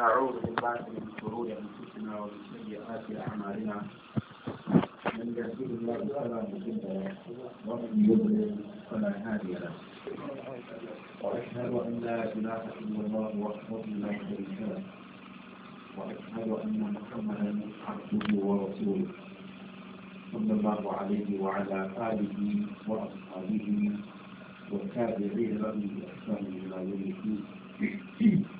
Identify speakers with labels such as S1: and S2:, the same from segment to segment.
S1: ونعوذ بالله من شرور انفسنا ومن سيئات اعمالنا
S2: من يهده الله فلا مضل له ومن يضلل فلا هادي له واشهد ان لا اله الا الله وحده لا شريك
S1: له واشهد ان محمدا عبده ورسوله صلى الله عليه وعلى اله واصحابه والتابعين له باحسان الى يوم الدين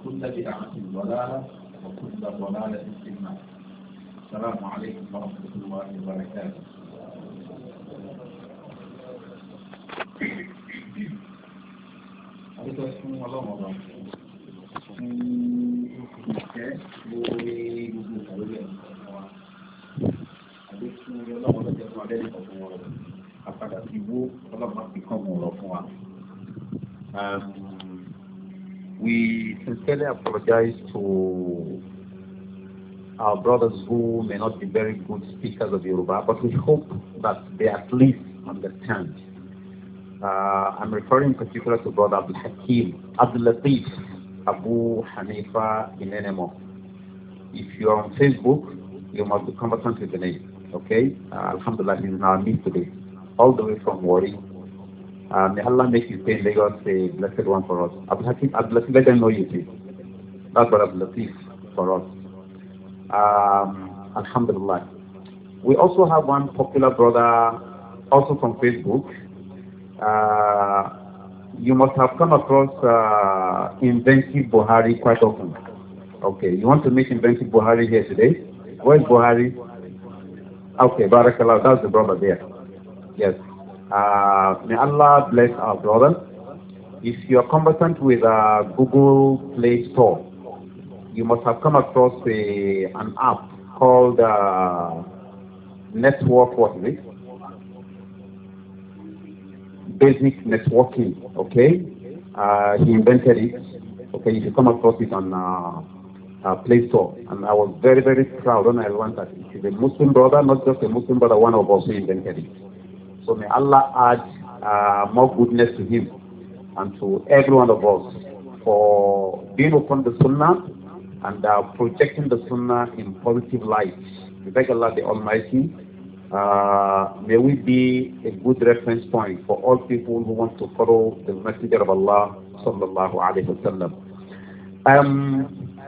S1: وكل بدعة ضلالة وكل ضلالة في النار السلام عليكم ورحمة الله وبركاته Um, We sincerely apologize to our brothers who may not be very good speakers of Yoruba, but we hope that they at least understand. Uh, I'm referring in particular to Brother Abdul Hakim, Abdul Latif, Abu Hanifa Inenemo. If you are on Facebook, you must be conversant with the name. Okay? Uh, Alhamdulillah, he's in our midst today, all the way from Wari uh, may Allah make you stay in Lagos a blessed one for us. Abdul Hakim, Abdul Latif, let them know you, please. That's what Abdul Latif for us. Um, Alhamdulillah. We also have one popular brother, also from Facebook. Uh, you must have come across uh, Inventive Buhari quite often. Okay, you want to meet Inventive Buhari here today? Where's Buhari? Okay, Barakallah, that's the brother there. Yes. Uh, may Allah bless our brother. If you are conversant with a uh, Google Play Store, you must have come across a, an app called uh, Network, what is it? Basic Networking, okay? Uh, he invented it. Okay, you should come across it on uh, uh, Play Store. And I was very, very proud when I learned that it is a Muslim brother, not just a Muslim brother, one of us who invented it. So may Allah add uh, more goodness to him and to every one of us for being upon the Sunnah and uh, projecting the Sunnah in positive light. We beg Allah the Almighty, uh, may we be a good reference point for all people who want to follow the Messenger of Allah sallallahu alayhi wasallam. Um,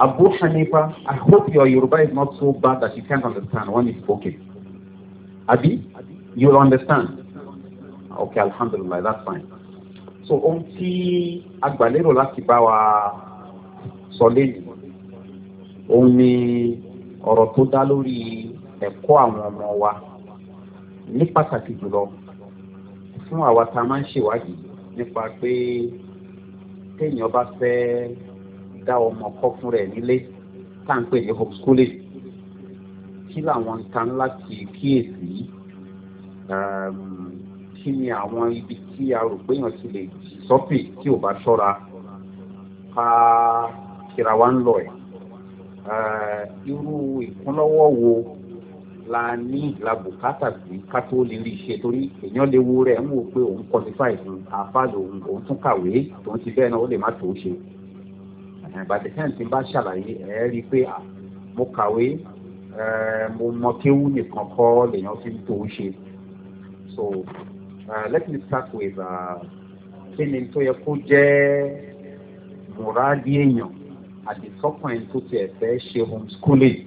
S1: Abu Hanifa, I hope your Yoruba is not so bad that you can't understand when you spoke Abi, you'll understand okay alhamdulilayi that's fine so ohun tí agbàlérò láti bá wa sọ lẹ́yìn òun ni ọ̀rọ̀ tó dá lórí ẹ̀kọ́ àwọn ọmọ wa ní pàtàkì jùlọ fún àwa tá a máa ń ṣèwádìí nípa pé téèyàn bá fẹ́ dá ọmọ kọ́ fún rẹ̀ nílé tá à ń pè ní homeschooling kí làwọn nǹkan láti kíyèsí um, kí ni àwọn ibi tí a rò pé èèyàn ti lè sọ́pì tí ò bá ṣọ́ra ká kíra wá ń lọ ẹ̀ uh, irú ìkúnlọ́wọ́ wo la ní làbùkátà sí ká tó lè rí iṣẹ́ torí èèyàn lè wo rẹ̀ ń wò pé òun qualify fún àfáàlò òun òun tún kàwé tòun ti bẹ́ẹ̀ náà ó lè má tó ṣe bàtẹ́sẹ̀ tí bá ṣàlàyé ẹ̀ rí i pé mo kàwé Eh, mo mọ kéwú nìkan kọ́ lèèyàn fi ń tó o ṣe so uh, let me start with eh, kí ni tó yẹ kó jẹ́ mùrádì èèyàn àdìsọ́kàn ẹni tó tiẹ̀ fẹ́ ṣe homeschooling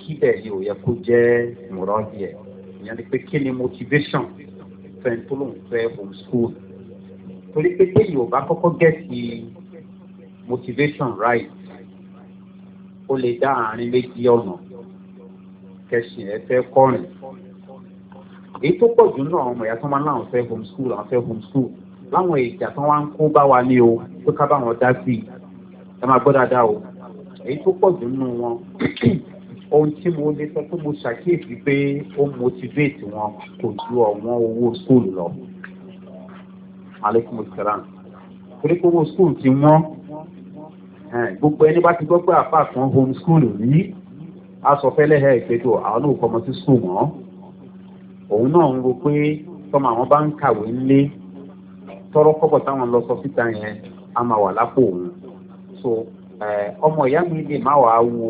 S1: kí bẹ́ẹ̀ ni ò yẹ kó jẹ́ mùrádì ẹ̀ ìyẹn ni pé kí ni motivation fẹ́ni tó lòun fẹ́ homeschool torí pé téèyàn ò bá kọ́kọ́ gẹ̀ẹ́sì motivation right ó lè dá àárín méjì ọ̀nà kẹsì ẹ fẹ́ kọrin èyí tó pọ̀ jù náà ọmọ ìyá tó máa ń láwọn fẹ́ homeschool àwọn fẹ́ homeschool láwọn ìjà tó wá ń kó bá wa ní o tó ká bá wọn dá sí i ẹ máa gbọ́ dáadáa o èyí tó pọ̀ jù nínú wọn ohun tí mo lè sọ pé mo ṣàkíyèsí pé ó motivate wọn kò ju ọ̀wọ́n owó school lọ aleykum salaam torí pé owó school ti wọ́n gbogbo ẹni bá ti gbọ́ pé àpá kan
S2: school, rí
S1: a sọ fẹ́lẹ́ ẹ̀ pé tó àwọn náà kọ́ ọmọ sí skul mọ́ òun náà ń ro pé tọ́mọ àwọn bá ń kàwé ńlé tọ́rọ́ kọ́kọ́ táwọn lọ sọ síta yẹn á máa wà lápò òun so ọmọ ìyá mi lè má wàá wo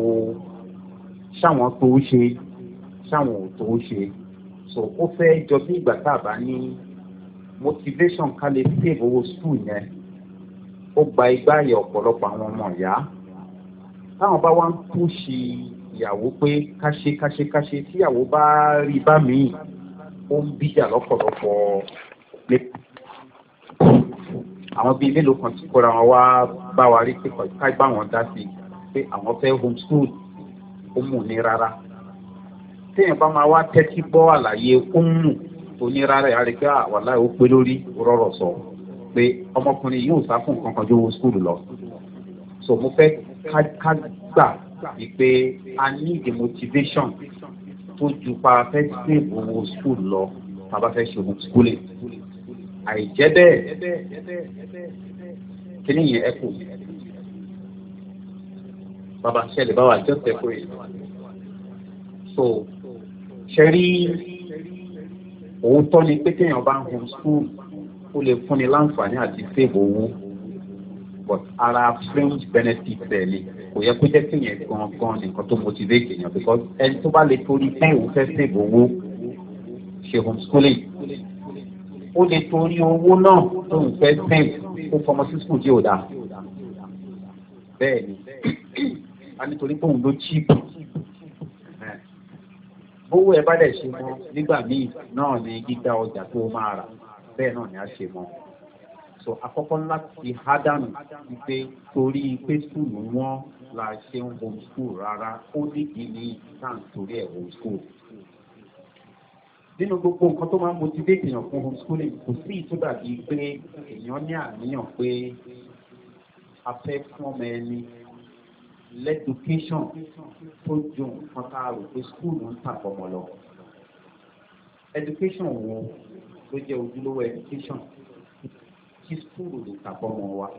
S1: ṣáwọn tó ṣe ṣáwọn ò tó ṣe so ó fẹ́ jọ bí ìgbà tá a bá ní motivation ká lè save owó skul yẹn ó gba igbá yẹ ọ̀pọ̀lọpọ̀ àwọn ọmọ ìyá táwọn bá wá ń púṣì ìyàwó pé káṣe káṣe káṣe tíyàwó bá rí bá mi ó ń bíjà lọ́pọ̀lọpọ̀ àwọn bíi mélòó kan tí kóra wọn wá bá wa rí pé ká bá wọn dá sí pé àwọn fẹ́ homeschool ó mú ní rárá téèyàn bá máa wá tẹ́tí gbọ́ àlàyé ó ń mú onírárá yàrá pé àwàlá ah, ó pé lórí rọrọ̀ sọ pé ọmọkùnrin yóò sá fún nǹkan kan jó wo skul lọ so mo fẹ́ ká gbà wípé a need the motivation tó ju parapẹ́tì owó skul lọ tàbá fẹ́ ṣe ohun skúlẹ̀ àìjẹ́ bẹ́ẹ̀ kíní yẹn ẹ kù bàbá ṣẹlẹ̀ báwa jọ́sẹ̀ kò yẹ so ṣe rí òótọ́ ni pé kéèyàn bá ń home school ó lè fúnni láǹfààní àti save owó but ara fringe benefit ẹ̀ ni kò yẹ kó jẹ́ kí yẹn gangan nìkan tó motivate èèyàn because ẹni tó bá lè torí pé òun fẹ́ save owó ṣe homeschooling ó lè
S2: torí owó náà tó
S1: ń fẹ́ save kó fọmọ sí school tí ò dáa bẹ́ẹ̀ ni a nítorí pé òun ló cheap owó ẹ bá dẹ̀ ṣe mọ́ nígbà míì náà ni gíga ọjà tó máa rà bẹ́ẹ̀ náà ni a ṣe mọ́ so àkọ́kọ́ láti hádànù wípé torí pé skul wọn la ṣe ń homeschool rárá ó dìdí ní sáǹ torí ẹ̀ homeschool. nínú gbogbo nǹkan tó máa ń motivate èèyàn fún homeschooling kò sí ìtúgbà bíi pé èèyàn ní àníyàn pé a fẹ́ fún ọmọ ẹni lẹ́dùkéṣọ̀n tó ju nǹkan tá a rò pé skúlù ń tàbọ̀mọ̀ lọ. education wo ló jẹ́ ojúlówó education tí skúlù lè tàbọ̀mọ̀ wa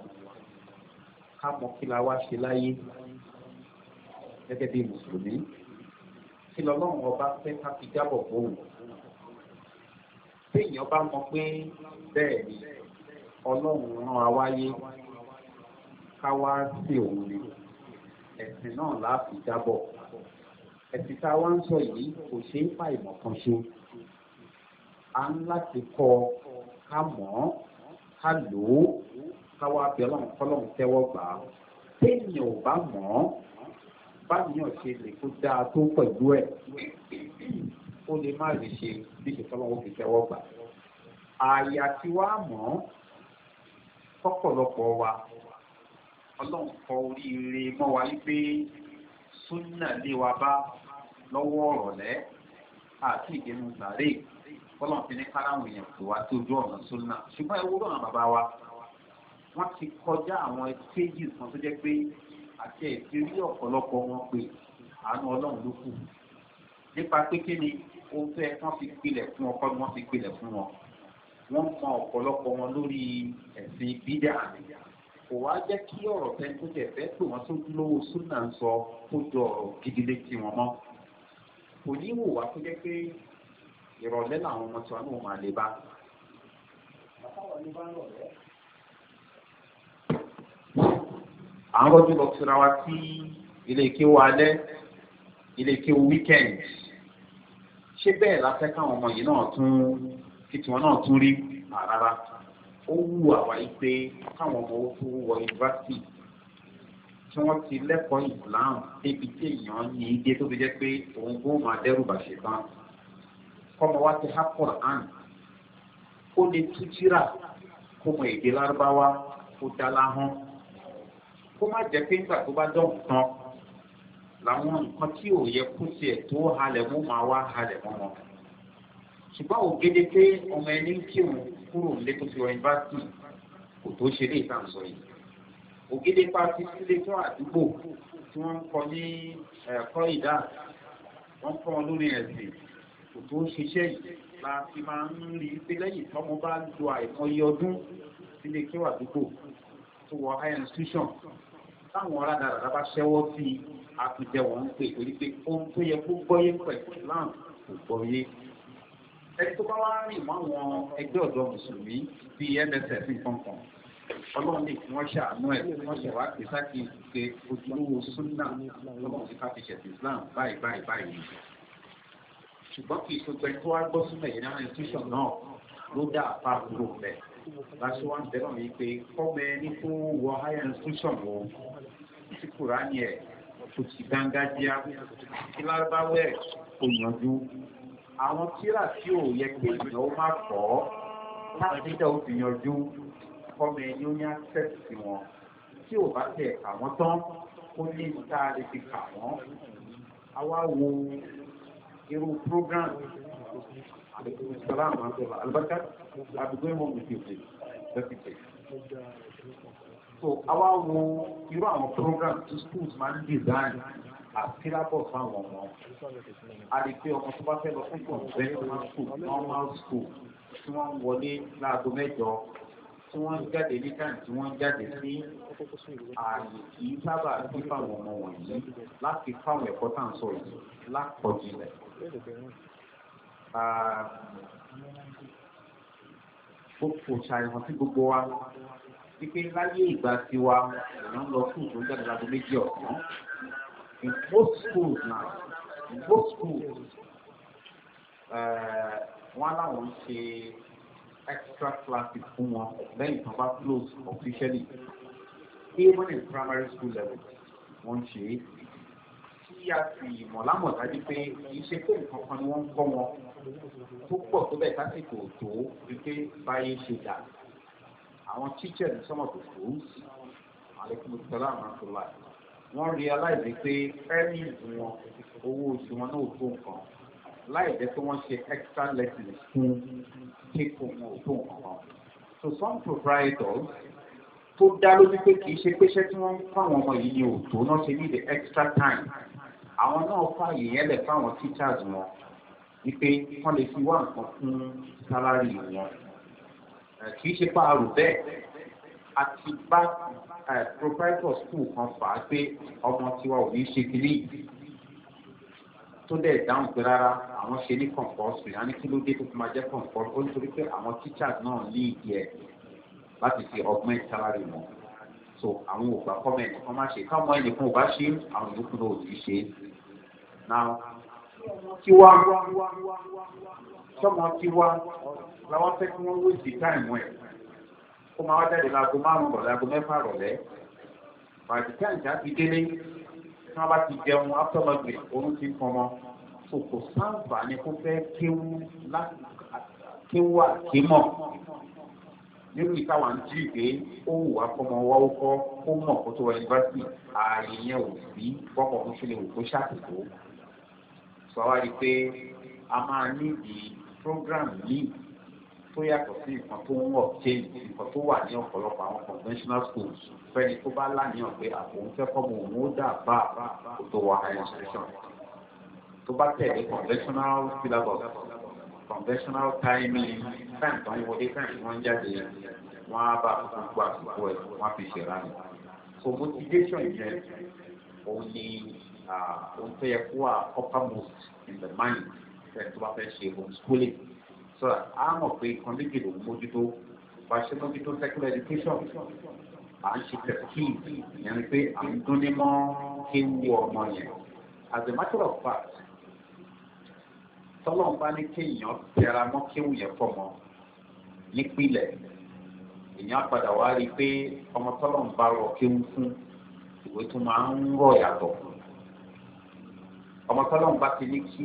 S1: ká mọ̀ kí la wá ṣe láyé gẹ́gẹ́ bí mùsùlùmí kí lọ́lọ́run ọba fẹ́ ká fi jábọ̀ bóun téèyàn bá mọ̀ pé bẹ́ẹ̀ ni ọlọ́run rán wa wáyé ká wá sí òun ni ẹ̀sìn náà la fi jábọ̀ ẹ̀sìn tá a wá ń sọ yìí kò ṣeé fà ìmọ̀ kan ṣe a ń láti kọ́ ká mọ̀ ká lò ó káwá bí ọlọ́run fọlọ́run tẹ́wọ́ gbà á téèyàn ò bá mọ̀ ọ́ báyìí ṣe lè kó dáa tó pẹ̀lú ẹ̀ ó lè má lè ṣe bí ìṣètọ́lọ́wọ́ fi tẹ́wọ́ gbà. àyà tí wàá mọ̀ ọ́ pọ́pọ̀lọpọ̀ wa ọlọ́run kọ oríire mọ́ wa wípé súnà lé wa bá lọ́wọ́ ọ̀rọ̀ àti ìdẹnu gbàrẹ́ ọlọ́run fi ní káráwọ̀ èèyàn tó wá tó ojú ọ̀nà súnà ṣùgbọ́n ẹ wúrọ̀ àwọn bàbá wa wọ́n ti kọjá àwọn stéèjì kan tó jẹ́ pé àti ẹ̀sìn rí ọ̀pọ̀lọpọ̀ wọn pé àánú ọlọ́run ló kù nípa pé kí ni ohun tó yẹ kí wọ́n fi pilẹ̀ fún ọkọ ni wọ́n fi pilẹ̀ fún wọn wọ́n mọ ọ̀pọ̀lọpọ̀ wọn lórí ẹ̀sìn bídà kò wá jẹ́ kí ọ̀rọ̀ tẹ́ tó jẹ́ fẹ́ pé wọ́n tó lówó súnà ń sọ tó jọ ọ̀rọ̀ gidi létí wọn mọ́ kò ní wò wá tó jẹ́ pé ìrọ̀lẹ́ làwọn ọmọ tí wọn máa lè bá. àwọn rọ́jú lọ síra wa sí ilé ìkéwò alẹ́ ilé ìkéwò weekend ṣé bẹ́ẹ̀ la fẹ́ káwọn ọmọ yìí náà tún kí tiwọn náà tún rí rárá ó wù àwa yìí pé káwọn ọmọ owó tó wọ yunifásitì tí wọ́n ti lẹ́kọ̀ọ́ ìsìláàmù débi tí èèyàn ní igé tó fi jẹ́ pé òun kó máa dẹ́rù bàṣẹ kọ́mọ wa ti há Quran kó lè tú tírà kó mọ èdè lárúbáwá kó dá láhán kó má jẹ́ pé nígbà tó bá dán kan làwọn nǹkan tí ò yẹ kó tiẹ̀ tó halẹ̀ mú máa wá halẹ̀ mọ́ wọn. ṣùgbọ́n ògede pé ọmọ ẹni ń kírun kúrò nílé tó fi ọyìn bá sùn kò tó ṣe lé ìtànsọ yìí. ògede pa ti sílé tó àdúgbò tí wọ́n ń kọ ní ẹ̀kọ́ ìdá wọ́n kọ́ wọn lórí ẹ̀sìn kò tó ṣiṣẹ́ yìí la fi máa ń rí pé lẹ́yìn tọ́mọ bá lo àìmọye ọdún sílé kí wàdúgbò tó wọ táwọn ọ̀rá dáradára bá ṣẹ́wọ́ sí i àtúnjẹ wọn ń pè torí pé ohun tó yẹ kó gbọ́yé pẹ̀lú Islam kò gbọ́yé. ẹni tó bá wá rìn mọ́ àwọn ẹgbẹ́ ọ̀dọ́ mùsùlùmí bíi NSF nǹkan ọlọ́run lè fi wọ́n ṣàánú ẹ̀ wọ́n ṣe wá pé sákì ìpè ojúlówó súnà lọ́wọ́ sí káfíṣẹ̀ Islam báyìí báyìí báyìí ṣùgbọ́n kì í tó gbẹ tó wá gbọ́ súnmọ̀ yìí náà institution náà ló dá àpá àbúrò bẹ́ẹ̀ láti wá ń bẹ̀rọ̀ yìí pé kọ́mọ ẹni tó wọ háyà ń tún sọ̀rọ̀ tí kùránì ẹ̀ kò sì dángájíá kí lárúbáwẹ̀ kò yànjú àwọn tíra tí ò yẹ pé ìyàn ó máa kọ́ láti dá òfin yanjú kọ́mọ ẹni ó ní àṣẹ́sì sí wọn tí ò bá tẹ̀ àwọn tán ó ní ìta lè fi kà wọ́n àwa wo irú program àlùkò ìsàlámù àti àlùbákà. I'll be going home with you please. Let's be So àwa wo irú àwọn program tí schools máa ń design àtìlábọ̀ fáwọn ọmọ. A lè pe ọmọ tó bá fẹ́ lọ fún normal, school, normal school, tí wọ́n ń wọlé láago mẹ́jọ tí wọ́n ń jáde ní táìmù tí wọ́n ń jáde sí ààyè kì í sábà sí fáwọn ọmọ wọ̀nyí láti fáwọn ẹ̀kọ́ tá à ń sọ yìí lápọ̀jù rẹ̀. ó fò ṣàìmọ̀ sí gbogbo wa wípé láyé ìgbà tiwa èèyàn lọ fún ìgbó jáde láago méjì ọ̀sán in most schools now in most schools eh, wọ́n láwọn ń ṣe extra classes fún wọn lẹ́yìn tó bá close officially even in primary school level wọ́n ń ṣe é. tí a sì mọ̀ lámọ̀dájú pé kì í ṣe pé nǹkan kan ni wọ́n ń kọ́ wọn tó pọ̀ tó bẹ̀ sásìkò tó wípé báyé ṣe dà àwọn teacher ní sọ́mọ̀ tó tó alaikum salaam àtúlá wọ́n realize pé earnings wọn owó oṣù wọn náà tó nǹkan láì jẹ́ pé wọ́n ṣe extra lessons fún kíkó wọn ò tó nǹkan so some proprietors tó dá lójú pé kì í ṣe péṣẹ́ tí wọ́n ń kọ́ àwọn ọmọ yìí ni ò tó náà ṣe ní the extra time àwọn náà fààyè yẹn lẹ̀ fáwọn teachers wọn wípé wọ́n lè fi wá nǹkan fún sálárì wọn kì í ṣe pa àrò bẹ́ẹ̀ àti bá proprietor school kan fà á pé ọmọ tiwa ò ní ṣe kiri tó dẹ̀ dáhùn pé rárá àwọn ṣe ní compulsory a ní kí ló dé tó fi máa jẹ́ compulsory ó nítorí pé àwọn teachers náà ní ìdí ẹ̀ láti fi augment salary wọn so àwọn ògbà kọ́mẹ̀ntì kan má ṣe káwọn ẹnì kan ò bá ṣe àwọn ìlú kan ò ní ṣe náà kí wá sọmọ kí wá làwọn fẹ́ kí wọ́n wé sí táìmù ẹ̀ ó máa wá jáde láago márùn-ún rọ̀lẹ́ aago mẹ́fà rọ̀lẹ́ bàtí táìmù tá ti délé tí wọ́n bá ti jẹun aftermarket oorun ti pọn mọ́ so kò sáǹfà ni kó fẹ́ kéwú àkémọ̀ nínú ìtawà ń jí pé ó wù wá kọ́mọ wá ó kọ́ ó mọ̀ kó tó wọ yunifásitì ààyè yẹn ò sí bọ́kọ̀ fún ṣẹlẹ̀ òkú ṣàkóso. sọ wá rí i pé a máa ní di program yìí tó yàtọ̀ sí nǹkan tó ń wọ̀ change nǹkan tó wà ní ọ̀pọ̀lọpọ̀ àwọn conventional schools fẹ́ni tó bá láníyàn pé àpòun fẹ́ kọ́mọ òun ó dà bá kó tó wọ higher education tó bá tẹ̀lé conventional syllabus conventional timing time tó wọlé time tí wọ́n ń jáde wọ́n á bá gbogbo àsìkò ẹ̀ wọ́n á fi so motivation yẹn òun ni òun tó yẹ kó uppermost in the mind fẹ́ẹ̀ tó bá fẹ́ ṣe homeschooling so a mọ̀ pé nǹkan méjì mójútó bá ṣe mójútó secular education à ń ṣe tẹ̀síkì ìyẹn ni pé à ń dún ní mọ́ kéwu ọmọ yẹn as a matter of fact tọ́lọ́n bá ní kéèyàn tẹra mọ́ kéwù yẹn pọ̀ mọ́ nípìnlẹ̀ èèyàn padà wá rí i pé ọmọ tọ́lọ́n bá rọ kéwù fún ìwé tó máa ń rọ̀ yàtọ̀ ọmọ tọ́lọ́n bá ti ní kí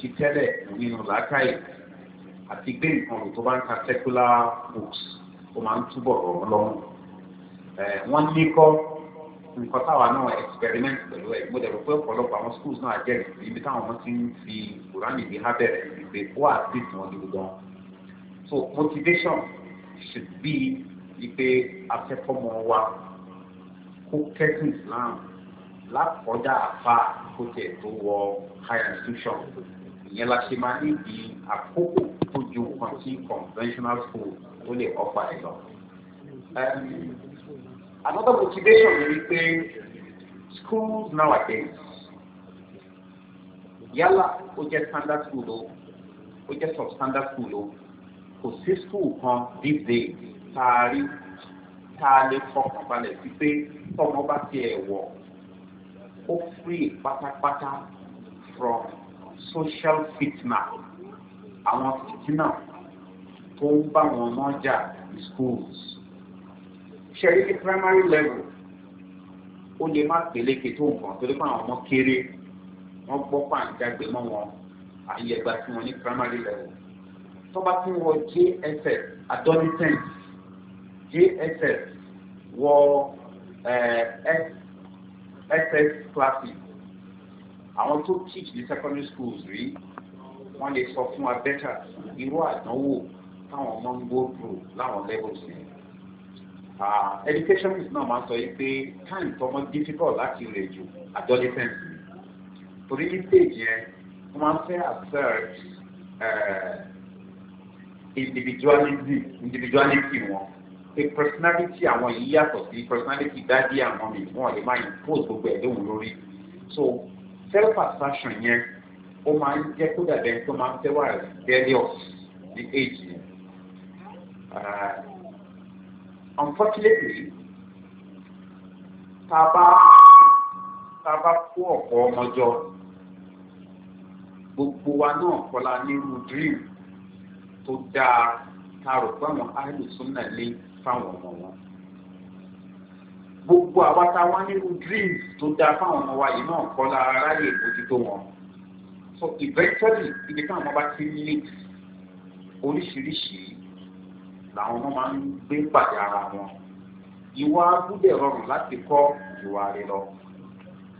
S1: ti tẹ́lẹ̀ àti gbé nǹkan rò tó bá ń ka secular túbọ̀ nǹkan táwa náà experiment pẹ̀lú ẹ̀ mo dẹ̀rọ pé ọ̀pọ̀lọpọ̀ àwọn schools náà jẹ́ ìlú ibi táwọn ọmọ ti ń fi kùránì bí hábẹ̀rẹ̀ ìgbé ó àtìs wọn gidi gan so motivation should be ipe afẹ́fọ́mọ wa kó kẹ́sìn Islam lákọjá àfa kó tẹ̀ tó wọ higher institution ìyẹn la ṣe máa níbi àkókò tó ju nǹkan tí conventional school ó lè offer ẹ̀ Another motivation is pé schools nowadays yálà ó jẹ́ standard school o ó jẹ́ substandard school o kò sí school kan these days tá a rí tá a lè fọkàn balẹ̀ sí pé tọ́mọ bá tiẹ̀ wọ̀ ó free pátápátá from social fitna àwọn fitna tó ń bá wọn mọ́jà
S2: schools
S1: ṣẹ̀rí ní primary level ó lè má peléke tó nǹkan torí pé àwọn ọmọ kéré wọ́n gbọ́ pàǹdàgbé mọ́ wọn àyẹ̀gbà tí wọ́n ní primary level tó bá tún wọ JSS adolescent JSS wọ SS eh, classes àwọn tó teach the secondary schools rí wọ́n lè sọ fún wa better irú àdánwò táwọn ọmọ ń gbó dùn láwọn levels yẹn. Ah, education is normal, so sọ yìí time time tọmọ difficult láti rè jù adolescent torí ní stage yẹn wọ́n máa ń fẹ́ assert eh, individuality individuality wọn pé personality àwọn yìí yàtọ̀ sí personality dádì àwọn mi wọ́n lè máa impose gbogbo ẹ̀ lóhùn lórí so self assertion yẹn ó máa ń jẹ́ kó dàbẹ̀ tó máa ń fẹ́ wà rebellious ní age yẹn. Ah, unfortunately taba taba kó ọ̀pọ̀ ọmọ jọ gbogbo wa náà kọ́la nínú dream tó dáa ta rò pé àwọn àìlùsùn náà lé fáwọn ọmọ wọn gbogbo àwa ta wá nínú dream tó dáa fáwọn ọmọ wa yìí náà kọ́la aráyè ìbójútó wọn so eventually ibi táwọn ọmọ bá ti ń oríṣiríṣi làwọn ọmọ máa ń gbé pàdé ara wọn ìwà abúlé rọrùn láti kọ́ ìwà rẹ̀ lọ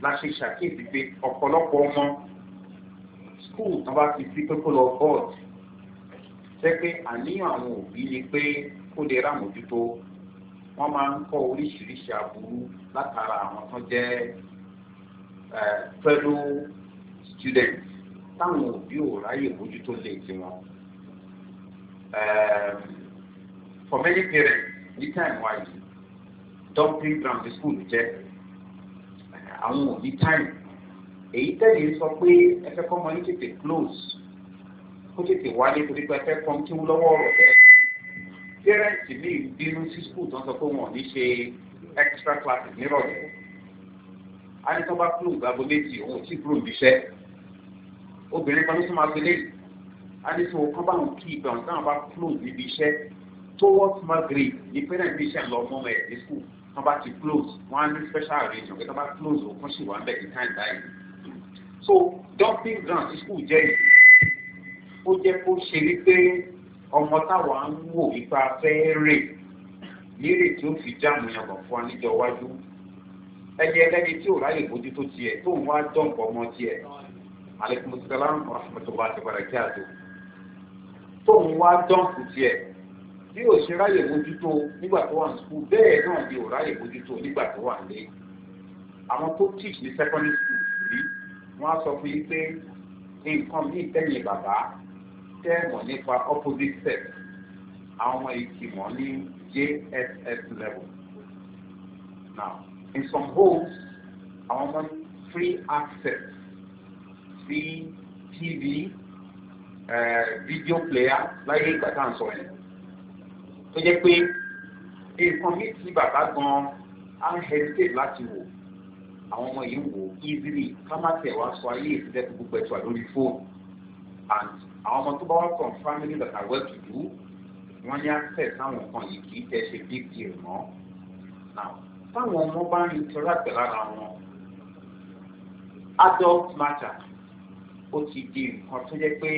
S1: la ṣe ṣàkíyèsí pé ọ̀pọ̀lọpọ̀ ọmọ skul tó bá ti sí kókó lọ bọ́ọ̀d jẹ́ pé àníyàn àwọn òbí ni pé kó lè rámójútó wọ́n máa ń kọ́ oríṣiríṣi aburú látara àwọn tó jẹ́ fellow students táwọn òbí ò ráyè bójútó lè tiwọn. Um, For many parents, the time wa yìí dumping ground school jẹ́ àwọn òbí time èyí tẹ́lẹ̀ sọ pé ẹ fẹ́ kọ́ ọmọ yín tètè close kó tètè wálé torí pé ẹ fẹ́ kọ́ kí wọ́n lọ́wọ́ ọ̀rọ̀ parents mi bínú sí school tó ń sọ pé wọn ò ní ṣe extra classes nírọ̀lẹ́ a ní tó bá close aago méjì òun ò tí kúrò níbi iṣẹ́ obìnrin kan ló tún máa fi léyìí a ní tí wọn kọ́ báwọn kí ìgbà wọn táwọn bá close níbi iṣẹ́ towards Maghrib ní parent mission lọ mọ́ ẹ̀ ní school wọ́n bá ti close wọ́n á ní special arrangement pé wọ́n bá close òkun sì wà bẹ́ẹ̀ ní time báyìí. so dumping ground ti school jẹ́ ìlú ó jẹ́ kó ṣe wípé ọmọ táwa ń wò ipa fẹ́ rè lérè tí ó fi jáàmù yàn kàn fún wa níjọ iwájú ẹni ẹlẹ́ni tí ò ráyè bójútó tiẹ̀ tó ń wá dọ̀ǹpọ̀ ọmọ tiẹ̀ alaikum salam warahmatullahi wabarakatuh tó ń wá dọ̀ǹpù tiẹ̀ bí ò ṣe ráyè bójútó nígbà tó wà ní skul bẹ́ẹ̀ náà ni ò ráyè bójútó nígbà tó wà nílé àwọn tó teach ní secondary school rí wọ́n á sọ fún yín pé nǹkan míì tẹ̀yìn bàbá tẹ́ẹ̀mọ̀ nípa opposite sex àwọn ọmọ ìkìmọ̀ ní JSS level now in some homes àwọn ọmọ free access sí TV uh, eh, video player láyé ìgbà tá à ń sọ yẹn tó jẹ́ pé nǹkan mi ti bàbá gan á ń hesitate láti wò àwọn ọmọ yìí ń wò easily ká má tẹ̀ wá sọ ayé ìsìlẹ̀ tó gbogbo ẹ̀tọ́ lórí fóònù and àwọn ọmọ tó bá wá from family that are well to do wọ́n ní access àwọn nǹkan yìí kì í tẹ̀ ṣe big deal mọ́ now táwọn ọmọ bá ń interact lára wọn adult matter ó ti di nǹkan tó jẹ́ pé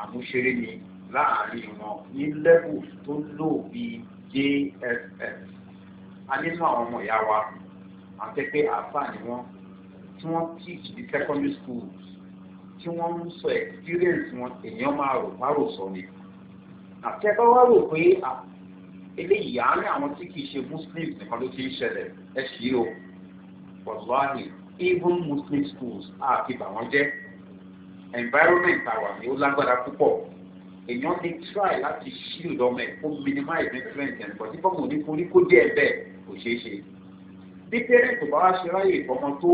S1: àmúṣeré ni láàrin wọn ní lẹ́bù tó lò bí jss a nínú àwọn ọmọ ìyá wa àti pé àáfà ni wọn tí wọn teach ní secondary schools tí wọn ń sọ experience wọn èèyàn máa rò párò sọ ni àtẹ́kọ́ wá rò pé eléyìí àárín àwọn tí kìí ṣe muslims nìkan ló ti ń ṣẹlẹ̀ ẹ ṣì o wàlúwàní even muslim schools àti bàwọn jẹ́ environment àwa ni ó lágbára púpọ̀ èèyàn lè try láti shield ọmọ ẹ̀ kó minimize influence ẹ̀ nǹkan tí fọ́ọ̀mù ní fún ní kó díẹ̀ bẹ́ẹ̀ kò ṣeé ṣe. bí parent kò bá wá ṣe ráyè ìfọmọ tó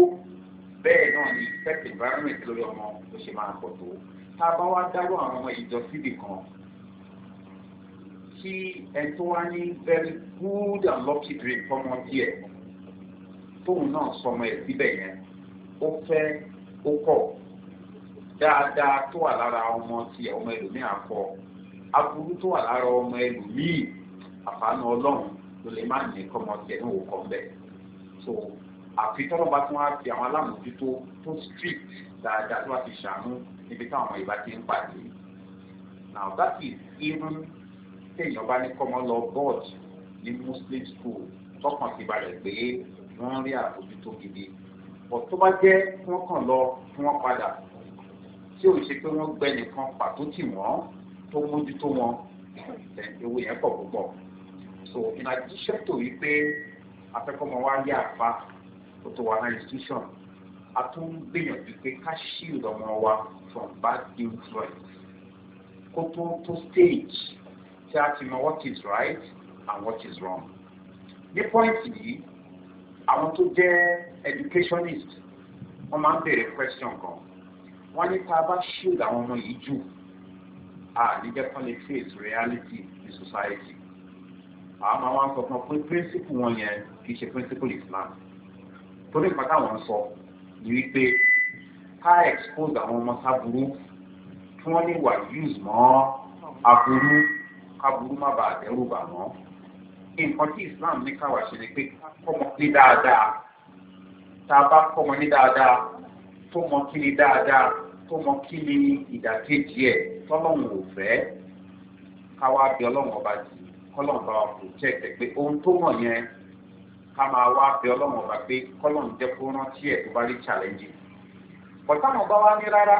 S1: bẹ́ẹ̀ náà ni effect environment lórí ọmọ ló ṣe máa pọ̀ tó tá a bá wá dárò àwọn ọmọ ìjọ síbì kan tí ẹ tó wá ní very good and lucky dream fọ́mọ díẹ̀ tóun náà sọmọ ẹ̀ síbẹ̀ yẹn ó fẹ́ ó kọ̀ dáadáa tó wà lára ọmọ tí ọmọ ẹlòmíì akọ aburú tó wà lára ọmọ ẹlòmíì àfààní ọlọ́run ló lè má ní kọ́mọ tiẹ̀ ní òkọ́ ń bẹ̀ so àfi tọ́lọ́ bá tún wá fi àwọn alámòjútó tó strict dáadáa tó wá fi ṣàánú níbi táwọn ọmọ ìbá ti ń pàdé now that is even téèyàn bá ní kọ́mọ lọ board ní muslim school tọkàn ti balẹ̀ pé wọ́n rí àbójútó gidi ọ̀ tó bá jẹ́ wọ́n kàn lọ fún wọn padà tí ò ṣe pé wọ́n gbẹ nìkan pàtó tì wọ́n tó mójútó wọn ewu yẹn pọ̀ púpọ̀ so in addition to wípé afẹ́kọ́mọ wa yá àfa kó tó wà ní institution a tún ń gbìyànjú pé ká shield ọmọ wa from bad influence kó tó tó stage tí a ti mọ what is right and what is wrong ní point yìí àwọn tó jẹ́ educationist wọ́n máa ń béèrè question kan wọ́n ní tá a bá shield àwọn ọmọ yìí jù à níjẹ́ kán lè face reality ní society àwọn àwọn akọ̀kan pé principle wọn yẹn kì í ṣe principle Islam tó ní pàtàkì àwọn sọ ní wípé ká expose àwọn ọmọ sábúrú kí wọ́n lè wà use mọ́ aburú kaburú má bàa dẹ́rù bà wọ́n nǹkan tí Islam ní káwá ṣe ni pé kọ́mọ ní dáadáa tá a bá kọ́mọ ní dáadáa tó mọ kí ni dáadáa tó mọ kí ni ìdàkejì ẹ̀ tọ́lọ́hún ò fẹ́ ká wá bí ọlọ́run ọba jì kọ́lọ́run bá wa protect ẹ̀ pé ohun tó mọ̀ yẹn ká máa wá bí ọlọ́run ọba pé kọ́lọ́run jẹ́ kó rántí ẹ̀ tó bá rí challenge bọ̀tá mọ̀ bá wá ní rárá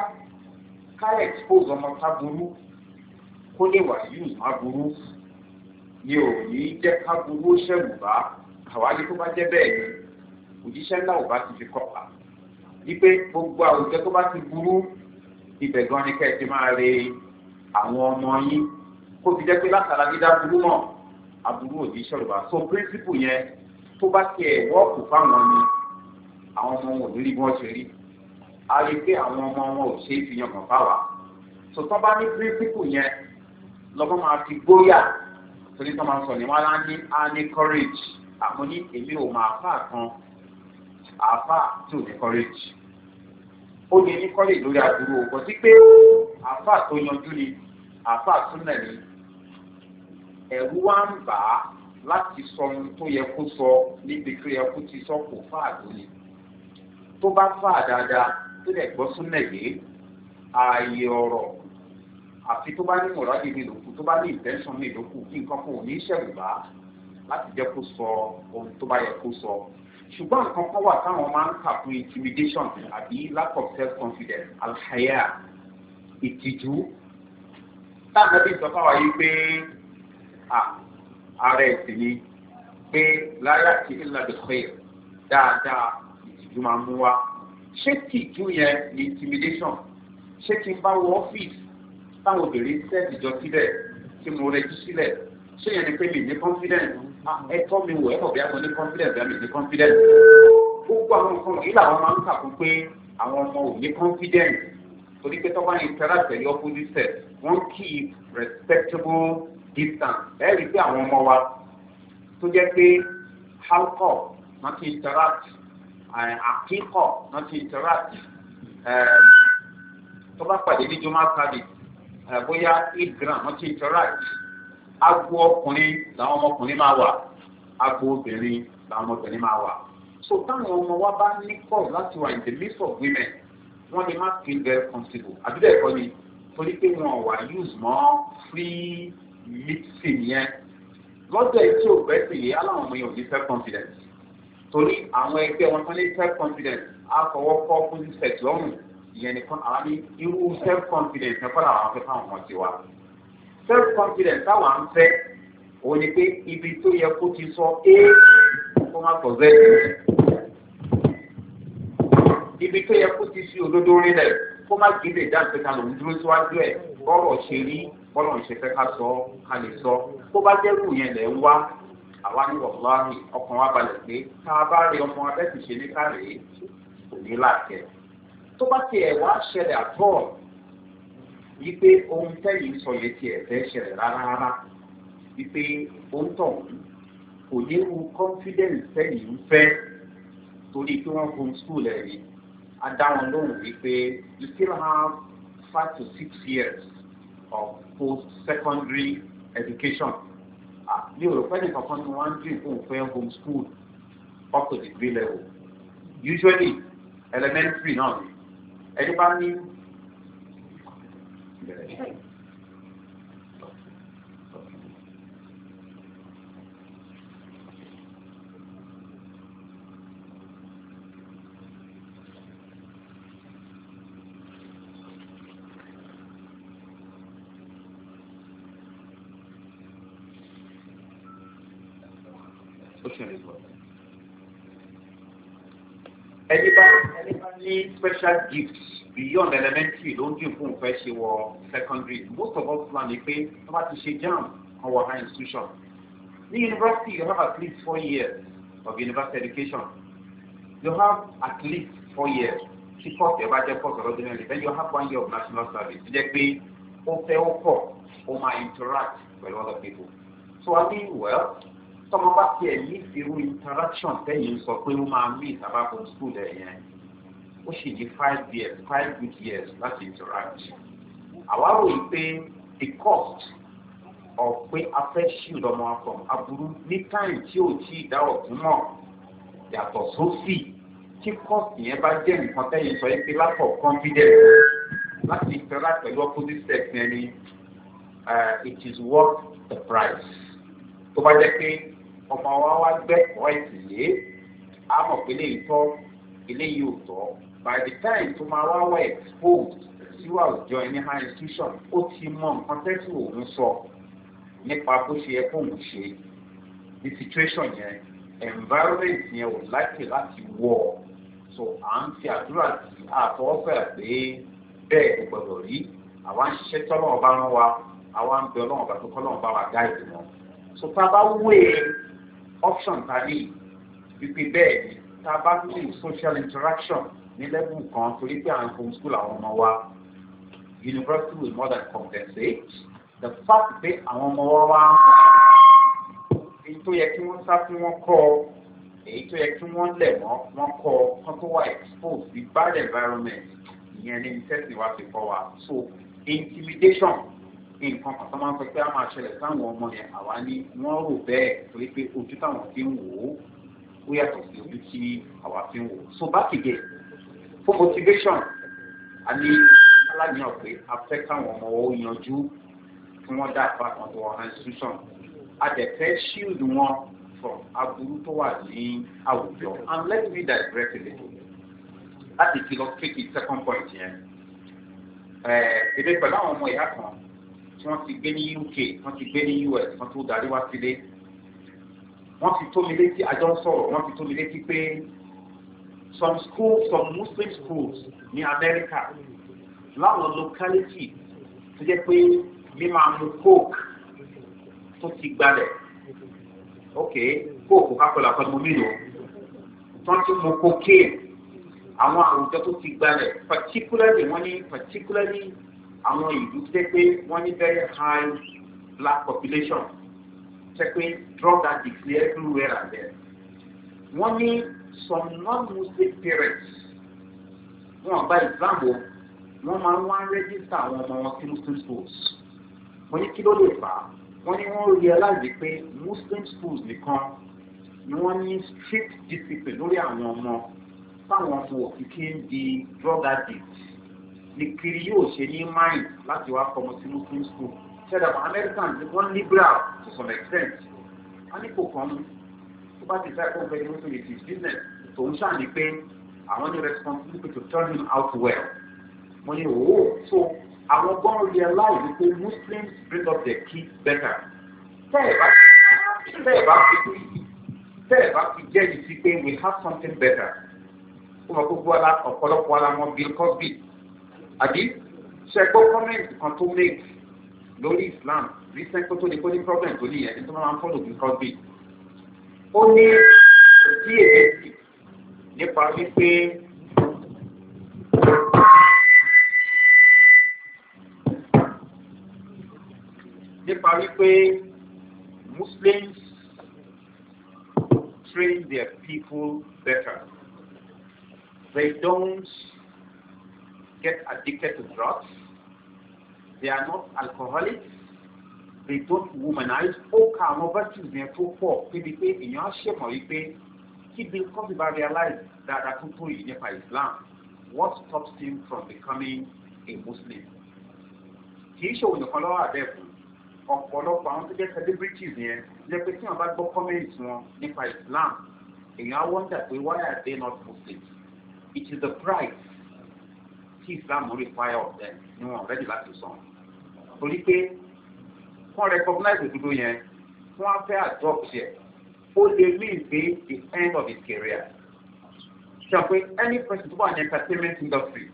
S1: ká expose ọmọ ká burú kó lè wà yìí má burú ni ò ní jẹ́ ká burú ó ṣẹ̀rù bá àwárí tó bá jẹ́ bẹ́ẹ̀ ni òjíṣẹ́ ńlá ò bá ti fi kọ́ pa wípé gbogbo àwùjọ tó bá ti burú ibẹ̀ gan ni kẹ́ẹ̀tì máa re àwọn ọmọ yín kó fi jẹ́ pé látara dídá burú mọ̀ aburú òdì ìṣọ̀rọ̀bà so píríncípù yẹn tó bá tiẹ̀ wọ́ọ̀kù fáwọn ni àwọn ọmọ wọn ò lórí bí wọ́n ṣe rí a rí pé àwọn ọmọ wọn ò ṣe é fi yangàn fáwa so tó bá ní píríncípù yẹn lọ́gbọ́n máa fi gbóyà torí tó máa sọ ní wọn á ní á ní courage àmọ́ ní èmi ò máa fà kan àáfà tí ò ní kọ́rẹ́jì ó lè ní kọ́rẹ́jì lórí àdúró kò sí pé àáfà tó yanjú ni àáfà súnà ni ẹ̀rú wa ń bà á láti sọ ohun tó yẹ kó sọ níbi tó yẹ kó ti sọ kò fáàdó ni tó bá fáà dáadáa tó lè gbọ́ súnà yìí ààyè ọ̀rọ̀ àfi tó bá ní mọ̀láde mi lòkù tó bá ní ìtẹ́sán mi lòkù kí nǹkan kò ní í ṣẹ̀rù bá láti jẹ́ kó sọ ohun tó bá yẹ kó sọ ṣùgbọ́n nǹkan kan wà táwọn máa ń kà fún intimidation àbí lack of self confidence alhaya ìtìjú táwọn ẹbí sọ fáwọn yìí pé ààrẹ ẹ̀sìn ni pé láyà tí ìlà bẹ̀rẹ̀ dáadáa ìtìjú máa mú wá ṣé tìjú yẹn ni intimidation ṣé kí n bá wọ ọ́fíìsì táwọn obìnrin sẹ́ẹ̀dì jọ síbẹ̀ tí mo rẹjú sílẹ̀ ṣé yẹn ni pé mi ní confidence. Ah, ẹ̀tọ́ mi wò ẹ̀kọ́ bí a kò ní confidence bí a mi ní confidence gbogbo àwọn nǹkan yìí làwọn máa ń kàkó pé àwọn ọmọ ò ní confidence torí pé tọ́ba yẹn tẹ́lá tẹ̀lé opposite sex wọ́n keep respectable distance ẹ rí i pé àwọn ọmọ wa tó jẹ́ pé halkọ́ wọ́n ti interact àkíkọ̀ eh, wọ́n ti interact eh, tọ́ba pàdé ní jọmọ́ service eh, bóyá eight grand wọ́n ti interact agbo ọkùnrin làwọn ọmọkùnrin máa wà agbo obìnrin làwọn ọmọbìnrin máa wà. so táwọn ọmọ wa bá ní kọ́ láti wà in the midst of women wọ́n lè má feel very comfortable àbí bẹ́ẹ̀ kọ́ ni torí pé wọn wà use more free mixing yẹn lọ́dọ̀ èyí tí ò bẹ́ẹ̀ sì yé aláwọn ọmọ yẹn ò ní self confidence torí àwọn ẹgbẹ́ wọn tó ní self confidence á fọwọ́ kọ́ fún sex lọ́rùn ìyẹn nìkan àwọn ní irú self confidence yẹn fọ́nà àwọn afẹ́fẹ́ àwọn ọmọ tiwa self confidence táwọn à ń fẹ́ òun ni pé ibi tó yẹ kó ti sọ é kó má pọ̀ zẹ́ ibi tó yẹ kó ti fi òdodo rí rẹ̀ kó má gbé lè dáàbò ká lòun dúró síwájú ẹ̀ bọ́rọ̀ ṣe rí bọ́rọ̀ ṣe fẹ́ ká sọ ká lè sọ kó bá dẹ́rù yẹn lẹ̀ ń wá àwa ní wàhálàhì ọkàn wa balẹ̀ pé tá a bá rí ọmọ abẹ́sì ní káàrí kò ní láàkẹ́ tó bá tiẹ̀ wá ṣẹlẹ̀ àtọ́ọ̀ wípé ohun tẹ́yìn sọ yẹn ti ẹ̀fẹ́ ṣẹlẹ̀ rárá wípé ó ń tọ̀ kò ní irú confidence tẹ́yìn ń fẹ́ torí pé wọ́n home school ẹ̀ ni a dá wọn lóhùn wípé you still have five to six years of post secondary education ní òròpẹ́ nìkan kan ni wọ́n ń dín fún òfin home school up to degree level usually elementary náà ẹni bá ní Right.
S2: Anybody, anybody
S1: special gifts beyond elementary ló ń dín fún òfẹ́ ṣe wọ secondary most of us plan ni pé wọ́n bá ti ṣe jam kan wọ high institution ní university you have at least four years of university education you have at least four years tí course ẹ̀ bá jẹ́ course ordinary then you have one year of national service jẹ́ pé ó fẹ́ ó pọ̀ ó máa interact with other people so I mean well tọ́mọ bá tiẹ̀ ní irú interaction tẹ́yìn sọ pé ó máa meet abáko school ẹ̀ yẹn ó sì di five years five good years láti interact àwa rò yìí pé the cost of pé a fẹ́ shield ọmọ from aburú ní time tí ò tí ì dá ọ̀tún mọ̀ yàtọ̀ sósì tí cost yẹn bá jẹ́ nǹkan tẹ́yìn sọ pé látọ̀ confidence láti interact pẹ̀lú opposite sex yẹn ni eh, it is worth the price tó bá jẹ́ pé ọmọ wa wá gbẹ́kọ̀ọ́ ìtìlé a mọ̀ pé lè tọ́ eléyìí ò tọ́ by the time tó máa wá wá exposed síwá òjọ ẹni high institution ó ti mọ nǹkan tẹ́tù òun sọ nípa bó ṣe yẹ kóun ṣe the situation yẹn environment yẹn ò láti láti wọ̀ so à ń fi àdúrà sí àfọwọ́fẹ́ pé bẹ́ẹ̀ kò gbọdọ̀ rí àwa ń ṣiṣẹ́ tọ́lọ́ ọba rán wa àwa ń bẹ ọlọ́run ọba tó kọ́ lọ́run bá wa gáìdì wọn so tá a bá wé option tàbí wípé bẹ́ẹ̀ ni tá a bá ní social interaction ní lẹ́gùn kan torí pé à ń home school àwọn ọmọ wa university will more than compensate the fact pé àwọn ọmọ wa wá
S2: ń
S1: èyí tó yẹ kí wọ́n sá fún wọn kọ́ èyí tó yẹ kí wọ́n lẹ̀ mọ́ wọn kọ́ kan tó wà exposed the bad environment ìyẹn ní tẹ́sí wa fi kọ́ wa so intimidation nǹkan kan tó máa ń sọ pé a máa ṣẹlẹ̀ sáwọn ọmọ yẹn àwa ni wọ́n rò bẹ́ẹ̀ torí pé ojú táwọn fi ń wò ó ó yàtọ̀ sí ojú tí àwa fi ń wò ó so back again fún motivation àní alájọ pé a fẹ́ káwọn ọmọ wọn yanjú kí wọ́n dá apá kan tó wọn institution a dẹ̀ fẹ́ shield wọn from aburú tó wà ní àwùjọ and let me digress a little láti fi lọ kéèkì second point yẹn èdè pẹ̀lú àwọn ọmọ ìyá kan tí wọ́n ti gbé ní UK wọ́n ti gbé ní US wọ́n tó darí wá sílé wọ́n ti tó mi létí àjọ ń sọ̀rọ̀ wọ́n ti tó mi létí pé some schools, some Muslim schools in America láwọn locality tó jẹ́ pé mi máa to coke tó ti gbalẹ̀ ok coke Coca-Cola kan mo nílò tó ti mu cocaine àwọn àwùjọ tó ti gbalẹ̀ particularly money, particularly àwọn ìlú tó jẹ́ pé wọ́n very high black population tó jẹ́ pé drug addicts everywhere and there wọ́n some non-muslim parents wọn bá ìsìlámù wọn máa ń wá rẹ́gísítà àwọn ọmọ wọn sí muslim schools wọn ní kí ló lè fà á wọn ní wọn rí aláìsí pé muslim schools nìkan ni wọn ní strict discipline lórí àwọn ọmọ táwọn fò kíkí ń di drug addict ní kiri yóò ṣe ní mind láti wá fọmọ sí muslim school ṣẹlẹ̀ americans wọn liberal to some extent wọn ní kò kàn mú tó bá ti fẹ́ kó fẹ́ ní sóyè ti business tòun ṣáà ní pé àwọn ní responsibility to turn him out well wọ́n ní òwò oh, so àwọn gan realize pé Muslims bring up their kids better tẹ́ ẹ̀ bá tẹ́ ẹ̀ fi kú yìí tẹ́ ẹ̀ bá fi jẹ́ yìí sí pé we have something better ó mọ̀ gbogbo ọlá ọ̀pọ̀lọpọ̀ ọlá wọn Bill Cosby àbí ṣẹgbọ́ comment kan tó make lórí Islam recent tó tó ní kó ní problem tó ní yẹn nítorí wọn máa ń follow Bill Cosby. ó ní kíyèsí nípa wípé nípa wípé Muslims train their people better. They don't get addicted to drugs. They are not alcoholics they don't womanize ó ka àwọn virtues yẹn tó pọ̀ níbi pé èèyàn á ṣèmọ̀ wípé 'He bill come to realize dáadáa tó tó yìí nípa Islam what stops him from becoming a Muslim kì í ṣe òun nìkan lọ́wọ́ àbẹ́ẹ̀kù ọ̀pọ̀lọpọ̀ àwọn tó jẹ́ celebrities yẹn jẹ́ pé tí wọ́n bá gbọ́ comments wọn nípa Islam èèyàn á wonder pé why are they not Muslims it is the pride. tí Islam require of them ni wọn ready láti sọ torí pé wọ́n recognize òdodo yẹn wọ́n á fẹ́ adopt yẹ ó lè rí ìgbé the end of his career ṣe any person tó wà ní entertainment industry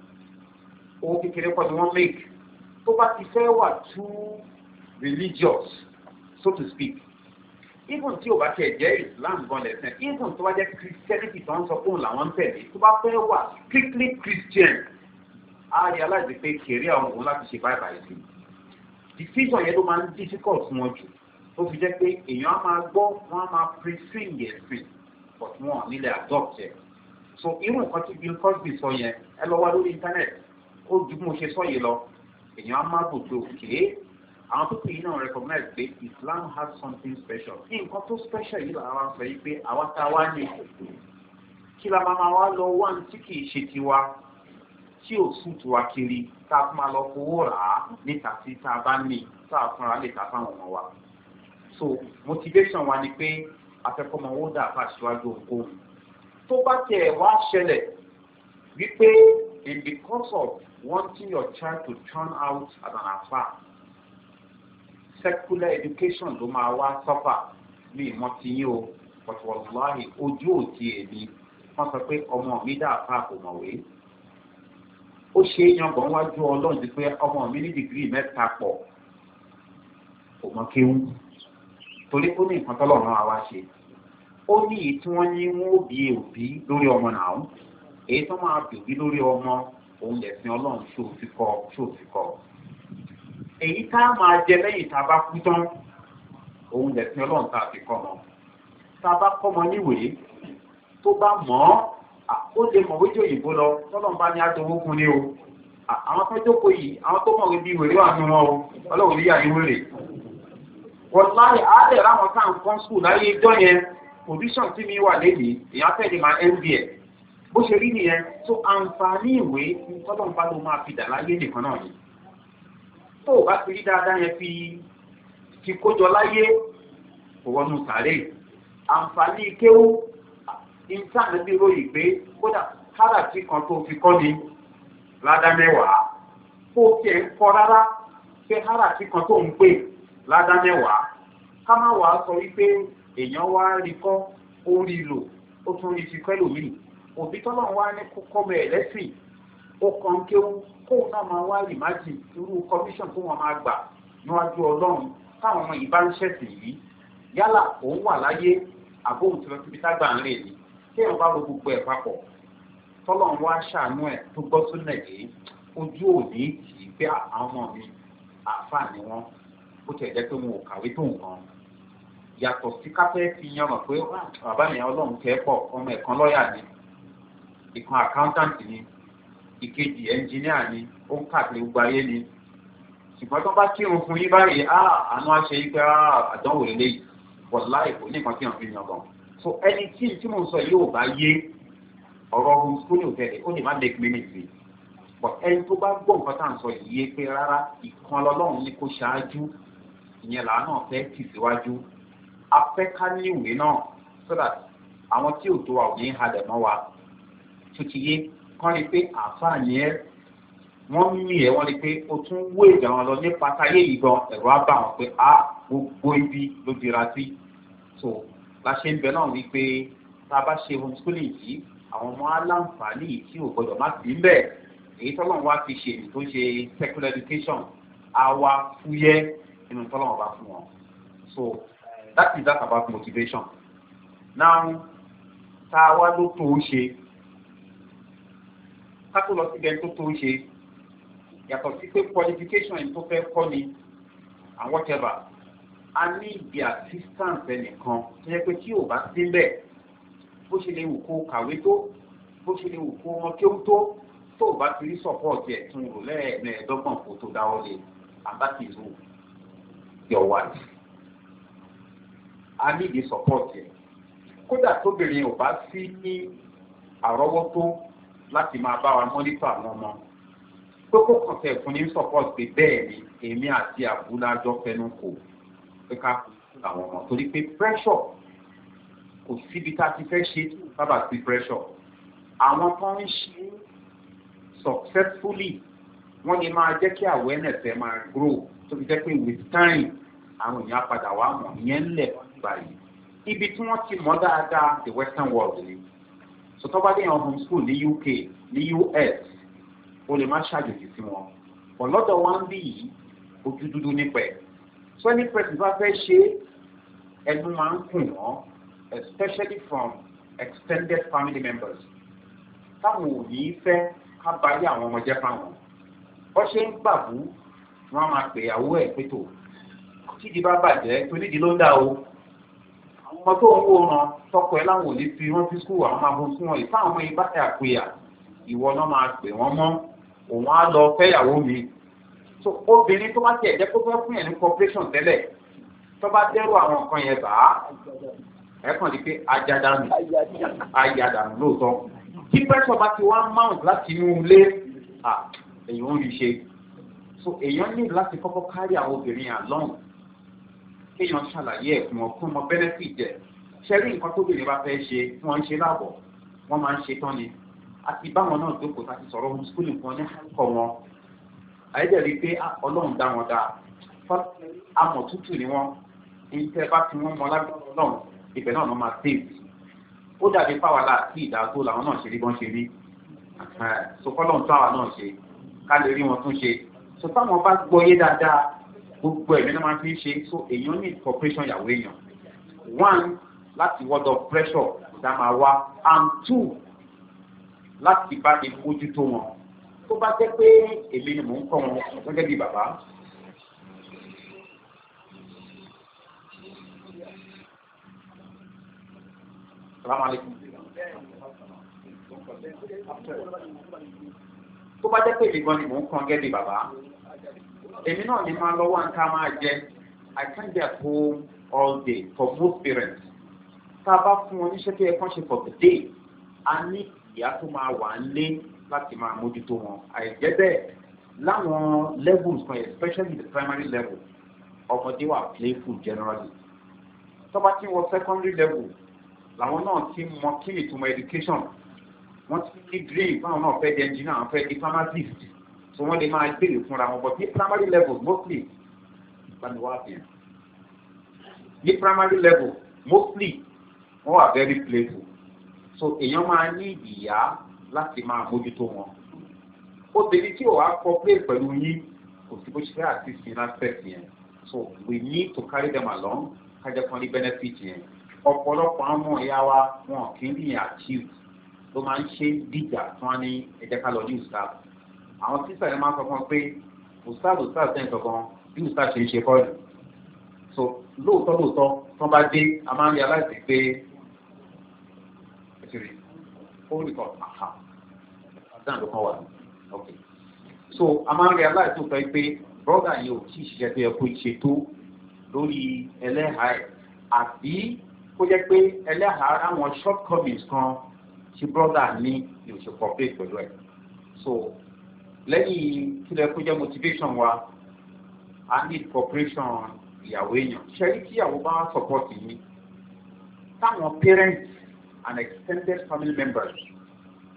S1: owó kékeré kọ́ ni wọ́n make tó bá ti fẹ́ wà too religious so to speak even tí o bá tẹ̀ jẹ́ Islam gan lẹ́sẹ̀ even tó bá jẹ́ Christianity tó ń sọ fún làwọn ń tẹ̀lé tó bá fẹ́ wà strictly Christian a realize pé kèrè àwọn òun láti ṣe báyìí báyìí sí i decision yẹn ló máa ń difficult fún wọn jù tó fi jẹ́ pé èèyàn á máa gbọ́ wọ́n á máa pre-train yẹn free but wọn ò nílẹ̀ adopt yẹn so irú nǹkan tí Bill Cosby sọ yẹn ẹ lọ wá lórí internet ó ju bí mo ṣe sọ yìí lọ èèyàn á má gbòdò òkè àwọn tó pè yín náà recognize pé Islam has something special nǹkan tó special yìí làwọn sọ yìí pé àwa tá a wá ní kí la máa wá lọ wá ní tí kì í ṣe tiwa tí ò sùtù wa kiri tá a fún ma lọ fowó rà á níta tí tá a bá ní tá a fúnra lè ta fáwọn ọmọ wa. so motivation wa ni pé afẹ́kọ́mọ owó dà bá aṣíwájú òǹkóhùn. tó bá tiẹ̀ wá ṣẹlẹ̀ wípé in because of wanting your child to turn out as an afa secular education ló máa wá sọ́fà ní ìmọ̀tí yín o pọ̀tùwọ̀lùwárì ojú òtí èmi wọ́n sọ pé ọmọ mi dà bá kò mọ̀wé ó ṣe é yan bọ̀ wájú ọlọ́run ti pé ọmọ mi ní dìgírì mẹ́ta pọ̀ kò mọ kéwú torí ó ní nǹkan tọ́lọ̀ náà wá ṣe ó ní èyí tí wọ́n ní wọ́n ó bí òbí lórí ọmọ náà èyí tó máa bí òbí lórí ọmọ òun lẹ̀sìn ọlọ́run ṣó fi kọ́ ṣó fi kọ́ èyí tá a máa jẹ lẹ́yìn tá a bá kú tán òun lẹ̀sìn ọlọ́run tá a fi kọ́ mọ́ tá a bá kọ́ mọ́ níwèé tó bá mọ́ ọ́ ó ṣe mọ̀ wíjọ òyìnbó lọ tọ́lọ̀ bá ní àtọwó fún ní o àwọn tó jókòó yìí àwọn tó mọ̀wé bí wèrè wà nínú wọn ọlọ́run ní yàrá wèrè wọ́n láyé àádẹ́ láwọn sáà ń kọ́ skul láyé ìjọ yẹn position tí mi wà lẹ́yìn èèyàn fẹ́ ni máa mbs bó ṣe rí nìyẹn tó àǹfààní ìwé tọ́lọ̀ bá ló máa fi dà láyé nìkan náà ni tó o bá ti rí dáadáa yẹn fi ti kójọ láyé kò sàárè àǹfààní kéwú ìjà níbi ìròyìn pé kódà káràtì kan tó fi kọ́ ni ládá mẹ́wàá kó tiẹ̀ ń kọ́ rárá pé káràtì kan tó
S2: ń pè ládá mẹ́wàá
S1: ká má wàá sọ wípé èèyàn wá rí kọ́ ó rí lò ó tún rí ti pẹ́lòmíì òbí tọ́lọ̀ wá ní kókọ́ mẹ́ ẹlẹ́sìn ó kàn kí ó kóun náà máa wá rìmájì irú kọmíṣọ̀n tó wọn máa gbà níwájú ọlọ́run táwọn ọmọ yìí bá ń ṣẹ̀sìn yìí yálà òun wà láyé àbóhùn tí wọ́n ti fi tágbà ń rè ní tí ẹ̀ ń bá ro gbogbo ẹ̀ papọ̀ tọ́lọ̀ ń wá ṣàánú ẹ̀ tó gbọ́ tó nà yìí ojú òní kì í pé àwọn ọmọ mi àáfàá ni wọ́n ó tẹ̀ jẹ́ pé wọn ò kàwé tó nǹkan yàtọ̀ sí kápẹ́ fi yanràn pé bàbá mi ọlọ́run kẹ́ pọ̀ ọmọ ẹ̀kan lọ́ọ̀yà ni ìkan àkáńtàǹtì ni ìkejì ẹnjìníà ni ó ń káàkiri gbogbo ayé ni ṣùgbọ́n tó bá kírun fún yín báyìí àánú àṣẹ yìí pé àdánwò lélẹ́yìí wọ̀láì kò ní nǹkan tí wọ́n fi yan gan-an so ẹni tí tí mo sọ yóò bá yé ọ̀rọ̀ homeschooling tẹ̀lé ó lè má make minute sí but ẹni tó bá gbọ́ nǹkan tá à ń sọ yìí yé pé rárá ìkan lọ́lọ́run ni kó ṣáájú ìyẹn làá náà fẹ́ tì síwájú afẹ́ ká níwèé náà so that àwọn tí ò tó wa ò ní halẹ̀ mọ́ wa tó ti yé kán ni pé àǹfààní ẹ wọ́n mí ẹ̀ wọ́n ni pé o tún wó ìjà wọn lọ nípa táyé yìí gan ẹ̀rọ á bá wọn pé a ah, gbogbo ibi ló dira sí so la ṣe ń bẹ náà wípé tá a bá ṣe homeschooling yìí àwọn ọmọ aláǹfààní yìí tí ò gbọdọ̀ má sí ń bẹ̀ èyí tọ́lọ́run wá fi ṣe tó ṣe secular education á wá fúyẹ́ nínú tọ́lọ́run bá fún wọn so that is that about motivation now tá a wá ló tó o ṣe ká tó lọ síbẹ̀ tó tó o ṣe yàtọ̀ sí pé qualification ẹni tó fẹ́ kọ́ ni and whatever a ní ìdí assistance ẹnìkan tó yẹ pé tí ò bá síbẹ̀ bó ṣe lè wù kó kàwé tó bó ṣe lè wù kó wọn kí ó tó tó o bá ti rí support ẹ̀ tún rò lẹ́ẹ̀mẹ́ẹ̀ẹ́dọ́gbọ̀n kó tó dáwọ́ lé and that is who your wife a ní ìdí support ẹ̀ kódà tóbìnrin ò bá sí ní àrọ́wọ́tó láti máa bá wa mọ́nítọ̀ àwọn ọmọ pé kó kàn tẹ̀ fún ní support pé bẹ́ẹ̀ ni èmi àti àbúlá fẹnu kò pé ká kú àwọn ọmọ torí pé pressure kò síbi tá a ti fẹ́ ṣe bábà sí pressure àwọn tó ń ṣe successfully wọ́n lè máa jẹ́ kí awareness ẹ̀ máa grow tó fi jẹ́ pé with time àwọn èèyàn padà wá mọ̀ ìyẹn ń lẹ̀ báyìí ibi tí wọ́n ti mọ̀ dáadáa the western world ni so tó home dé yan homeschool ní UK ní US o lè má ṣàjòjì sí wọn ọ̀lọ́dọ̀ wa ń bí yìí ojú dúdú nípa ẹ̀ So sọ́ni pẹ̀sì bá fẹ́ ṣe ẹnu máa ń kùn wọ́n especially from extended family members táwọn ò ní í fẹ́ ká báyé àwọn ọmọ jẹ́ fáwọn bọ́ ṣe ń gbàgbó wọn máa pè àwọ ẹ̀ pé tó tíjì bá bàjẹ́ tonídìí ló ń dá o àwọn ọmọ tó ń wó ran tọkọ ẹ láwọn ò ní fi wọn fi skul àwọn máa fún wọn ìfáwọn ọmọ yìí bá ẹ àpèyà ìwọ náà máa pè wọn mọ òun á lọ fẹ́yàwó mi so obìnrin tó bá tiẹ̀ jẹ́ kó fẹ́ fún yẹn ní corporation tẹ́lẹ̀ tó bá dẹ́rù àwọn nǹkan yẹn bá ẹ kàn di pé ajadanu ajadanu lóòótọ́ tí pẹ́sọ̀ bá ti wá mount láti inú ilé èèyàn ń rí ṣe so èèyàn ní láti kọ́kọ́ kárí àwọn obìnrin àlọ́hùn kéèyàn ṣàlàyé ẹ̀kún ọ̀kún ọmọ benefit ẹ̀ ṣẹ́rí nǹkan tóbìnrin bá fẹ́ ṣe wọ́n ń ṣe láàbọ̀ wọ́n máa ń ṣe tán ni àti báwọn náà jókòó láti sọ̀rọ̀ homeschooling kan ní àkọ́ wọn àyẹ́dẹ̀rí pé ah, ọlọ́run dá wọn dáa amọ̀ tútù ni wọ́n ìtẹ́ bá ti wọ́n mọ lágbára ọlọ́run ibẹ̀ náà ló máa tèèbù ó dàbí fáwọlá àti ìdágó làwọn náà ṣe rí bọ́n ṣe rí sọkọ́lọ́run tó àwọn náà ṣe ká lè rí wọn tún ṣe sọ táwọn bá gbọ́yé dáadáa gbogbo ẹ̀mí náà máa fi ń ṣe so èèyàn ní corporation ìyàwó èèyàn one láti of pressure dá máa wá and two láti bá ní mójútó wọn tó bá jẹ́ pé èmi ni mò ń kọ́ wọn gẹ́gẹ́ bí bàbá. tó bá jẹ́ pé èmi gan ni mò ń kọ́ gẹ́gẹ́ bí bàbá èmi náà ni máa lọ́wọ́ nǹkan máa jẹ I can't be at home all day for most parents tá a bá fún wọn níṣẹ́ tó yẹ ṣe for the day a ní ìyá tó máa wà lé láti máa mójútó wọn àìjẹ́ bẹ́ẹ̀ láwọn levels kan especially the primary level ọmọdé wà playful generally tó bá ti wọ secondary level làwọn náà ti mọ kí ìtumọ̀ education wọ́n ti ní green báwọn náà fẹ́ di engineer àwọn fẹ́ di pharmacist so wọ́n lè máa gbèrè fúnra wọn but ní primary level mostly ìgbaniwáfíà ní primary level mostly wọ́n wà very playful so èèyàn máa ní ìyá láti máa mójútó wọn obìnrin tí ò wá kọ pé pẹ̀lú yín kò sí bó ṣe fẹ́ àti sin aspect yẹn so we need to carry them along kájọ kan ní benefit yẹn ọ̀pọ̀lọpọ̀ àwọn ìyá wa wọn kì í yàn achieve ló máa ń ṣe dìjà tí wọ́n ní ẹ̀jẹ̀ ká lọ ní ìsáàbù àwọn sísà yẹn máa ń sọ fún wọn pé ìsáàbù ìsáàbù sẹ́yìn kankan bí ìsáàbù ṣe ń ṣe kọ́ọ̀lù so lóòótọ́ lóòótọ́ tí wọ́n bá dé a máa ń rí aláìsí pé ìtìrí fóònù nìkan àhà àdáhùn ló kàn wà ok so a máa ń rí aláìsàn fẹ́ pé brọ́dà yìí ò tí ì ṣiṣẹ́ tó yẹ kó ṣe tó lórí ẹlẹ́hà ẹ̀ àbí kó jẹ́ pé ẹlẹ́hà àwọn shortcomings kan tí brọ́dà ní ìṣe cooperate pẹ̀lú ẹ̀ so lẹ́yìn kílẹ̀ kó jẹ́ motivation wa I need cooperation ìyàwó èèyàn ṣẹ́rí tíyàwó bá support yìí táwọn parents and extended family members tí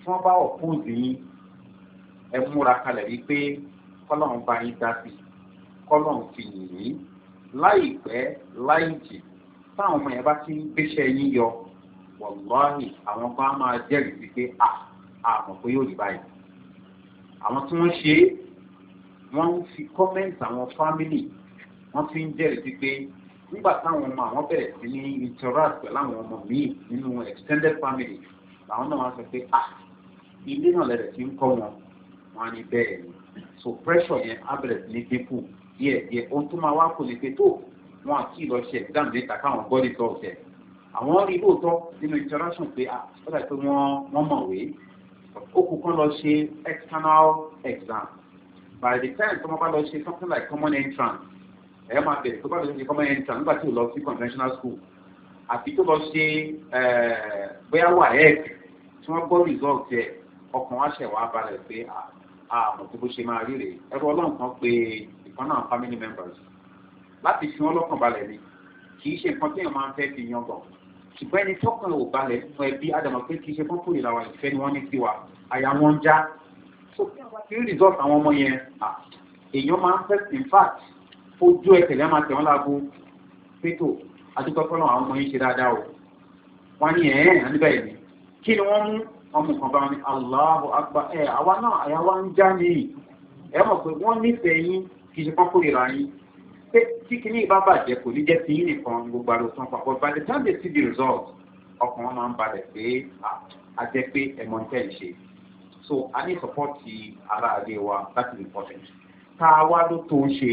S1: wọ́n bá ọ̀pọ̀ọ̀sì yín ẹ múra kalẹ̀ wípé kọ́lọ́run bá yín dá sí kọ́lọ́run fi yìn yín láìpẹ́ láìjì táwọn ọmọ yẹn bá ti ń gbéṣẹ́ yín yọ wọ̀lọ́ọ̀hìn àwọn kan á máa jẹ́rìí sí pé à ah, àmọ̀ pé yóò rí báyìí àwọn tí wọ́n ṣe é wọ́n ń fi kọ́mẹ́ǹtì àwọn fámìlì wọ́n fi ń jẹ́rìí sí pé nígbà táwọn ọmọ àwọn bẹ̀rẹ̀ sí ní interact pẹ̀lú àwọn ọmọ míì nínú extended family làwọn náà wọ́n sọ pé ah ilé náà lẹ̀rẹ̀ sí ń kọ́ wọn wọn á ní bẹ́ẹ̀ ni so pressure yẹn á bẹ̀rẹ̀ sí ní dínkù díẹ̀ díẹ̀ ohun tó máa wá kò ní pé tó wọn àti ìlọsẹ̀ exam níta káwọn bọ́ọ̀lì tọ́ ọ̀sẹ̀ àwọn rí lóòótọ́ nínú interaction pé ah ó dàbí pé wọ́n mọ̀wé ó kù kán lọ ṣe external exam by the time tí wọ́n bá lọ ṣe something like common entrance ẹ máa bẹ̀rẹ̀ tó bá bẹ̀rẹ̀ ní common entrance nígbà tí o lọ sí conventional school àti tó lọ ṣe bóyá wà ẹ̀ tí wọ́n gbọ́ result ẹ̀ ọkàn wa ṣẹ̀ wá balẹ̀ pé àmọ̀ tó bó ṣe máa rí rèé ẹ̀rọ ọlọ́run kan pé ìkan náà family members láti fi wọ́n lọ́kàn balẹ̀ ni kì í ṣe nǹkan tí èèyàn máa ń fẹ́ fi yan gan ṣùgbọ́n ẹni tọ́kàn ò balẹ̀ fún ẹbí àdàmọ̀ pé kì í ṣe fún fún ìlàwọ̀ ìfẹ́ ni wọ́n ní sí wa àyà wọn já so bí wọ́n bá ti rí result àwọn ọmọ yẹn èèyàn máa ń fẹ́ in fact ojú ẹ̀tẹ̀lẹ́ máa tẹ̀wọ́n lágbo pétò àdúgbò fọlọ́ àwọn ọmọ yín ṣe dáadáa o wọ́n ní ẹ̀ẹ́n àníbẹ̀ yìí kí ni wọ́n mú ọmọ kan bá wọn ní Allahu Akbar ẹ̀ àwa náà àyà wa ń já nìyí ẹ mọ̀ pé wọ́n nífẹ̀ẹ́ yín kì í ṣe kọ́kọ́ ìlà yín pé tí kìíní ìbá bàjẹ́ kò ní jẹ́ ti yín nìkan gbogbo àrò tán papọ̀ by the time they see the result ọkàn wọn máa ń balẹ̀ pé a jẹ́ pé ẹ̀mọ́ ń tẹ̀ ń ṣe so a ní support ara àgbẹ̀ wa that is important tá a wá ló tó ń ṣe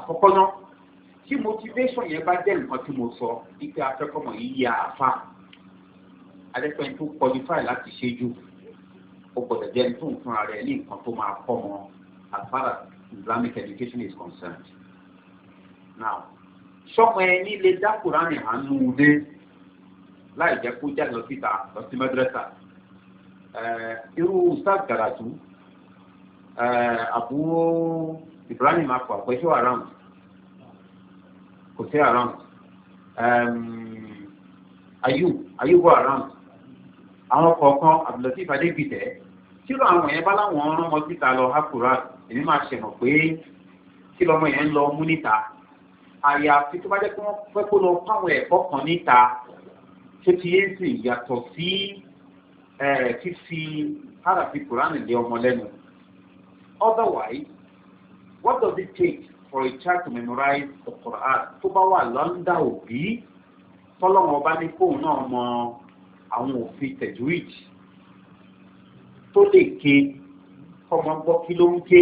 S1: àkọ́kọ́ náà tí motivation yẹn bá jẹ́ nǹkan tí mo sọ ipe afẹ́kọ̀mọ̀ yìí yà á fà adẹ́pẹ́ni tó qualify láti ṣe jù ó gbọ́dọ̀ jẹ́ ní tó nǹkan ara ẹ̀ ní nǹkan tó máa kọ́ wọn as far as Islamic education is concerned. now sọ́mọ ẹni lè dá Kùránì àánú dé láì jẹ́ kó jáde lọ síta lọ sí mẹ́dírẹ́sà irú sáà gàràtú àbúrò. Ibrahim akọ àpẹṣẹ around, round kò sí around Ayub Ayub wà round àwọn kọ̀ọ̀kan Abdulatif Adégbìtẹ́ tíro àwọn yẹn bá láwọn ọ̀rán ọmọ síta lọ hakura èmi máa ṣẹ̀mọ̀ pé kí lọmọ yẹn ń lọ mú níta àyàfi tó bá jẹ́ pé wọ́n fẹ́ kó lọ fáwọn ẹ̀kọ́ kan níta tó ti yé sí yàtọ̀ sí fífi hàràfi Kùránì lé ọmọ lẹ́nu otherwise what does it take for a child to memorize the Quran tó bá wà lọ́ndà òbí tọ́lọ́mọ bá ní kóun náà mọ àwọn òfin tẹ̀júwìj tó lè ké kọ́mọ gbọ́ kí ló ń ké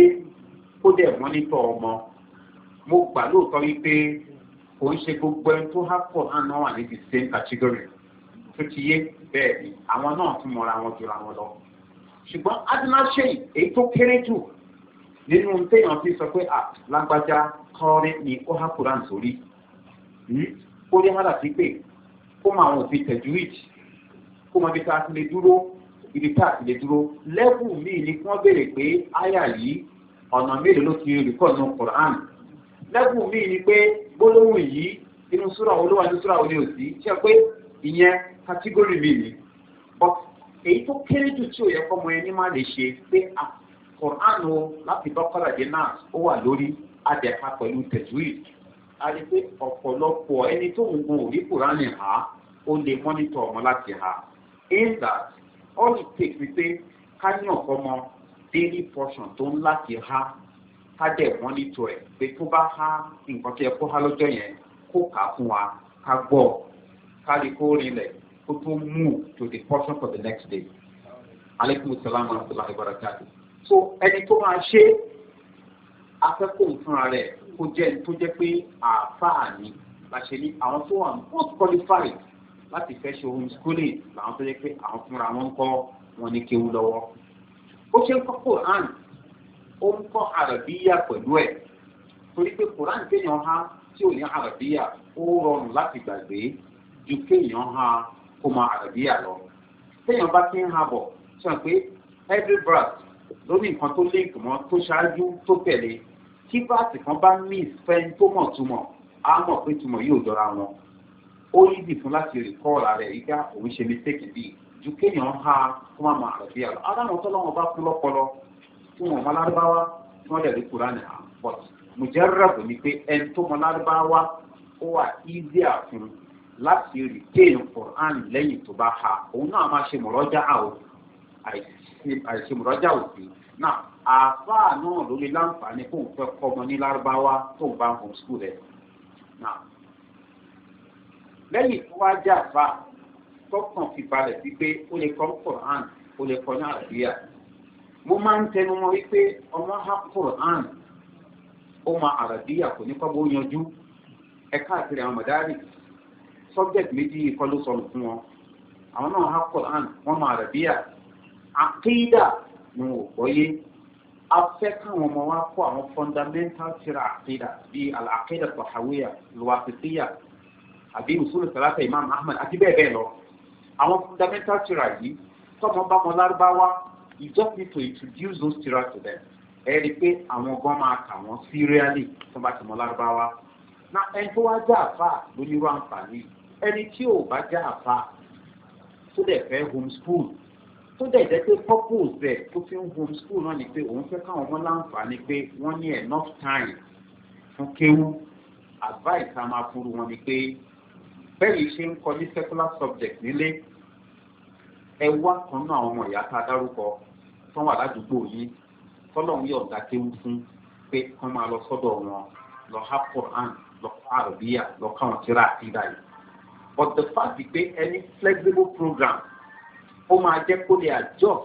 S1: kó dẹ̀ mọ́nítọ̀ ọmọ mo gbà lóòótọ́ wípé kò ń ṣe gbogbo ẹni tó há náà náà wà ní the same category tó ti yé bẹ́ẹ̀ ni àwọn náà tún mọra wọn jura wọn lọ ṣùgbọ́n adúláṣe èyí tó kéré jù nínú téèyàn fi sọ pé ah, lágbájá kọ́rí ni ó há quran sórí hmm? ó ní hádà sí pé kó máa wọn fi tẹ̀jú ìjì kó máa fi ta sí lè dúró ibi tá àti lè dúró lẹ́bùn míì ni wọ́n béèrè pé áyà yìí ọ̀nà mélòó ló ti rí kọ́ nù quran lẹ́bùn míì ni pé gbólóhùn yìí inú súra olówó àti súra òní òsì ṣe pé ìyẹn kátígórì míì ni èyí tó kéré jù tí ò yẹ kọ́mọ ẹni má lè ṣe pé ah, Quran o láti bọ́kọ́rọ̀ dé náà ó wà lórí adẹ̀ka pẹ̀lú tajwid a rí pé ọ̀pọ̀lọpọ̀ ẹni tó ń gun òrí Quran ha ó lè mọ́nítọ̀ ọmọ láti ha in that all it takes is, pé ká ní ọ̀kọ́ mọ daily portion tó ń láti ha ká dẹ̀ mọ́nítọ̀ ẹ̀ pé tó bá ha nǹkan tó yẹ kó ha lọ́jọ́ yẹn kó kà á fún wa ká gbọ́ ká rí kó rinlẹ̀ kó tó move to the portion for the next day. Alaikum salaam wa rahmatulahi wa barakatuh so ẹni tó máa ṣe afẹ́kọ̀ọ́ fúnra rẹ̀ kó jẹ́ tó jẹ́ pé àáfàá ni láṣẹ ní àwọn tó wà most qualified láti fẹ́ ṣe ohun schooling làwọn tó jẹ́ pé àwọn fúnra wọn ń kọ́ wọn ní kéwú lọ́wọ́ ó ṣe ń kọ́ Quran ó ń kọ́ Arabiya pẹ̀lú ẹ̀ torí pé Quran kéèyàn ha tí ò ní Arabiya ó rọrùn láti gbàgbé ju kéèyàn ha kó mọ Arabiya lọ kéèyàn bá ti ń ha bọ̀ sọ pé every breath lórí nǹkan tó link mọ́ tó ṣáájú tó tẹ̀lé tí báàsì kan bá miss fẹ́ni tó mọ̀ túmọ̀ á mọ̀ pé túmọ̀ yóò jọra wọn ó yídì fún láti rìkọ́ọ̀lù ààrẹ ìgbà òun ṣe mistake bíi ju kéèyàn ha kó má máa rẹ̀ bí àlọ́ aláwọn tó lọ́wọ́ bá kú lọ́pọlọ tí wọ́n mọ lárúbáwá tí wọ́n dẹ̀lé kúrò àná but mùjẹ́rẹ́bù ni pé ẹni tó mọ lárúbáwá ó wà easy àfin láti retain Quran lẹ́yìn tó bá ha òun náà máa ṣe mọ̀rọ́jà àwọn àìsí àìṣe mùrọ́jà òsì náà àáfàá náà ló lè láǹfààní kóun fẹ́ kọ́ ọmọ ní lárúbáwá tóun bá ń home school rẹ̀ náà lẹ́yìn tó wá jẹ́ àfa tọkàn fi balẹ̀ wípé ó lè kọ́ Quran ó lè kọ́ ní mo máa ń tẹnu ha Quran ó máa àràbíyà kò ní kọ́ bó yanjú ẹ káàkiri àwọn mọ̀dárì subject méjì kọ́ ha Quran wọ́n máa àkéyídà ni wọ́n gbọ́yé a fẹ́ káwọn ọmọ wa kọ́ àwọn fundamental tira àkéyídà bíi àkéyídà tọ̀hàwíyà lùwàsísíyà àbí ìṣúlù sàlátà imam ahmed àti bẹ́ẹ̀ bẹ́ẹ̀ lọ àwọn fundamental tira yìí tọmọ bá wọn lárúbáwá you just need to introduce those tira to them ẹ rí i pé àwọn gan máa kà wọ́n síríálì tó bá ti mọ lárúbáwá na ẹni tó wá já àfa lónírú àǹfààní ẹni tí ò bá já àfa tó dẹ̀ fẹ́ homeschool tó dẹ̀ jẹ́ pé purpose ẹ̀ tó fi ń home school náà ni pé òun fẹ́ káwọn ọmọ láǹfààní pé wọ́n ní enough time fún kéwú advice a máa fúru wọn ni pé bẹ́ẹ̀ ṣe ń kọ ní secular subject nílé ẹ wá kan náà àwọn ọmọ ìyá tá a dárúkọ tán wà ládùúgbò yín tọ́lọ́run yóò dá kéwú fún pé kán máa lọ sọ́dọ̀ wọn lọ ha Quran lọ kọ́ lọ káwọn tíra àti yìí but the fact be pé any flexible program ó máa jẹ́ kó lè adjust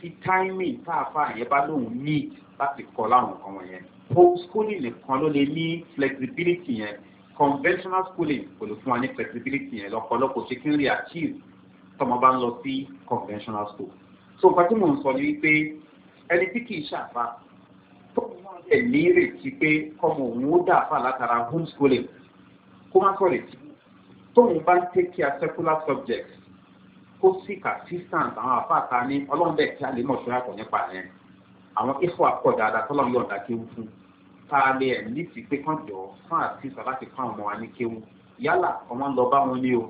S1: sí timing táàfà yẹn bá lóun ní láti kọ láwọn nǹkan wọ̀nyẹn homeschooling nìkan ló lè ní flexibility yẹn conventional schooling kò lè fún wa ní flexibility yẹn lọ́pọ̀lọpọ̀ ṣe kí n rí achieve tọmọ bá ń lọ sí conventional school so nǹkan tí mò ń sọ ni wípé ẹni tí kì í ṣàfà tó máa lè ní ìrètí pé kọmọ òun ó dàfà látara homeschooling kó má sọ ìrètí tóun bá ń take care secular subjects kó seek assistance àwọn àfáàtà ní ọlọ́run bẹ́ẹ̀ tí a lè mọ̀ ṣọ́ra pọ̀ nípa yẹn àwọn ifọ̀ àpọ̀ dáadáa tọ́lọ́run yọ̀ǹda kéwú fún tá a lè ẹ̀ ní ti pé kàn jọ fún àtìsà láti fún àwọn ọmọ wa ní kéwú yálà ọmọ ń lọ bá wọn ní o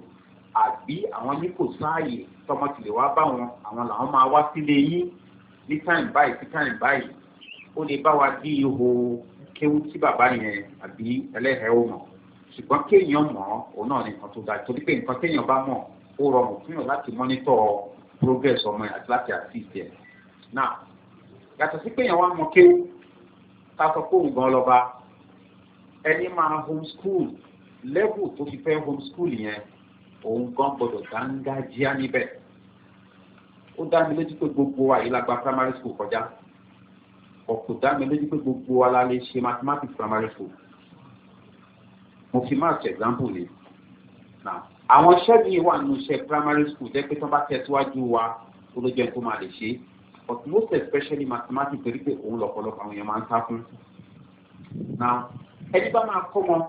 S1: àbí àwọn ní kò sáàyè tọmọ tìlẹ̀ wá bá wọn àwọn làwọn máa wá sílé yín ní táìm báyìí sí táìm báyìí ó lè bá wa dí ihò kéwú tí bàbá yẹn àbí ẹlẹ́hẹ̀ẹ́ ò mọ̀ ṣùgbọ́n kéèyàn mọ̀ ọ́ òun náà ní nǹkan tó dáa torí pé nǹkan téèyàn bá mọ̀ ó rọrùn fún yàn láti mọ́nítọ̀ progress ọmọ yẹn àti láti assist yẹn. now yàtọ̀ sí pé yẹn wá mọ kéwú ká sọ pé òun gan lọ́ba ẹni máa homeschool level tó fi fẹ́ homeschool yẹn òun gan gbọdọ̀ dángájíá níbẹ̀ ó dá mi lójú pé gbogbo àyè la gba primary school kọjá ọ̀pọ̀ dá mi lójú pé gbogbo wa la lè ṣe mathematics primary school mo fi máa ṣe example ni now àwọn iṣẹ́ mi wà nínú iṣẹ́ primary school jẹ́ pé tí wọ́n bá tẹ̀síwájú wa tó ló jẹ́ kó máa lè ṣe but most especially mathematics torí pé òun lọ̀pọ̀lọpọ̀ àwọn èèyàn máa ń sá fún. now ẹni bá máa kọ́ wọn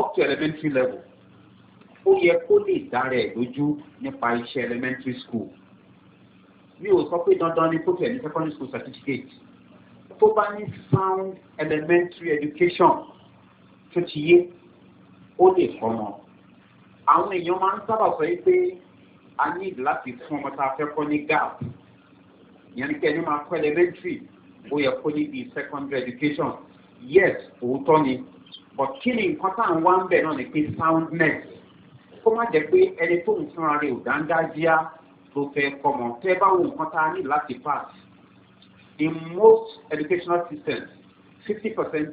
S1: up to elementary level ó yẹ kó lè dára ẹ̀ lójú nípa iṣẹ́ elementary school mi ò sọ pé dandan ni kó tẹ̀lé secondary school certificate tó bá ní sound elementary education tó ti yé ó lè kọ́ wọn àwọn èèyàn máa ń sábà sọ yìí pé a ní láti fún ọmọ tá a fẹ́ kọ́ ní gap ìyẹn ni kí ẹni máa kọ́ elementary ó yẹ kó ní bíi secondary education yes òótọ́ ni but kí ni nǹkan tá à ń wá ń bẹ̀ náà ni pé soundness kó má jẹ́ pé ẹni tó ń fúnra rẹ̀ ò dáńdájíá ló fẹ́ kọ́mọ tẹ́ bá wo nǹkan tá a ní láti pass in most educational systems fifty percent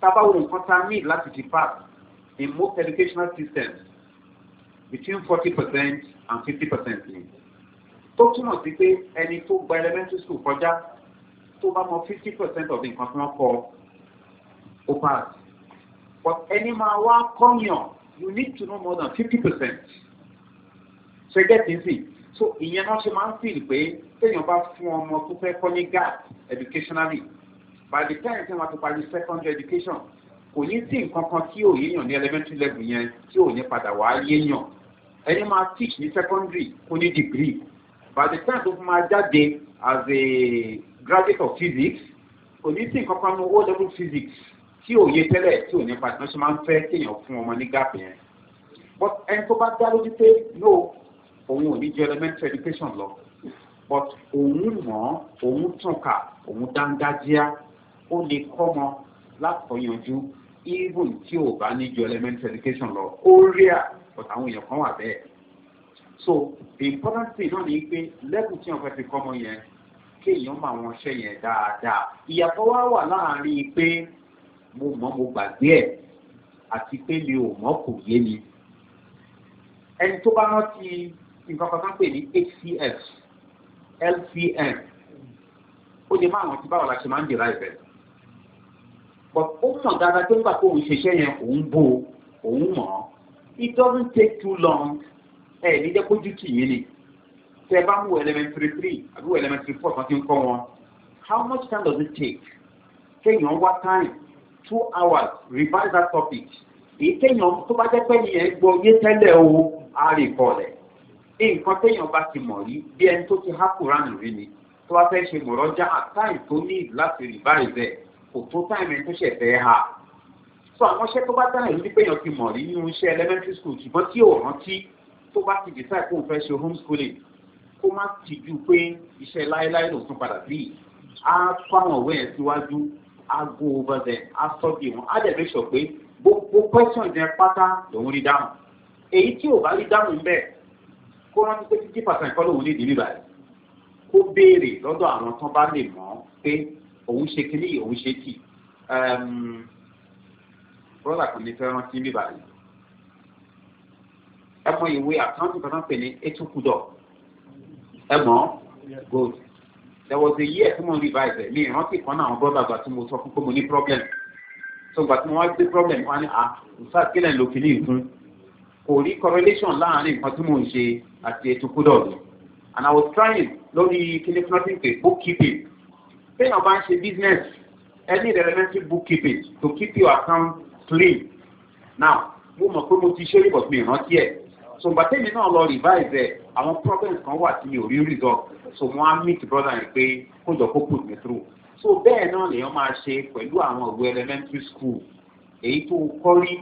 S1: tábà wo nǹkan tá a ní láti depart in most educational systems between forty percent and fifty percent ni tó túmọ̀ sí pé ẹni tó gba elementary school kọjá tó bá mọ fifty percent of nǹkan tí wọ́n kọ ó pass but ẹni máa wá kọ́yàn you need to know more than fifty percent ṣe gẹ́tì sí so ìyẹn náà ṣe máa ń fìlì pé téèyàn bá fún ọmọ tó fẹ́ kọ́ ní gap educationally by the time tí wọ́n ti parí secondary education kò ní sí nǹkan kan tí ò yéèyàn ní elementary level yẹn tí ò ní padà wá yéèyàn ẹni máa teach ní secondary kó ní degree by the time tó fi máa jáde as a graduate of physics kò ní sí nǹkan kan ní o level physics tí ò yé tẹ́lẹ̀ tí ò ní padà ṣe máa ń fẹ́ kéèyàn fún ọmọ ní gap yẹn but ẹni tó bá dá lójú pé no òun ò ní ju elementary education lọ but òun mọ̀ òun tàn ká òun dáńdájíá ó lè kọ́mọ látọ̀yànjú even tí ò bá ní ju elementary education lọ ó rí à ọ̀tà àwọn èèyàn kan wà bẹ́ẹ̀. so the important thing náà ni pé lẹ́kùn tí wọ́n fẹ́ fi kọ́mọ yẹn kéèyàn mọ àwọn ọṣẹ yẹn dáadáa ìyàtọ̀ wá wà láàárín pé mo mọ̀ mo gbàgbé ẹ̀ àti pé mi ò mọ̀ kò yé mi ẹni tó bá rántí nǹkan kan kan pè ní hcf lcm ó lè má àwọn tí báwo la ṣe máa ń dèrà ìbẹ̀rẹ̀ but ó mọ̀ dáadáa tó gbà pé òun ṣiṣẹ́ yẹn òun bò òun mọ̀ ọ́ it doesn't take too long ẹ̀ ní jẹ́ kójú tì mí ni tẹ bá mú elementary three àbí elementary four kan ti ń kọ́ wọn how much time does it take kéèyàn wá time two hours revise that topic èyí kéèyàn tó bá jẹ́ pé yẹn gbọ́ yé tẹ́lẹ̀ o á rè kọ́ rẹ̀ nǹkan téèyàn bá ti mọ̀ rí bí ẹni tó ti há kúránù rí ni tó bá fẹ́ ṣe mọ̀rọ́jà time tó ní láti revise ẹ̀ kò tó táìmì tó ṣẹ̀ fẹ́ ha so àwọn iṣẹ́ tó bá dára yìí wípé èèyàn ti mọ̀ rí nínú iṣẹ́ elementary school ṣùgbọ́n tí ò rántí tó bá ti decide kóun fẹ́ ṣe homeschooling kó má tìjú pé iṣẹ́ láéláé ló tún padà bí á kó àwọn òwe yẹn síwájú á go over there á sọ́ọ̀bì wọn á dẹ̀ make sure pé gbogbo question yẹn pátá lòun rí dáhùn èyí tí ò bá rí dáhùn ń bẹ̀ kó rántí pé fifty percent kọ́ lòun ní ìdílé báyìí kó béèrè lọ́dọ̀ àwọn tán bá lè mọ̀ pé òun ṣe kíní òun ṣe kì brọ́dà kò ní fẹ́ rántí bíbá yìí ẹ mọ ìwé àkáǹtì kan náà pè ní etukudọ ẹ mọ gold there was a year tí mo rí báyìí bẹ́ẹ̀ mi ìrántí kan náà àwọn brọ́dà gbà tí mo sọ fún pé mo ní problem so gbà tí mo wá gbé problem wá ní à ah, nfa kílẹ̀ ló fi ní ìfún kò rí correlation láàárín nǹkan tí mo ń ṣe àti etukudọ mi and I was trying lórí kíní fúnọ́tì pé bookkeeping téèyàn bá ń ṣe business ẹ ní elementary bookkeeping to keep your account clean now mo mọ̀ pé mo ti ṣe rí bọ̀tún ìrántí ẹ̀ so ìgbà tèmi náà lọ revise ẹ̀ àwọn problems kan wà tí mi ò rí result so mo á meet brother yẹn pé kó jọ kó put me through so bẹ́ẹ̀ náà lèèyàn máa ṣe pẹ̀lú àwọn ìwé elementary school èyí tó kọ́rí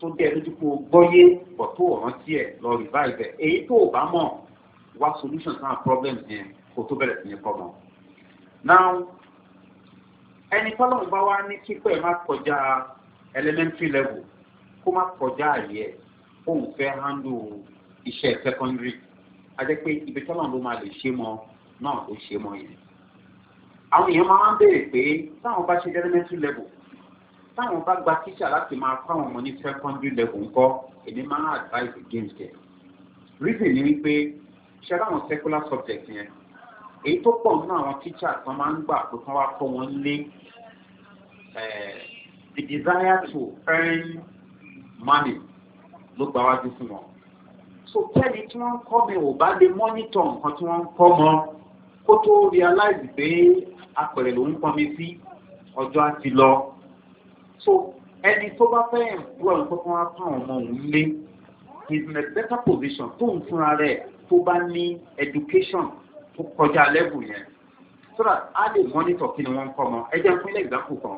S1: tó dẹ́ lójú kó gbọ́yé bọ̀ tó rántí ẹ̀ lọ revise ẹ̀ èyí tó bá mọ̀ wá solution sáà problems yẹn kó tó bẹ̀rẹ̀ sí ní problem? now ẹni tọ́lọ́mù bá wá ní kíkọ́ ẹ̀ má kọjá elementary level kó má kọjá àyè òun fẹ́ handle iṣẹ́ secondary ajẹ́ pé ibi tọ́lọ́mù ló máa lè ṣe mọ́ náà ló ṣe mọ́ yẹn
S2: àwọn èèyàn máa ń béèrè pé
S1: táwọn bá ṣe elementary level táwọn bá gba tíṣà láti máa kọ́ àwọn ọmọ ní secondary level ńkọ́ èmi máa ń advise against it reason ni wípé ṣé àwọn secular subject yẹn èyí tó pọ̀ nínú àwọn tíṣà kan máa ń gbà pé kí wọ́n kọ́ wọn lé eh, the desire to earn money ló gba wájú fún wọn. so tẹ́lì tí wọ́n ń kọ́ mi ò bá lè mọ́nítọ̀ nǹkan tí wọ́n ń kọ́ mọ́ kó tó realize pé apẹ̀rẹ̀ ló ń pọn mi sí ọjọ́ àti lọ. so ẹni tó bá fẹ́ ìwọ̀n nǹkan kan wá fún àwọn ọmọ òun lé is in a better position tóun fúnra rẹ̀ tó bá ní education tó kọjá lẹ́bù yẹn sọ́dà á lè mọ́nítọ̀ kí ni wọ́n ń kọ́ ọmọ ẹ jẹ́ fún example kan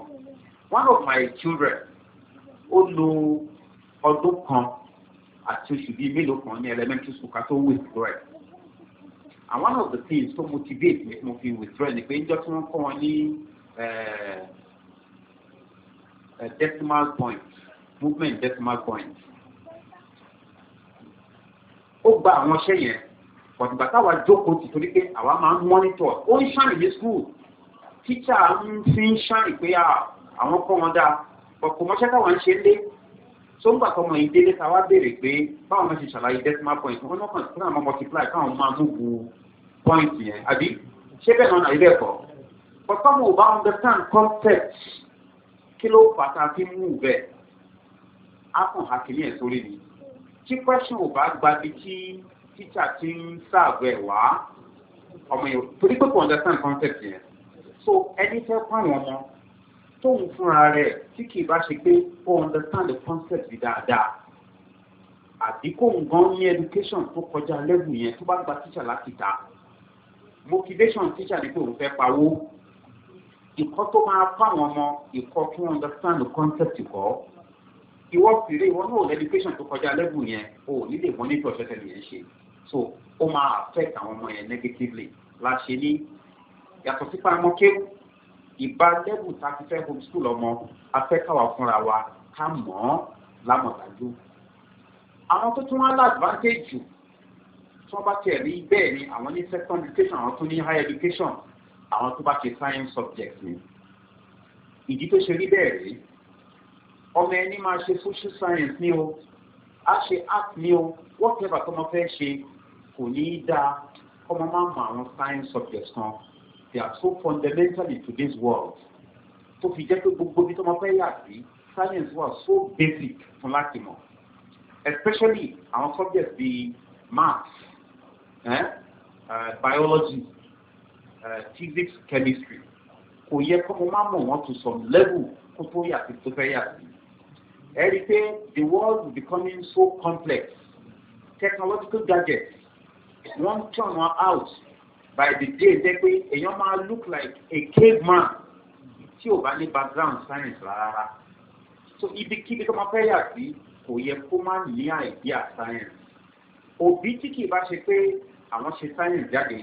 S1: one of my children ó lo ọdún kan àti oṣù bíi mélòó kan ní elementary school ká tó withdraw ẹ̀ and one of the things tó motivate me mo fi withdraw ni pé níjọ́ tí wọ́n kọ́ wọn ní eh, eh, decimal point movement decimal point ó gba àwọn iṣẹ́ pọ̀tìgbà táwa jókòó ti torí pé àwa máa ń mọ́nítọ̀ ó ń ṣàrìn ní skul tíṣà ń fi ń ṣàrìn pé àwọn kọ́ wọn dáa ọ̀pọ̀ mọ́ṣẹ́ táwa ń ṣe lé tó ń gbà tọmọ yìí délé táwa béèrè pé báwọn máa ṣe ṣàlàyé decimal point wọn náà kàn síra àwọn multiply káwọn máa mú bu point yẹn àbí ṣé bẹ́ẹ̀ náà nàìjíríà kọ́ pọ̀tọ́mù ò bá understand concept kí ló fàtà fi mú bẹ́ẹ̀ á kàn hàkìlì ẹ̀ sórí ni tí question ò bá gbabi tí Teacher ti ń ṣàbẹ̀ wá ọmọ yẹn torí pé kò understand concept yẹn so ẹni fẹ́ kọ́ àwọn ọmọ tóun fúnra rẹ̀ tí kì í bá ṣe pé kò understand the concept dáadáa àbí kóun gan ní education tó kọjá lẹ́bù yẹn tó bá gba tíṣà láti ta motivation tíṣà ni pé òun fẹ́ pawó ìkọ́ tó máa fáwọn ọmọ ìkọ́ kí wọ́n understand the concept kọ́ ìwọ́ fìrí ìwọ náà education tó kọjá lẹ́bù yẹn o nílé mọ́ nítorí ọ̀ṣẹ́ tẹ̀lé yẹn ṣe so ó máa affect àwọn ọmọ yẹn negatively la ṣe ní yàtọ̀ sí paramọ́ kéwù ìbá lẹ́bù tá a ti fẹ́ homeschool ọmọ afẹ́káwà fúnra wa ká mọ̀ ọ́ lámọ̀dájú àwọn tó tún wá láàdvantage jù tí wọ́n bá tiẹ̀ rí bẹ́ẹ̀ ni àwọn ní second education àwọn tó ní higher education àwọn tó bá ṣe science subject ni ìdí tó ṣe rí bẹ́ẹ̀ rí ọmọ ẹni máa ṣe social science ni o a ṣe art ni o whatever tó mọ fẹ́ ṣe kò ní í dáa kọ́mọ máa mọ àwọn science subjects kan they are so fundamental in today's world tó fi jẹ́ pé gbogbo bí tọ́mọ fẹ́ yà sí science wà so basic fún láti mọ̀ especially àwọn subjects bíi math eh? uh, biology uh, physics chemistry kò yẹ kọ́mọ máa mọ̀ wọ́n to some level kó tó yà sí tó fẹ́ yà sí the world is becoming so complex technological gadgets wọ́n turn wọn out by the day jẹ́ pé èèyàn máa look like a caveman tí ò bá ní background science rárá so ibikíbi tó máa fẹ́ yà sí kò yẹ kó má ní àìdíà science òbí tí kì í bá ṣe pé àwọn ṣe science jáde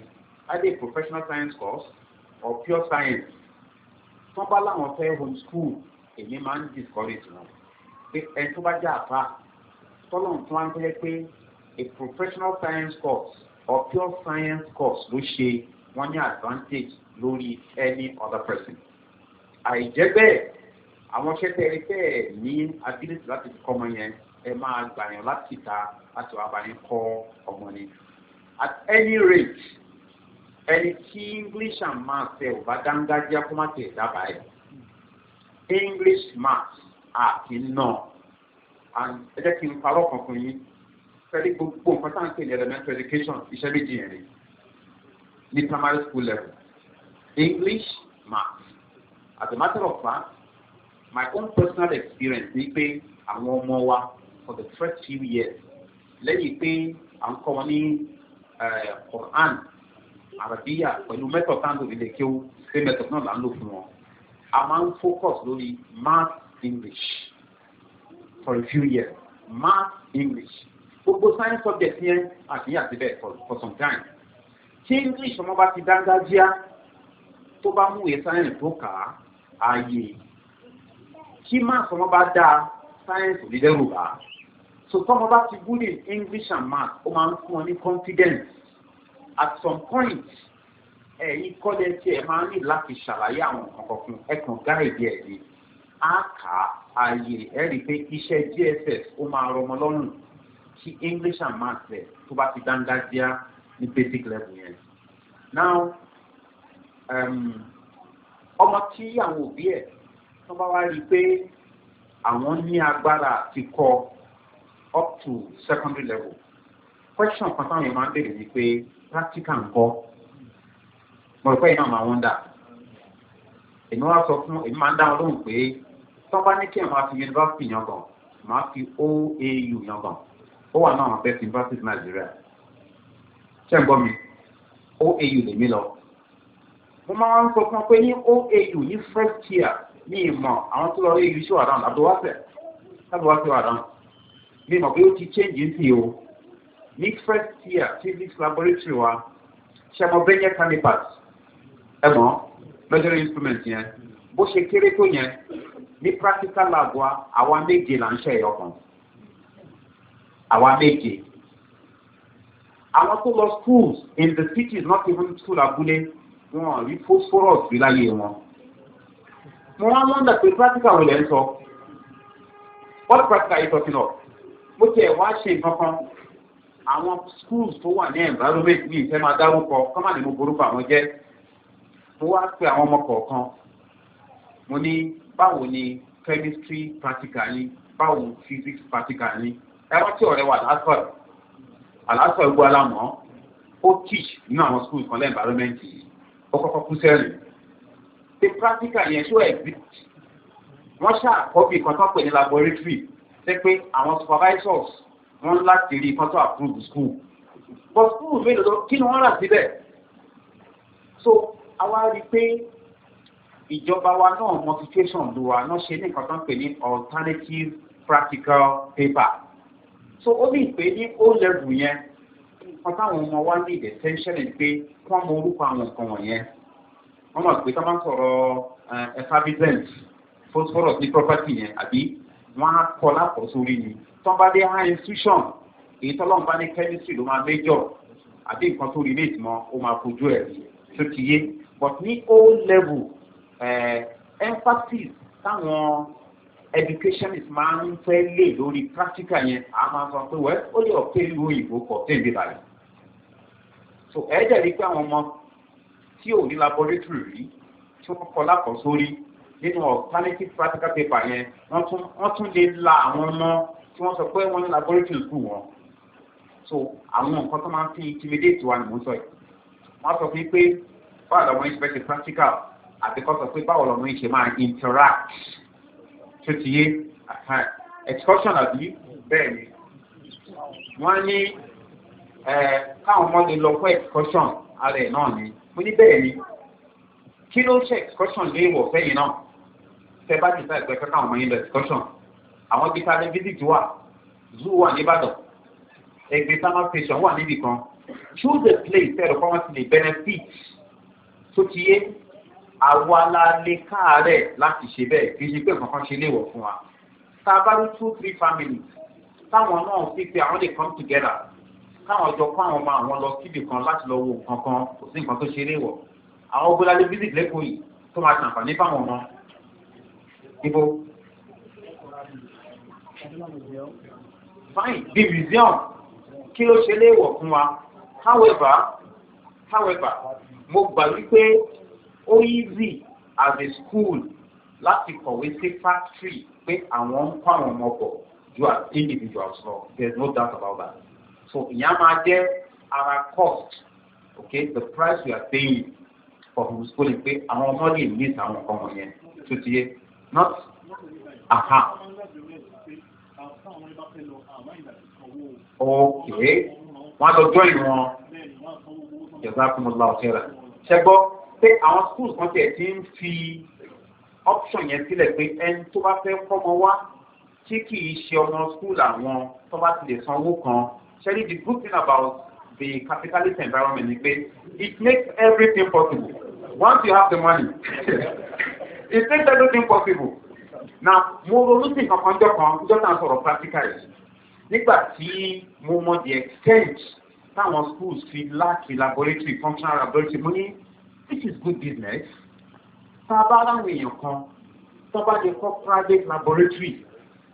S1: either a professional science course or pure science tó bá láwọn fẹ́ school. èmi máa ń discourage wọn pé ẹni tó bá jẹ́ àfa tọ́lọ̀ tó wá ń tẹ́lẹ̀ pé a professional science course or pure science course ló ṣe wọ́n ní advantage lórí any other person. àìjẹ́ bẹ́ẹ̀ àwọn ṣẹ́tẹ́ rí bẹ́ẹ̀ ní ability láti fi kọ́ ọmọ yẹn ẹ máa gbàyàn láti ta láti wàá bá yín kọ́ ọmọ ni. at any rate ẹni tí English and maths ẹ ò bá dángájá kó má tẹ̀ dábàá ẹ̀ English maths àti náà ẹ jẹ́ kí n parọ́ kankan yín sẹ́rí gbogbo nǹkan tá à ń pè ní elementary education iṣẹ́ méjì yẹn ni ní primary school level English math as a matter of fact my own personal experience ni pé àwọn ọmọ wa for the first few years lẹ́yìn pé à ń kọ́ wọn ní eh, Quran Arabiya pẹ̀lú method tá à ń lò nílé kéwú pé method náà là ń lò fún wọn a máa ń focus lórí math English for a few years math English gbogbo science subject yẹn àfihàn àti bẹ́ẹ̀ for some time tí english ọmọ bá ti dángájíá tó bá mú ìwé science tó kà á ààyè kí maths ọmọ bá dá science òní dẹ́rù bá so tọ́mọ bá ti gúlè english and maths ó máa ń fún ọ ní confidence at some point ẹ̀yin kọ́lẹ̀ tí ẹ máa ní láti ṣàlàyé àwọn nǹkan kọ̀ọ̀kan ẹ̀kan gáìdì ẹ̀ ni a kà á ààyè ẹ̀rí pé iṣẹ́ gss ó máa rọmọ lọ́rùn kí english and maths rẹ̀ tó bá ti dángájíá ní basic level yẹn. now um, ọmọ tí àwọn òbí ẹ̀ tó bá wá rí i pé àwọn ní agbára ti kọ up to secondary level question kan táwọn èèyàn máa ń béèrè ni pé practical ńkọ́ mo rò pé iná máa wọ́n dà èmi wá sọ fún èmi máa ń dá wọn lóhùn pé tó ní kí ẹ̀ máa fi yunifásitì yangàn máa fi OAU yangàn ó wà náà àwọn best universities Nàìjíríà ṣé ń gbọ́ mi OAU lèmi lọ mo máa ń sọ fún ọ pé ní OAU ní first year ní ìmọ̀ àwọn tó lọ OAU ṣì wà dáhùn àbúwáṣẹ̀ àbúwáṣẹ̀ wà dáhùn mi mọ̀ pé ó ti change sí o ní first year physics laboratory wa ṣe mọ bẹ́ẹ̀ yẹn canipas ẹ mọ̀ measuring instrument yẹn bó ṣe kéré tó yẹn ní practical lab wa àwa méje là ń ṣe ẹ̀yọ kan. Our méje. àwọn tó lọ schools in the city is not even school abúlé wọn rí phosphorus rí láyé wọn. mo wá wọ́ndà pé practical wọlé ń sọ what practical are you talking of? mo tiẹ̀ wá ṣe nǹkan kan àwọn schools tó wà ní environment mi ìfẹ́ máa dárúkọ kọ́mà ní mo borúkọ àwọn jẹ́ mo wá pe àwọn ọmọ kọ̀ọ̀kan mo ní báwo ni chemistry practical ni báwo physics practical ni ẹwàtí ọ̀rẹ́ wa àlásọ̀ àlásọ̀ ìgbó alámọ̀ ó teach nínú àwọn school kan lẹ́yìn environment yìí ó kọ́kọ́ kú sẹ́rìn The practical yẹn ṣó exist wọ́n ṣàkọ́bí kan tó pè ní laboratory ṣe pé àwọn supervisors wọ́n láti rí kan tó approve school but school mélòó lọ kí ni wọ́n rà síbẹ̀ so àwa rí i pé ìjọba wa náà motivation ló wa náà ṣe ní nǹkan tó ń pè ní alternative practical paper so ó ní pé ní ó lẹ́rù yẹn wọ́n táwọn ọmọ wa ní ìdẹ̀tẹ́ńṣẹ́lẹ̀ pé wọ́n mọ orúkọ àwọn nǹkan wọ̀nyẹn wọ́n mọ̀ pé tá bá ń sọ̀rọ̀ eh, efabisent phosphorus ní property yẹn àbí wọ́n á kọ́ lápọ̀ sórí ni tọ́ bá dé high institution èyí tọ́lọ́run bá ní chemistry ló máa méjọ̀ àbí nǹkan tó relate mọ́ ó máa kojú ẹ̀ tó ti yé but ní o level eh, emphasis táwọn educationist máa ń fẹ́ lè lórí practical yẹn a máa sọ pé wẹ́ ó lè ọ̀pẹ́ ìlú òyìnbó kọ̀ tẹ́ǹdé báyìí. so ẹ̀ẹ́dẹ̀ rí pé àwọn ọmọ tí ò ní laboratory rí tí wọ́n kọ́ lápọ̀ sórí nínú alternative practical paper yẹn wọ́n tún lè la àwọn ọmọ tí wọ́n sọ pé wọ́n ní laboratory school wọn. so àwọn nǹkan tó máa ń fi intimidate wa ni mò ń sọ yìí. wọ́n sọ fún mi pé báwo lọ́mọ yìí fẹ́ ṣe practical àbíkọ́ sọ pé báwo lọ́mọ yìí ṣe máa interact tó ti yé excursion àbí bẹ́ẹ̀ ni wọ́n ní káwọn ọmọ lè lọ fún excursion ara ẹ̀ náà ni mo ní bẹ́ẹ̀ ni kí ló ṣe excursion lé ìwọ̀ fẹ́yìn náà tẹ bá ti sáà pẹ́ẹ́fẹ́ káwọn ọmọ yín lọ excursion àwọn ibi tá a lè visit wà zoo wà nìbàdàn ẹgbẹ́ summer station wà níbì kan choose a place tẹ́lẹ̀ fọ́nmọ́sí lè benefit tó ti yé àwa la lè káàárẹ̀ láti ṣe bẹ́ẹ̀ kì í ṣe pé kankan ṣe léèwọ̀ fún wa tá a bá rí two three families táwọn náà fi pé àwọn lè come together káwọn jọ kó àwọn ọmọ àwọn lọ síbì kan láti lọ wo nǹkan kan kò sí nǹkan tó ṣe léèwọ̀ àwọn ogunlálé visit lẹ́kọ̀ọ́ yìí tó máa ṣàǹfààní fáwọn ọmọ ibo fine the museum kí ló ṣe léèwọ̀ fún wa however however mo gbà wípé ó easy as a school láti kọ̀wé sí factory pé àwọn ń kọ́ àwọn ọmọ bọ̀ ju as individuals lọ there is no doubt about that so ìyẹn máa jẹ́ ara cost okay the price you are paying for homeschooling pé àwọn ọmọ lè miss àwọn nǹkan wọ̀nyẹn tó ti yé not aha. okay wọ́n á lọ join wọn jọ̀dá kúmọ̀lá ọ̀tẹ́ra ṣẹ́gbọ́n pé àwọn schools kan tẹ̀ ti ń fi option yẹn sílẹ̀ pé ẹni tó bá fẹ́ kọ́mọ wá tí kì í ṣe ọmọ school àwọn tó bá ti lè sanwó kan ṣẹ́ni the good thing about the capitalist environment ni pé it makes everything possible once you have the money it makes everything possible na mo ronú sí nǹkan kan jọ́kan jọ́kan sọ̀rọ̀ practically nígbà tí mo mọ the extent táwọn schools fi láàkì laboratory functional laboratory mo ní which is good business tá a bá ráwọn èèyàn kan tó bá lè kọ́ private laboratory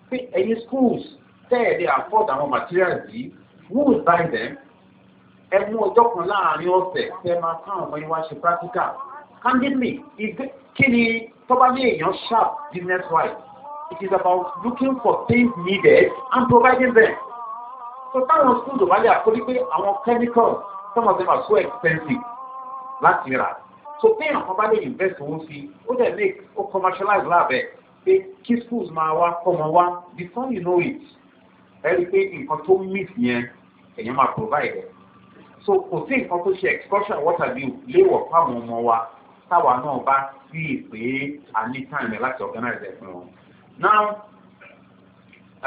S1: pé ẹ̀yin schools tẹ́ẹ̀ lè afford àwọn materials yìí who will buy them ẹ mú ọjọ́ kan láàrin ọ̀sẹ̀ tẹ́ máa káwọn ọmọ yín wá ṣe practical candidly kí ni tó bá lè èèyàn sharp business wise it is about looking for things needed and providing them so táwọn schools ò bá lè àkórí pé àwọn chemicals some of them are so expensive láti rà so pé àwọn bá lè invest owó sí ó dẹ̀ make ó commercialize lábẹ́ pé kí schools máa wá kọ́mọ wá before you know it ẹ rí i pé nǹkan tó miss yẹn èèyàn máa provide ẹ̀ so kò sí nǹkan tó ṣe excursion waterview léwọ̀ fáwọn ọmọ wa táwa náà bá sí pé a ní time láti organize ẹ̀ fún wọn. now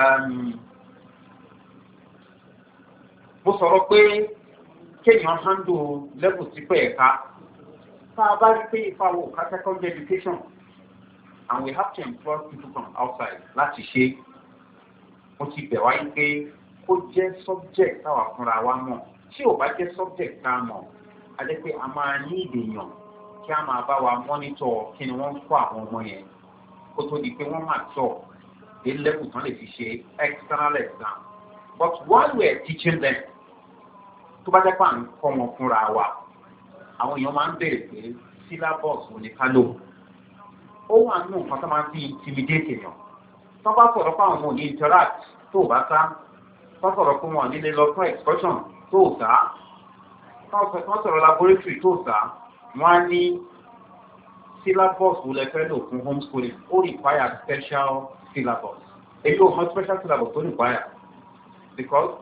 S1: um, mo sọ̀rọ̀ pé kéèyàn handle level sípẹ̀ ẹ̀ka tá bá rí pé ipa wò ká education and we have to employ people from outside láti ṣe mo ti bẹ̀ wáyé pé kó jẹ́ subject táwa fúnra wa mọ̀ tí ò bá jẹ́ subject tá a mọ̀ a jẹ́ pé a máa ní ìdènà kí a máa bá wa mọ́nítọ̀ kí ni wọ́n ń kó àwọn ọmọ yẹn kó tó di pé wọ́n máa tọ̀ dé level tán lè fi ṣe external exam but while we are teaching them tó bá jẹ́ pé à ń kọ́ wọn fúnra wa àwọn èèyàn máa ń bẹ̀rẹ̀ pé syllabus ò ní ká lò ó wà nínú nǹkan tó máa ń fi intimidate yàn tó bá sọ̀rọ̀ pé àwọn ò ní interact tó bá sá tó sọ̀rọ̀ pé wọn ò ní lè lọ fún excursion tó sá tó sọ̀rọ̀ laboratory tó sá wọ́n á ní syllabus wo lẹ fẹ́ lò fún homeschooling ó require special syllabus èyí ò mọ special syllabus tó require because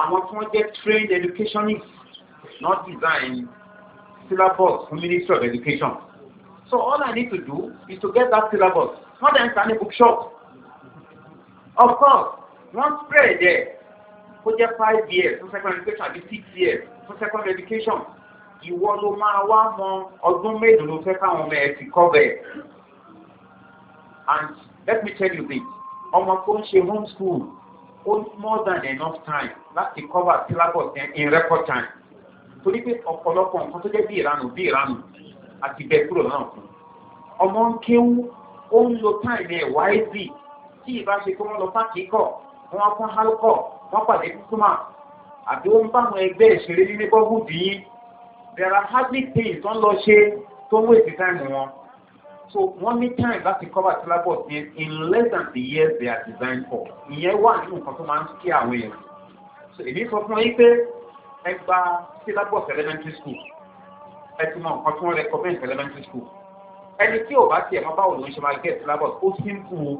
S1: àwọn tí wọ́n jẹ́ trained educationists not designed syllabus from Ministry of Education. So all I need to do is to get that syllabus, not than standing bookshop. Of course, once spread there, kó jẹ́ five years for secondary education àbí six years for secondary education, you ló máa wá one ọdún mélòó don't make káwọn ọmọ ẹ̀ ti kọ́ bẹ̀. And let me tell you this, on my ń she homeschool hold more than enough time to cover syllabus in record time torí pé ọ̀pọ̀lọpọ̀ nǹkan tó jẹ́ bí ìranù bí ìranù àti bẹ́ẹ̀ kúrò náà fún ọmọ ń kéwú ó ń lo táìmì ẹ̀wá ẹ̀dì tí ìbá ṣe kí wọ́n lọ fákìíkọ̀ wọ́n wá fún hálùkọ̀ wọ́n pàdé kúkúmà àbí ó ń bá àwọn ẹgbẹ́ ìṣeré nílé bọ́ọ̀bù dì í there are hardly things wọ́n lọ ṣe tó ń wéètì táìmù wọn so wọ́n ní time láti cover syllabus yẹn in less than the years they are designed for ìyẹn wà nínú nǹkan tó máa ń kí àwọn èèyàn so èmi sọ fún yín ẹ gba syllabus elementary school ẹ ti mọ nǹkan tí wọ́n recommend elementary school ẹni tí ò bá tiẹ̀ mọ báwo ló ń ṣe máa get syllabus ó simple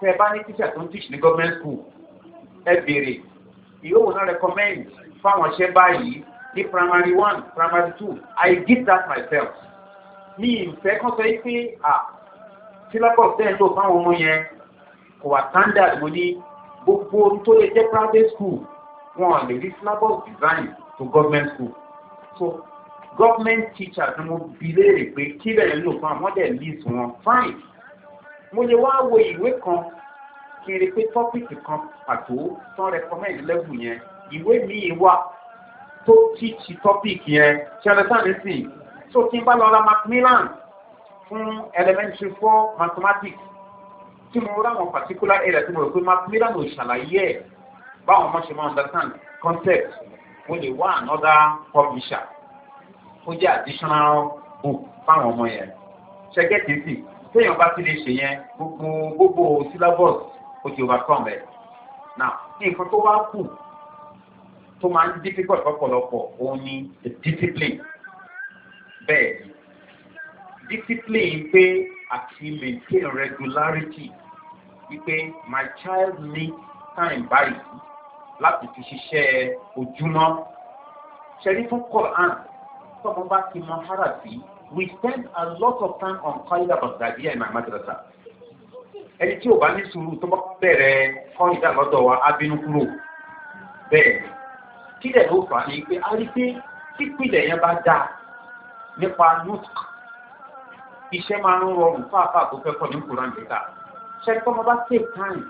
S1: tẹ bá ní tíṣà tó ń tíṣ ní government school ẹ béèrè ìyóòwò náà recommend fáwọn ṣẹ́ báyìí ní primary one primary two I did that myself mi ìfẹ́ kan sọ pé syllabus tẹ́ ẹ lò fáwọn ọmọ yẹn kò wà standard mo ní gbogbo ohun tó lè jẹ́ private school wọn lè rí syllabus design to government school so government teachers ni mo bi léèrè pé kí lè lò fún àwọn dẹ̀ list wọn fine mo lè wá wo ìwé kan kí n rí pé tọ́pìkì kan pàtó tán recommend level yẹn ìwé míì wà tó tíìtì tọ́pìkì yẹn ṣẹlẹ̀sán sí so kí n bá lọ ra macmillan fún elementary four mathematics tí mo ráwọn particular area tí mo rò pé macmillan ò ṣàlàyé ẹ̀ báwọn ọmọ ṣe máa understand concept mo lè wá another publisher ó jẹ́ additional book fáwọn ọmọ yẹn ṣẹ́gẹ́tì sì téèyàn bá ti lè ṣe yẹn gbogbo gbogbo syllabus ó ti overcome ẹ̀ now nǹkan tó wá kù tó máa ń difficult lọ́pọ̀lọpọ̀ òun ni the discipline bẹ́ẹ̀ ni discipline pé àti maintain regularity wípé my child needs time by láti fi ṣiṣẹ́ ojúmọ́. ṣẹ̀rí fún Quran tọ́mọ bá ti mọ harafi we spend a lot of time on qaida baghdadiya in my madrasa. ẹni tí ò bá ní sùúrù tó bá bẹ̀rẹ̀ qaida lọ́dọ̀ wa abínú kúrò bẹ́ẹ̀ kí dẹ̀ ló fà á ní pé a rí pé pípìlẹ̀ yẹn bá dáa nípa nusk iṣẹ́ máa ń rọrùn fáfáà tó fẹ́ kọ́ ní Quran kíkà ṣẹ́ni tọ́mọ bá take time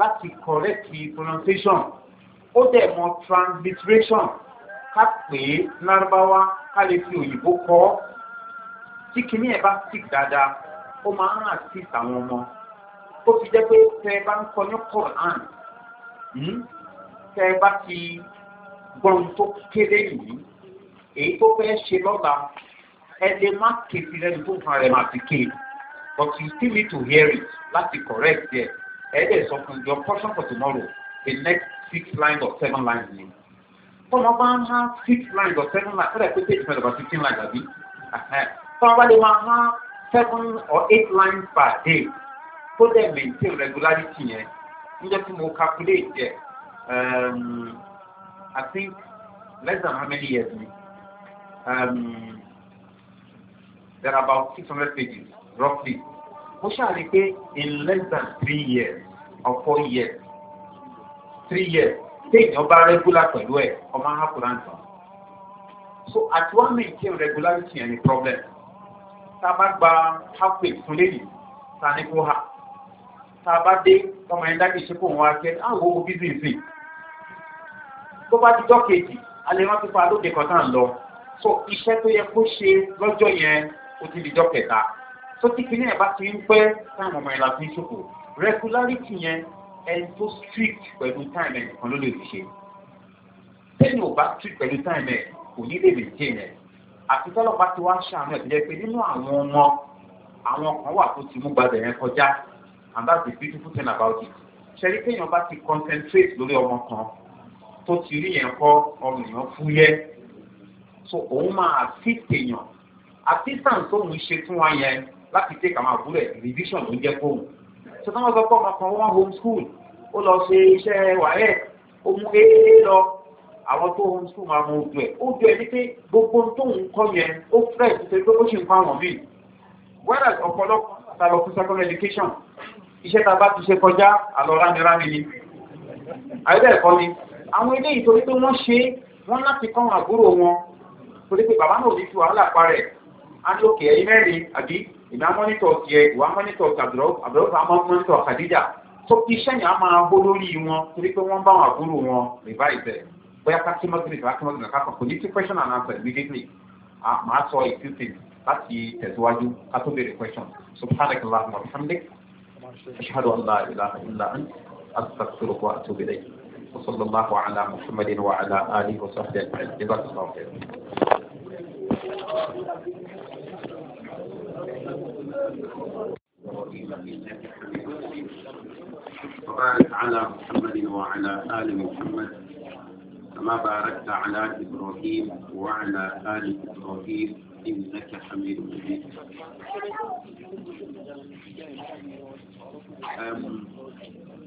S1: láti correct pronunciation ó dẹ̀ mọ transliteration ká pè é lárúbáwá ká lè fi òyìnbó kọ́ ọ́ tí kinní ẹ̀ bá stick dáadáa ó máa ń assist àwọn ọmọ ó fi jẹ́ pé tẹ́ ẹ bá ń kọ́ ní Quran hmm, tẹ́ ẹ bá ti gbọ́n tó kéré yìí èyí tó fẹ́ ṣe lọ́la ẹ lè má ké lẹ́nu tó fún ara ẹ̀ fi ké but you still need to hear it láti correct there ẹ̀ sọ fún your portion for tomorrow the next six lines or seven lines ni tọ́mọ bá ń há six lines or seven lines fẹ́rẹ̀ pé page mẹ́rin or fifteen lines àbí tọ́mọ bá lè máa há seven or eight lines per day tó dẹ̀ maintain regularity yẹn níjẹ́ tí mo calculate yẹ um, I think less than how many years ni um, there are about six hundred pages roughly mo ṣáà rí i pé in less than three years or four years three years téèyàn bá regular pẹ̀lú ẹ̀ ọmọ arákùnrin àǹtàn. so àti wá maintain regularity yẹn ni problem tá a bá gba halfway fún lẹ́yìn tá a ní kó ha tá a bá dé ọmọ yẹn dákì ṣe kó wọn á jẹ àwọn owó business yìí tó bá ti dọ́kejì a lè rántí pa lóde kan tá lọ so iṣẹ́ tó yẹ kó ṣe lọ́jọ́ yẹn ó ti di dọ́kẹta tó tí kinní bá ti ń pẹ́ táwọn ọmọ yẹn la fi ń ṣòfò regularity yẹn ẹni tó strict pẹ̀lú time ẹ̀ kan ló lè fi ṣe tẹ́ni ò bá strict pẹ̀lú time ẹ̀ kò ní lè maintain ẹ̀ àti tọ́lọ́pàá ti wá ṣàánú ẹ̀ tó jẹ́ pé nínú àwọn ọmọ àwọn kan wà tó ti mú gbàgbẹ́ yẹn kọjá and that's the beautiful thing about it ṣẹ́rí téèyàn bá ti concentrate lórí ọmọ kan tó ti rí yẹn kọ́ ọmọ èèyàn fúyẹ́ so òun máa assist èèyàn assistance tóun ṣe fún wa yẹn láti take àwọn àbúrò ẹ̀ revision ló ń jẹ́ fóun ṣùgbọ́n wọ́n sọ pé ọmọkùnrin wọn homeschool ó lọ ṣe iṣẹ́ wàhẹ́ ó mú éé lọ àwọn tó homeschool máa mú ojú ẹ̀ ojú ẹ̀ ní pé gbogbo tó ń kọ́ yẹn ó fẹ́ ṣe pé ó sì ń fáwọn míì wẹ́rẹ̀ ọ̀pọ̀lọpọ̀ àtàlọ́ fún secondary education iṣẹ́ ta bá ti ṣe kọjá àlọ́ rámirámi ni àyẹ́dẹ̀ ẹ̀kọ́ ni àwọn ilé ìtorí pé wọ́n ṣe wọ́n láti kọ́ àbúrò wọn torí pé bàbá náà ò ní fi wàhálà parẹ̀ á ní òkè ẹ̀yìn mẹ́rin àbí ìgbà mọ́nítọ̀ tiẹ̀ ìwà mọ́nítọ̀ àbúrọ̀fà máa ń mọ́nítọ̀ kàdíjà tó kí sẹ́yìn á máa hó lórí wọn torí pé wọ́n bá wọn àbúrò wọn rìbá ìbẹ̀ bóyá kákímọ́tìrì kákímọ́tìrì kákan kò ní sí question and answer immediately màá sọ a few things láti tẹ̀síwájú ká tó béèrè question subhanaka allahumma wa bihamdik ashhadu an la ilaha illa ant astaghfiruka wa atubu ilayk wa sallallahu ala muhammadin wa ala alihi wa sahbihi ajma'in jazakallahu
S2: وبارك
S1: على محمد وعلى آل محمد كما باركت على إبراهيم وعلى آل إبراهيم إنك حميد مجيد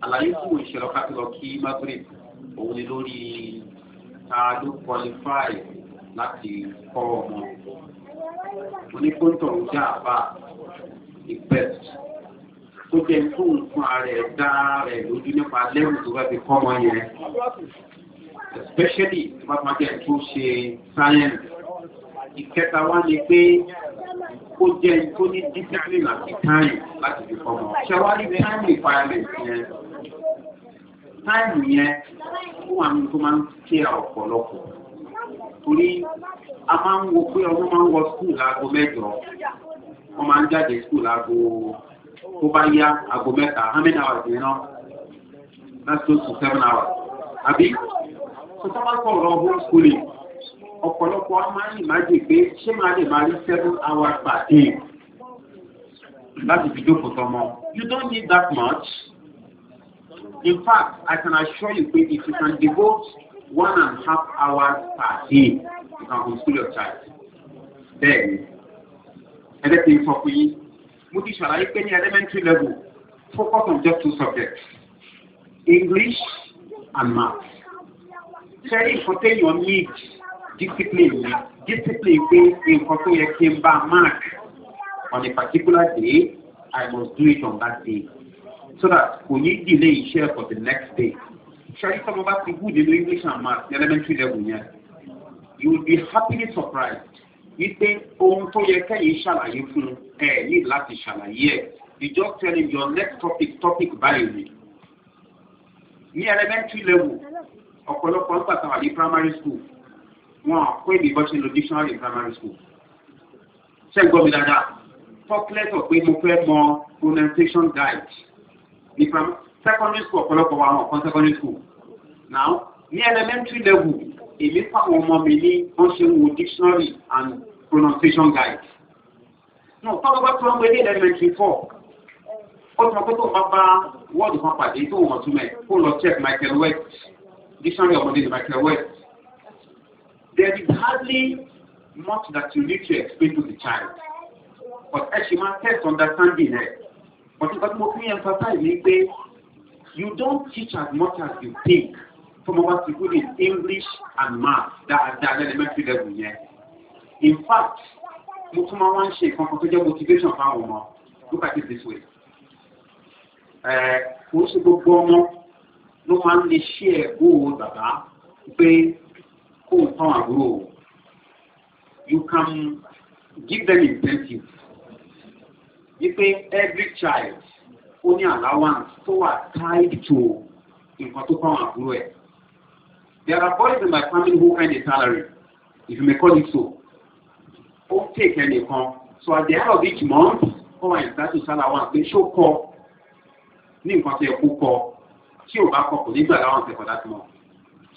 S1: àlàyé fún ìṣẹ̀lọ̀ kátìlọ̀ kí Madrid òun ni lórí ta ló qualify láti kọ́ ọmọ ní kóńtọ̀ ń já àbá ìpẹ́ tó jẹ́ fún nǹkan rẹ̀ dá rẹ̀ lójú nípa lẹ́rù tó bá fi kọ́ wọn yẹn especially tó bá máa jẹ́ tó ṣe science ìkẹta wá ni pé ó jẹ́ tó ní discipline àti time láti fi kọ́ wọn ṣàwárí time requirement yẹn time yẹn fún àwọn tó máa ń kí ọ̀pọ̀lọpọ̀ torí a máa ń wo pé ọmọ máa ń wọ skul láago mẹ́jọ wọ́n máa ń jáde skul láago tó bá yá aago mẹ́ta how many hours yẹn náà that's close to seven hours àbí so tó máa ń sọ̀rọ̀ home schooling ọ̀pọ̀lọpọ̀ a máa ń ìmájì pé ṣé máa lè máa rí seven hours per day láti fi jókòó tọmọ you don't need that much in fact i can assure you pé if you can devote one and a half hours per day you can homeschool your child. Bẹ́ẹ̀ni, ẹgbẹ́ ti ń sọ fún yín, mo ti ṣàlàyé pé ní elementary level focus on just two subjects, English and math. Ṣẹ́rí nǹkan téèyàn need discipline ni, discipline pé nǹkan tó yẹ kí n bá mark on a particular day, I must do it on that day so that kò ní delay iṣẹ́ for the next day. Shari Sababa Tibu nínú English and Math the elementary level yẹn. You will be happily surprised wípé ohun tó yẹ kẹ́yìn ṣàlàyé fún ẹ ní láti ṣàlàyé ẹ̀. You just tell him your next topic topic báyìí Me Ní elementary level, ọ̀pọ̀lọpọ̀ nígbà táwọn ní primary school, wọn àkọ́ èdè bọ́ ṣe lo dictionary in primary school. Ṣé ń gbọ́ mi dáadáa? Talk letter pé mo fẹ́ mọ pronunciation guide ní primary secondary school ọ̀pọ̀lọpọ̀ wa wọn kan secondary school now ní elementary level èmi fáwọn ọmọ mi ní wọ́n ṣe ń wo dictionary and pronunciation guide no tọ́lọ́ bá tún gbé ní elementary four ó tún ọkọ́ tó bá bá wọ́ọ̀dù kan pàdé tó wọ́n tún mẹ́ kó lọ check Michael West dictionary ọmọdé ní Michael West there is hardly much that you need to explain to the child but ẹ ṣe máa test understanding ẹ but nípa tí mo fi emphasize ni pé. You don't teach as much as you think from our people in English and math that are elementary level yet. In fact, mo tún máa wá ń ṣe nǹkan kan tó jẹ́ motivation fáwọn ọmọ. Look at it this way. Eh, kò ń ṣe gbogbo ọmọ ló máa ń lè ṣí ẹ̀ góò bàbá pé kó n tán àbúrò o. You can give them incentive. Wípé every child ó ní allowance tó wà tied to nǹkan tó fáwọn àbúrò ẹ̀. There are boys in my family who earn a salary if you may call it so. Ó take ẹnìkan so at the end of each month ó wà ìdájọ́ sálàwọ̀n pé ṣó kọ ní nǹkan tó yẹ kó kọ tí ò bá kọ kò nígbà láwọn for that month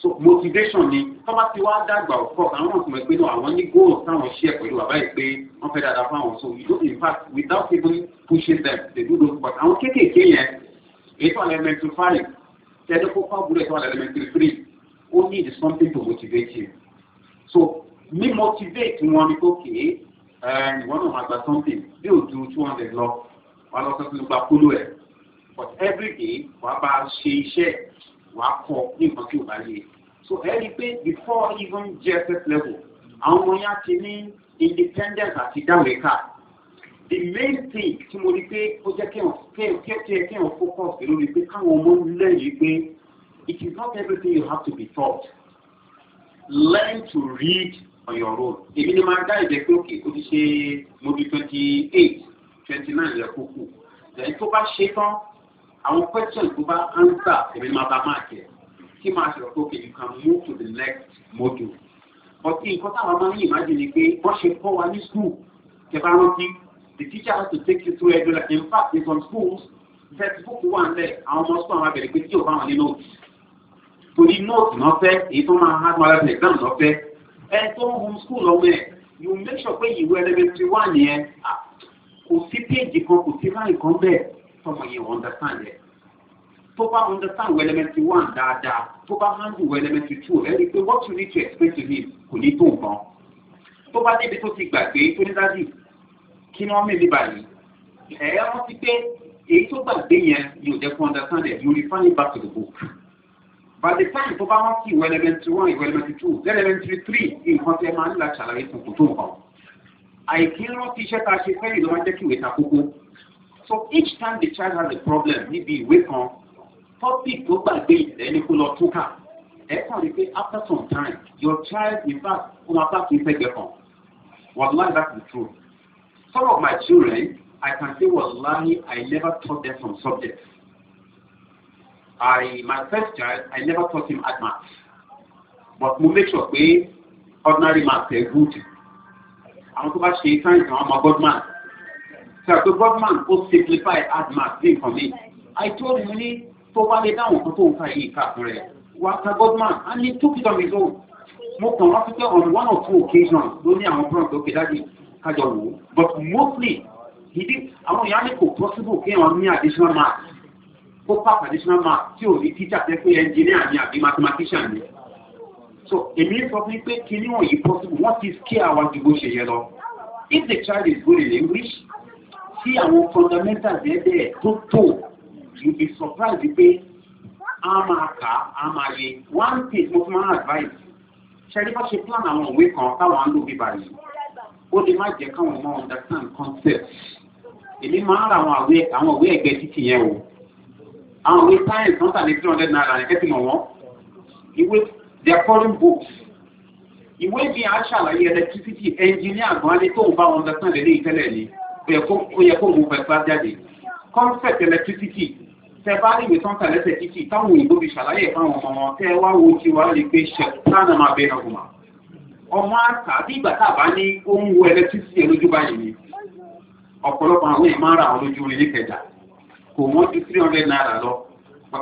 S1: so motivation ni tó bá ti wá dàgbà ọ̀pọ̀ àwọn ọ̀sùn ẹgbẹ́ náà àwọn ní goals táwọn ṣe pẹ̀lú bàbá yìí pé wọ́n fẹ́ dáadáa fún àwọn so you don't impact without even pushing them they do those but àwọn kéékèèké yẹn èyí tó wà elementary five tẹ́lẹ̀ kó fábùrẹ̀ tó wà elementary three ó need something to motivate you so mi motivate wọn ni kò kéé eh, ìwọ náà máa gba something bí o ju two hundred lọ wà lọ sọ fún mi gba kúlù ẹ but every day wàá bá ṣe iṣẹ́ wà á kọ ní tí ò bá yé so ẹ rí i pé before even GSS level àwọn ọmọ yẹn ti ní independence àti dáwẹ́ká the main thing tí mo rí pé ó jẹ́ kéèyàn focus lórí pé káwọn ọmọ lẹ́yìn pé it is not everything you have to be taught learn to read on your own èmi ni máa dá ìjẹ́ pé òkè ó ti ṣe mo bí twenty eight twenty nine yẹ kó kù tó bá ṣe tán àwọn question tó bá answer èmi máa bá máa jẹ kí máa ṣe ọ̀tọ̀ okay you can move to the next module but nǹkan táwọn máa ń yìí má jù ni pé wọ́n ṣe kọ́ wa ní school tẹ bá rántí the teacher has to take you through every like in fact in some schools textbook wà ń lẹ̀ àwọn ọmọ school àwọn abẹ̀rẹ̀ pé tí o bá wọn ní notes torí notes náà fẹ́ èyí tó máa hard mara fẹ́ exam náà fẹ́ ẹ tó ń home school ọmọ ẹ you make sure pé ìwé elementary one yẹn ah, kò sí page kan kò sí line kan bẹ́ẹ̀ tọmọ yẹn wọ́n understand it. tó bá understand elementary one dáadáa tó bá handle elementary two ẹ rí pé what you need to explain to him kò ní tó nǹkan tó bá débi tó ti gbàgbé tó ní dájú kí ni wọ́n mèlè báyìí ẹ ẹ rántí pé èyí tó gbàgbé yẹn yóò jẹ́ kó understand yẹn you refer me back to the book by the time tó bá wá sí ìwé elementary one ìwé elementary two ìwé elementary three nǹkan tẹ máa ń là ṣàlàyé fún kò tó nǹkan àìkí rántí iṣẹ́ tá a ṣe fẹ́yìn ló máa jẹ́ kí ìwé ta kókó. So each time the child has a problem, níbi ìwé kan, topic tó gbàgbé ẹni kó lọ tún kà. Ẹ kàn rí pé after some time, your child in fact ó máa bá kìí fẹ́gẹ̀ kan. Wàláhì that is true. Some of my children, I can say wàláhì I never taught them some subjects. I my first child, I never taught him at math. But mo make sure ordinary math ẹ̀ good. i Àwọn tó bá ṣe science àwọn ọmọ God man. sàpé government ó simplify admark ní nǹkan mi àìtó mi ní tó bá lè dáhùn kan tó ń ka yìí káàkiri rẹ̀ wà á ka government á ní two feet on his own mo kàn wá pípẹ́ on one or two occasions ló ní àwọn bronze òkè dájú kájọ wò ó but mostly ìdí àwọn èèyàn ní kò possible kí wọn ní additional mark kó pass additional mark tí ò ní teacher tẹ́ pé engineer ni àbí mathematician ni so èmi sọ fún mi pé kí ni wọ̀nyí possible wọ́n ti scare àwọn ju bó ṣe yẹ lọ if the child is good in English tí àwọn fundamental dẹ́dẹ̀ tó tò you be surprised pé a máa kà á máa yẹ one thing mo fi máa advice ṣẹ́rí bá ṣe plan àwọn òwe kan táwọn ń lò bí báyìí ó lè má jẹ́ káwọn ọmọ understand concept èmi máa ń ra àwọn òwe ẹgbẹ́ títì yẹn o àwọn òwe science wọ́n tàbí three hundred naira ẹ̀kẹ́ ti mọ̀ wọ́n ìwé their foreign books ìwé bí a ṣàlàyé electricity engineer gan-an ni tóun bá wọn understand lè ní ni ó yẹ kó wo pẹ̀pẹ́ jáde concept electricity tẹ bá ní ìwé sọ́ńtà lẹ́sẹ̀ títì táwọn òyìnbó fi ṣàlàyé fáwọn ọmọ wọn tẹ wá wo ti wá lè pé ṣe sáànà máa bẹ ọgùn mà ọmọ àtà bí ìgbà tá a bá ní ó ń wo electricity lójú báyìí ni ọ̀pọ̀lọpọ̀ àwọn èèyàn máa ra àwọn lójú orin ní kẹjà kò wọ́n ju three hundred naira lọ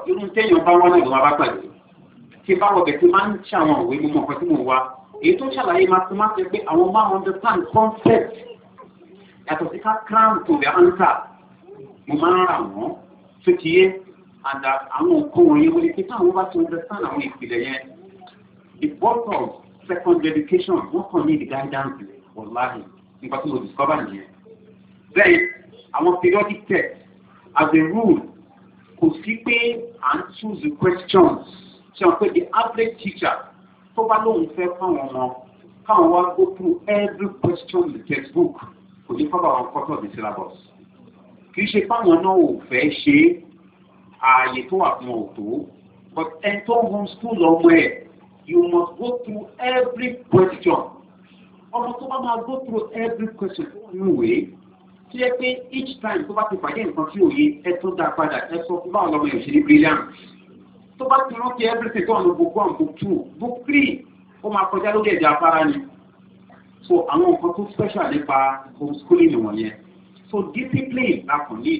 S1: irú téèyàn bá wọn náà ló máa bá pàdé tí bá wọ̀ bẹ̀ tí máa ń ṣàwọn òwe mímọ́ kan tí mò ń wá èyí tó ṣàlàyé máa ti máa ti pé àwọn máa understand concept yàtọ̀ sí ká kráàmù tó bẹ̀ ń tà mo máa ń rà wọ́n tó ti yé àdá uh, àwọn nǹkan wọ̀nyí wọlé pé táwọn bá ti understand àwọn ìpìlẹ̀ yẹn the bulk of secondary education wọ́n kàn ní the guidance wọláhì nípa tí mo discover nìyẹn bẹ́ẹ̀ àwọn periodic test as a rule kò sí pé à ń choose questions ṣe wọn pé the average teacher tó bá lóun fẹ́ fáwọn ọmọ káwọn wá go through every question in the textbook kò ní wọn kọ́ tọ̀ ní syllabus kì í ṣe fáwọn náà ò fẹ́ ṣe ààyè tó wà fún ọ̀tọ̀ but ẹni tó homeschool ọmọ ẹ̀ you must go through every question ọmọ tó bá máa go through every question tó wà nínú ìwé tí ẹ pé each time tó bá ti pàdé nǹkan tí òye ẹ tún dá padà ẹ sọ fún báwọn ọmọ ìṣẹ̀lẹ̀ brilliant tó bá ti rántí everything tó wà ní book one book two book three ó máa kọjá lórí ẹ̀jẹ̀ afárá ni so àwọn nǹkan tó special nípa homeschooling wọ̀nyẹn so discipline la kàn ní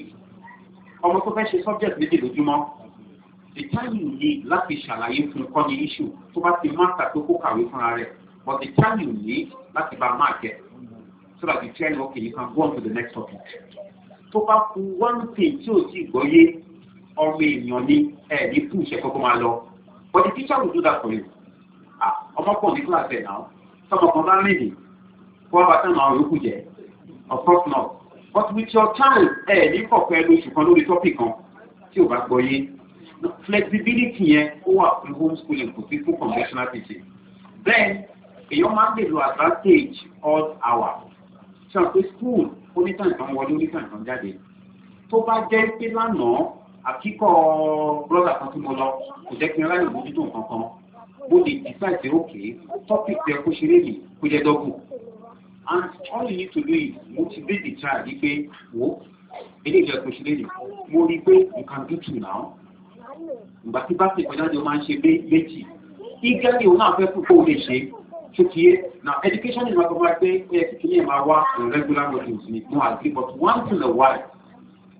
S1: ọmọ tó fẹ́ ṣe subject méjì lójúmọ́ the time you need láti ṣàlàyé fún kọ́ ní issue tó bá ti máa tàbí kó kàwé fúnra rẹ̀ but the time you need láti bá máa jẹ so that you tell okay you can go on to the next topic tó bá ku one thing tí o ti gbọ́ yé ọmọ èèyàn ní ẹ̀ ní fún ìṣẹ́kọ́ kó máa lọ but the teacher will do that for you ah ọmọ pọ̀ ní class ẹ̀ náà sọmọ kan bá rìn rìn wọ́n tán àwọn yòókù jẹ́ of course not but with your time ẹ ní kọ̀ọ̀kan ẹnu oṣù kan lórí topic kan tí ò bá gbọ́ yé flexibility yẹn ó wà fún homeschooling kò sí fún conventional teaching then èèyàn máa ń lè lo advantage all hour ṣe àpé school ó ní tàn kan wọlé ó ní tàn kan jáde tó bá jẹ́ pé lánàá àkíkọ́ brother kan tí mo lọ kò jẹ́ kí n ráyè mójútó nǹkan kan mo lè decide ok topic yẹ kó ṣeré yìí kó jẹ́ dọ́gùn and all you need to do is motivate the child wípé wo ilé ìjọ ẹ̀kọ́ ìṣẹ̀lẹ̀ yìí mo rí i you can do two now ìgbà tí bá ti pẹ̀lú àjọ máa ń ṣe méjì eagerly òun náà fẹ́ púpọ̀ ó lè ṣe ṣókìyé na education is not about pé ó yẹ kí kìíní ẹ̀ máa wá in regular modules ni no agree but once in a while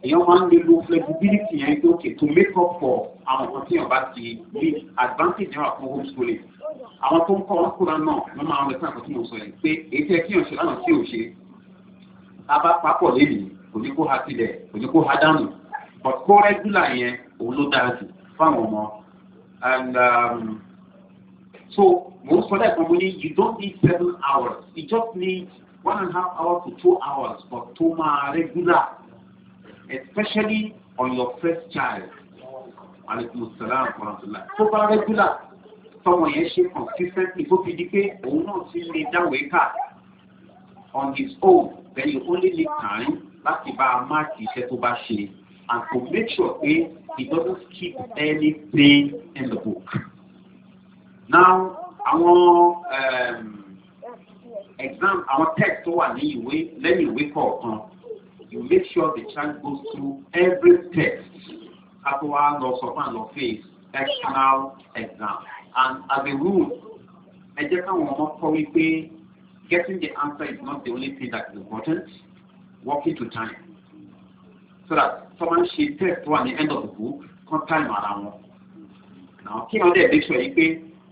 S1: èèyàn máa ń lè lo flexibility yẹn pé okay to make up for àwọn nǹkan tí èèyàn bá ti leave advantage yẹn wà fún schooling àwọn tó ń kọ́ kúra náà wọ́n máa retí àkọ́tún mọ̀ sọ yìí pé èyí tẹ́ kí ọ̀ṣẹ́ lánàá tí ò ṣe tábà papọ̀ lẹ́yìn kò ní kó ha tilẹ̀ kò ní kó ha dánù but kó rẹ́gúlà yẹn òun ló dára jù fáwọn ọmọ and um, so mo ń sọ lẹ́ẹ̀kan mo ní you don't need seven hours you just need one and a half hours to two hours for tó máa rẹ́gúlà especially on your first child. Aleykum salaam wa rahmatulah. Tó bá rẹ́gúlà tọmọ yẹn ṣe consistently tó fi di pé òun náà ti lè dáwèé kà on his own then you only need time láti bá a máàkì iṣẹ́ tó bá ṣe and to make sure pé he doesn't keep anything in the book. now àwọn
S3: um, exam àwọn text tó wà ní ìwé lẹ́yìn ìwé
S1: kọ̀ọ̀kan you make sure the child goes through every text ká tó wá lọ sọ fún àlọ́ face external exam. and as a rule ẹ jẹ́ káwọn ọmọ kọ́ wípé getting the answer is not the only thing that is important working to time so that someone ṣe test wà the end of the book kan time ara Now, kí wọ́n dẹ̀ make sure yìí pé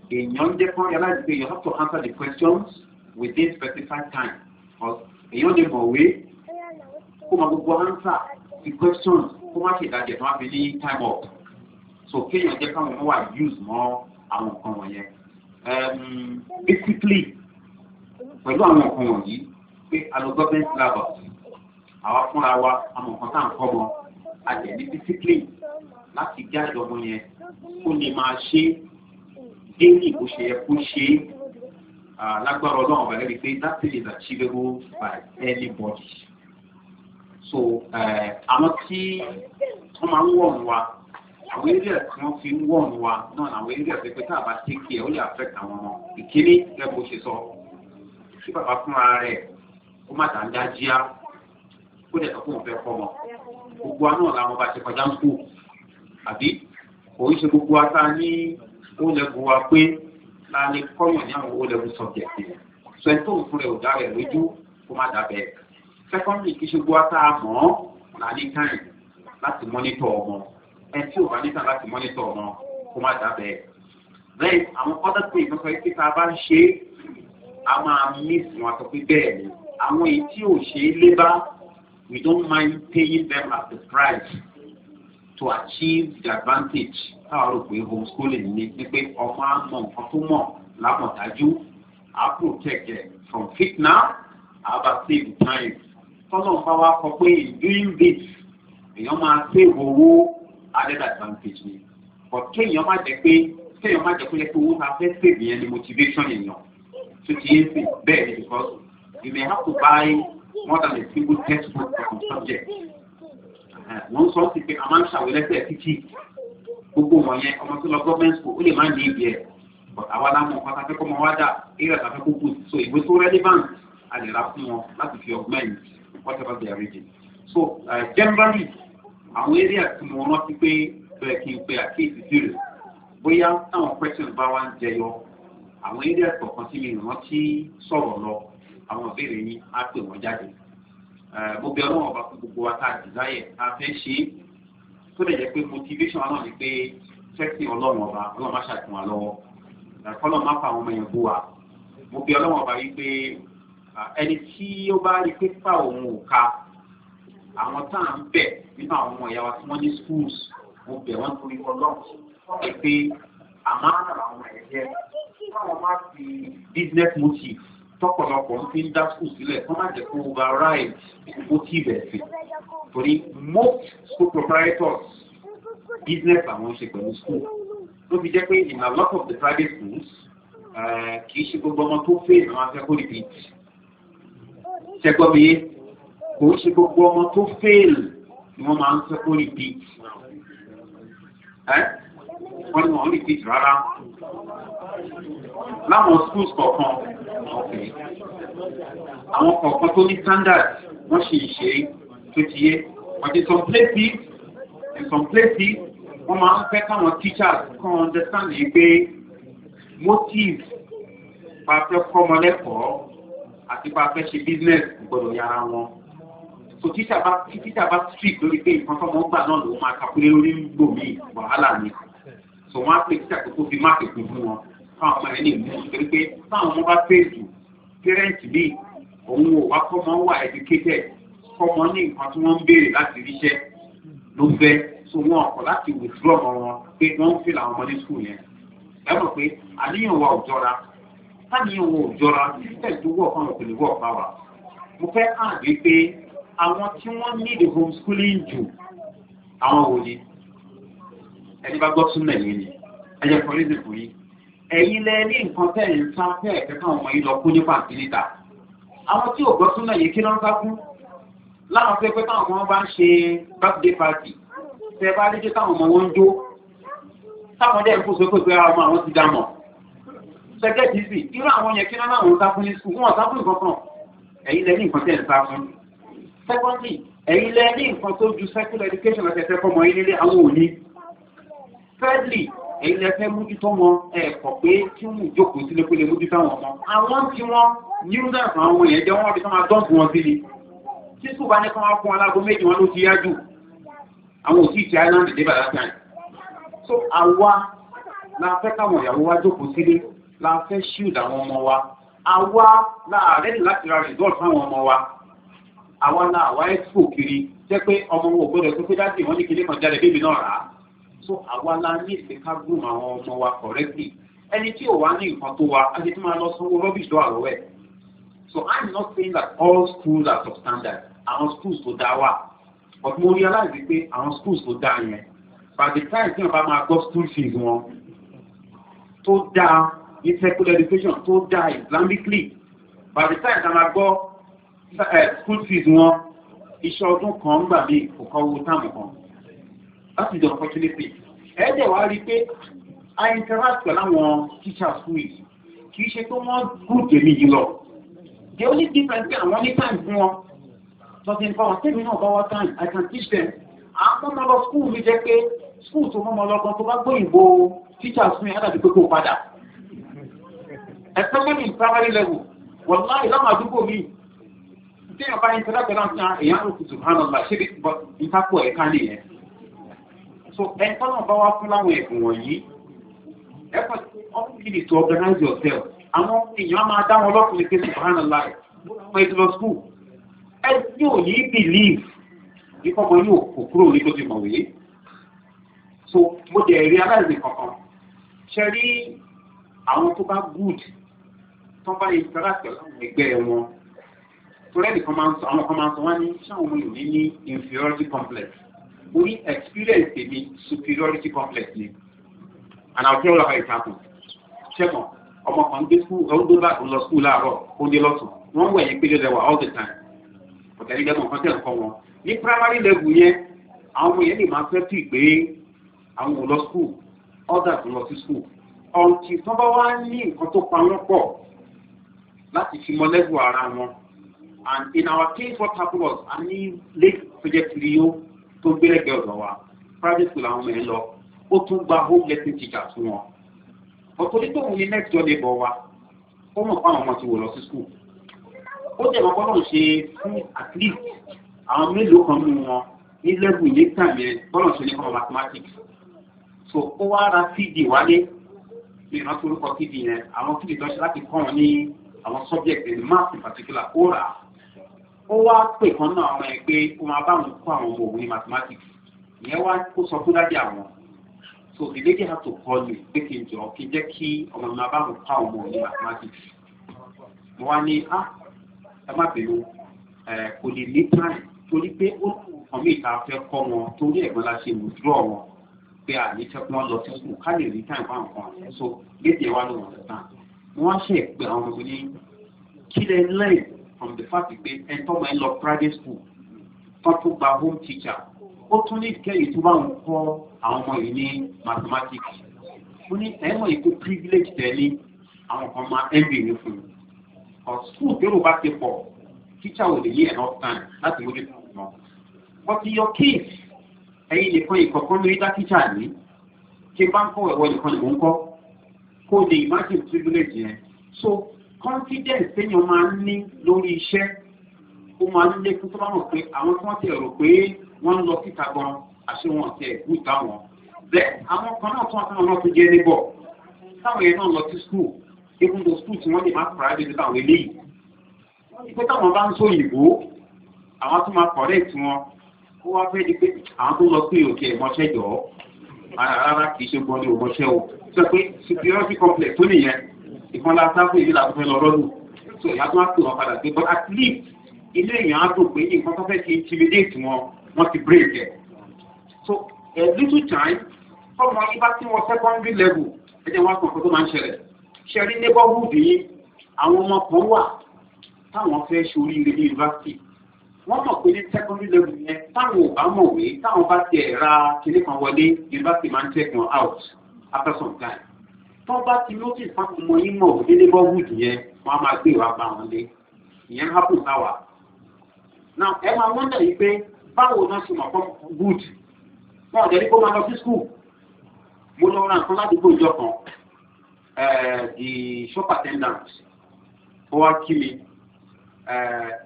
S1: èèyàn your kan you have to answer the questions within specified time because in your day more way, kó máa gbogbo answer the questions kó má ṣe ìdájẹ́ tó wá fi ní time up so can jẹ́ káwọn ọmọ wà use more. àwọn nǹkan wọ̀nyẹn basically pẹ̀lú àwọn nǹkan wọ̀nyí pé alogọ́bẹ̀ntì làbà àwa fúnra wa àwọn nǹkan tá à ń kọ́ mọ àjẹ̀lí discipline láti gé àjọ ọmọ yẹn kó lè máa ṣe déyìn bó ṣe yẹ kó ṣe é lágbára ọlọ́run ọ̀bà lẹ́rìí pé that thing is achievable by anybody so àwọn tí wọ́n máa ń wọ̀n wa àwọn area tí wọ́n fi ń wọ̀n wa náà làwọn area pẹpẹ tá a bá take care ó lè affect àwọn ọmọ ìkíní lẹ́kọ̀ọ́ ṣe sọ kí bàbá fúnra rẹ̀ kó má dá ń dá jíá kó dẹ̀ tọ́kùn fẹ́ kọ́ mọ́ gbogbo wa náà làwọn bá ṣe kọjá ń kú àbí òun ṣe gbogbo wa tá a ní ó lẹ́kọ̀ọ́ wa pé láàrin kọ́yàn ní àwọn ó lẹ́kọ̀ọ́ subject yẹn sọ ẹni tó ń fún rẹ̀ ò rẹ̀ lójú kó má dá bẹ́ẹ̀ secondly kí ṣe gbogbo wa tá a mọ̀ ọ́ láàrin time láti monitor ọmọ ẹni tí ò bá níta láti mọ́nítọ̀ wọn kó má dábẹ́ bẹ́ẹ̀ àwọn pọ́tàkì ìfẹ́fẹ́ tí ká bá ń ṣe a máa miss wọn sọ pé bẹ́ẹ̀ ni àwọn èyí tí ò ṣe é lébá we don't mind paying them at the price to achieve the advantage táwọn rò pé homeschooling ni wípé ọmọ àmọ̀ nǹkan tó mọ̀ lámọ̀dájú á protect them from fitna àbá save time tọ́lọ́mùbá wa kọ pé in doing this èèyàn máa save owó added advantage ni but kéèyàn má jẹ́ pé kéèyàn má jẹ́ pé lẹ́kọ̀ọ́ owó ta fẹ́ save yẹn ni motivation èèyàn tó ti yé sè bẹ́ẹ̀ ni because you may have to buy more than a single textbook from subject wọ́n sọ sí pé a máa ń ṣàwé lẹ́sẹ̀ títí gbogbo wọn yẹn ọmọ tó lọ gọ́ọ̀mẹ̀ntì kò ó lè má ní ibi ẹ̀ but àwa lámọ̀ pátá fẹ́ kọ́ ọmọ wá dà eré àtàfẹ́ kó kù so ìwé tó relevant a lè ra fún wọn láti fi augment whatever they are reading so uh, generally àwọn eré àti mo rántí pé bẹ́ẹ̀ kí n pe àkíyèsí sí rẹ̀ bóyá táwọn question bá wá ń jẹyọ àwọn eré àkọ̀kan sí mi rántí sọ̀rọ̀ lọ àwọn ìbéèrè yín á pè wọ́n jáde mo bẹ ọlọ́wọ́n bá fún gbogbo wa tá a desire a fẹ́ ṣe é tó lè jẹ́ pé motivation wa náà ni pé sẹ́kì ọlọ́wọ́n ọba ọlọ́wọ́n má ṣàtún wa lọ́wọ́ kọ́lọ́ má fa àwọn ọmọ yẹn bú wa mo bẹ ọlọ́wọ́n ọba yìí pé ẹni tí ó bá rí pé fà òun ò ka àwọn tá à ń bẹ̀ nínú àwọn ọmọ ìyá wa tí wọ́n ní schools mo bẹ̀ wọ́n torí ọlọ́run ẹ pé àmọ́ àwọn ẹ̀jẹ̀ káwọn má fi business motive tọ́pọ̀lọpọ̀ ń fi ń dá school sílẹ̀ kọ́ má jẹ́ kó override motive ẹ̀sìn torí most school proprietors business àwọn ṣe pẹ̀lú school ló fi jẹ́ pé in a lot of the private schools eh, kì í ṣe gbogbo ọmọ tó fẹ́ ìrànwọ́ afẹ́kọ́ repeat ṣẹgbọ́n mi yé kò ṣe gbogbo ọmọ tó fèèlì ni wọ́n máa ń fẹ́ kó rí bí wọ́n ní wọ́n rí bí rárá láwọn schools kọ̀ọ̀kan àwọn kọ̀ọ̀kan tó ní standard wọ́n ṣe ìṣe tó ti yé but in some places in some places wọ́n máa ń fẹ́ káwọn teachers kan understand yìí pé motive pa fẹ́ kọ́ ọmọ lẹ́kọ̀ọ́ àti pa fẹ́ ṣe business gbọ́dọ̀ yára wọn kò títà bá títà bá street lórí pé nǹkan tó mọ gbà náà ló máa kàkúlé lórí gbò mí wàhálà ni so wọn á pè títà tó fi máàkì kún fún wọn fáwọn ọmọ rẹ lè mú nítorí pé fáwọn ọmọ bá pè jù pẹrẹǹtì bíi òun ò wá kọ́ mọ́ wà educated kọ́ mọ́ ní nǹkan tí wọ́n ń béèrè láti ríṣẹ́ ló fẹ́ so wọn ọkọ̀ láti withdraw ọmọ wọn pé wọ́n ń fìlà ọmọ ní school yẹn lẹ́mọ̀ pé àníyàn wa ò jọra táníyàn wa ò jọra tẹ̀síwọ̀ kan ò pèlè wọ̀ pa wa mo fẹ́ hàn wípé àwọn tí wọ́n ní the homeschooling jù àwọn wò ni ẹni bá gbọ́ súnmẹ̀ ní ni ẹjẹ́ fún rízì fún yí ẹ̀yin lẹ ní nǹkan tẹ́ ń sá fẹ́ ẹ̀kẹ́kọ̀ ọmọ yìí lọ kú ní pàtílítà àwọn tí ò gbọ́ súnmẹ̀ yìí kí ló ń sá fún láwọn pé pé táwọn ọmọ bá ń ṣe birthday party tẹ bá rí pé táwọn ọmọ wọn ń jó táwọn dẹ́ kó sókè pé ọmọ àwọn ti dámọ̀ sẹ́gẹ́tì sí irú àwọn yẹn kí náà láwọn sá fún ní sùn wọn sá fún nǹkan kan ẹ̀yin lẹ ní nǹkan tẹ́ ń sá fún secondly ẹ̀yin lẹ ní nǹkan tó ju secular education àti ẹ̀fẹ́ fọmọ yín nílé àwọn òní thirdly ẹ̀yin lẹ fẹ́ mójútó mọ ẹ̀kọ́ pé kí wọ́n jókòó sílé pé lè mójútó àwọn ọmọ àwọn tí wọ́n newdans àwọn ọmọ yẹn jẹ́ wọ́n bí sọ́mà dọ́ǹkù wọn sí ni tí sùn bá ní kí wọ́n fún alágo méjì wọn ló ti yá jù àwọn òsì ti island dé bàdá time so àwa la fẹ́ káwọn ìyàwó wa jókòó sílé la fẹ́ shield àwọn ọmọ wa àwa láàárẹ̀ láti ra result fáwọn ọmọ wa àwọn náà wá ẹ́sìkò kiri jẹ́ pé ọmọ wọn ò tó pé dájú ìwọ́n ní kílé kan jáde bébì náà rà á so àwa la ní ìsìnká gùn àwọn ọmọ wa correctly ẹni tí ò wá ní nǹkan tó wa á ti tún máa lọ sanwó rubbish lọ àrọ̀ ẹ̀ so i'm not saying that all schools are substandard àwọn schools tó dá wà but mo realize pé àwọn schools tó dá yẹn by the time tí wọn bá máa gbọ́ school fees wọn tó dá ní secular education tó dá islamically by the time tí wọn máa gbọ́ Eh, school fees wọn iṣẹ́ ọdún kan gbà mí kò kọ́ owó táàmù kan that is the opportunity ẹ̀ẹ́dẹ̀ wá rí pé i interact pẹ̀lú àwọn teacher school yìí kì í ṣe pé wọ́n gùn tèmi yìí lọ the only difference pé àwọn ní time fún wọn something for our tèmi náà bá wá time i can teach them àwọn ọmọ lọ school mi jẹ́ pé school tó mọ́mọ́ lọ́gbọ́n tó bá gbóyìnbó teacher school yẹn dàbí pé kò padà especially in primary level wọ́n láì láwọn àdúgbò mi tí a bá ń tẹ́lá pẹ̀lú àwọn èèyàn ló kùtù hàn lọ́la ṣé bí ìtakò ẹ̀ka nìyẹn. so ẹ̀ tọ́nà bá wá fún láwọn ẹ̀bùn wọ̀nyí ẹ kọ́ ọ́nkìlì to organize yourself àwọn èèyàn máa dá wọn lọ́kùnrin pé subhana lai fún ètò lọ school ẹ yóò ní believe nípa ọmọ yóò kò kúrò ní tó ti mọ̀ wèé so mo dẹ̀ rí aláìsàn kankan ṣe rí àwọn tó bá good tó bá interact pẹ̀lú àwọn ẹgbẹ́ wọn torẹ́dì àwọn kan máa sọ wá ní ṣáwọn ọmọ ìwé ní inferiority complex ó ní experience tèmi superiority complex ni and I'll tell you how it happened ṣẹ́kàn ọmọ kan gbé ọdún bá lọ skúl láàárọ̀ ó dé lọ́tún wọ́n wẹ̀ yín pélé rẹwà all the time ọ̀tẹ̀lẹ́ dẹ́mọ̀ kan tẹ̀ ń kọ́ wọn ní primary level yẹn àwọn ọmọ yẹn lè máa fẹ́ tì pé àwọn ò lọ skúl others lọ sí skúl ọ̀nkì tó bá wá ní nǹkan tó pa wọ́n pọ̀ láti fi mọ level ara wọn And in our case, what happened was a ní late project leo tó gbélẹ̀gẹ̀ girl's wa private school àwọn ọmọ ẹ̀ lọ ó tún gba home lesson teacher fún wọn. ọ̀tọ̀lẹ́ tó wù ní next door neighbor wa ó mọ̀ fún àwọn ọmọ tí wò lọ sí school. ó jẹ́ ìrànwọ́ náà ṣe fún at least àwọn mélòó kan nínú wọn ní level yìí tàbí bọ́lọ̀ ṣe nípa mathematics. so ó wá ra cd wálé ìrántí orúkọ cd yẹn àwọn cd tó ṣe láti kọ́ wọn ní àwọn subject in math in particular ó rà á ó wá pè kan náà àwọn ẹgbẹ́ ó máa báwọn kó àwọn ọmọ òun ní mathematics ìyẹn wá kó sọ fún dájú àwọn so the lady had to call me pé kí n jọ kí n jẹ́ kí ọmọ mi máa báwọn kó àwọn ọmọ òun ní mathematics mo wá ní á ah, ẹ má bẹ̀rù kò lè ní time torí pé ó kàn mí ìta fẹ́ kọ́ wọn torí ẹ̀gbọ́n la ṣe withdraw wọn pé à ní fẹ́ kí wọ́n lọ sí school ká lè ní time fáwọn kan so lady ẹ wá lọ wọ̀n lọ́tàn wọ́n ṣe pé àwọn ọmọ mi ní kí lẹ́ lẹ́yìn on the fact pé ẹ̀tọ́ máa ń lọ private school tọ́tún gba home teacher ó tún ní kẹ́yìn tó bá ń kọ́ àwọn ọmọ yìí ní mathematics ó ní ẹ̀wọ̀n yìí kó privilege tẹ̀lé àwọn kan máa envy ní fún un ọ̀ school tẹ́rù bá ti pọ̀ teacher ò lè yí enough time láti mójú tó wọn. but your kids, ẹ̀yin nìkan ìkọ̀kan lórí dá teacher ní kí n bá ń kọ́ ẹ̀wọ̀ nìkan ni mò ń kọ́ kó o lè imagine privilege yẹn so confidence téèyàn máa ń ní lórí iṣẹ́ ó máa ń lékún tó bá mọ̀ pé àwọn tí wọ́n ti rò pé wọ́n ń lọ síta gan àṣé wọn ti ẹ̀kú ìta wọn bẹ́ẹ̀ àwọn kan náà tún àtúnwọ̀n náà tó jẹ́ níbọ̀ táwọn yẹn náà lọ sí school even though school tí wọ́n lè máa pàrọ̀ àdéhùn táwọn eléyìí wọ́n ti pé táwọn bá ń sọ òyìnbó àwọn tó máa correct wọn ó wá fẹ́ di pé àwọn tó lọ pé òkè ẹ̀mọ́ṣẹ́ jọ̀ọ́ rárá kì í ṣe gbọ́n ní òmọ́ṣẹ́ o sọ pé superiority complex tó nìyẹn ìkan lásán fún ìdílà fún ẹlọ rọ́dù so tó wá pè wọn padà sí but at least ilé èèyàn á dùn pé nǹkan tó fẹ́ ti intimidate wọn wọ́n ti break ẹ̀ so a little time fọmọ ibà tí wọn secondary level ẹjẹ wọn kàn fún tó máa ń ṣẹlẹ̀ ṣẹrí neighborhood yìí àwọn ọmọ kan wà táwọn fẹ́ ṣe oríire ní yunifásitì wọ́n mọ̀ pé ní secondary level yẹn táwọn ò bá mọ̀wé táwọn bá tiẹ̀ ra kinní kan wọlé yunifásitì máa ń take wọn out after some time tó bá ti lókè sáwọn ọmọ yín mọ̀ dédé bọ́ọ̀wùd yẹn wọ́n á máa gbé ìwà bá wọn lé ìyẹn hápù sáwà. náà ẹ máa wọ́n dẹ̀ yìí pé báwo náà ṣe mọ̀ fún gùd wọn ò jẹ́rí kó máa lọ sí skul mo lọ ra nǹkan ládùúgbò ìjọ kan di shop attendant ó wá kí mi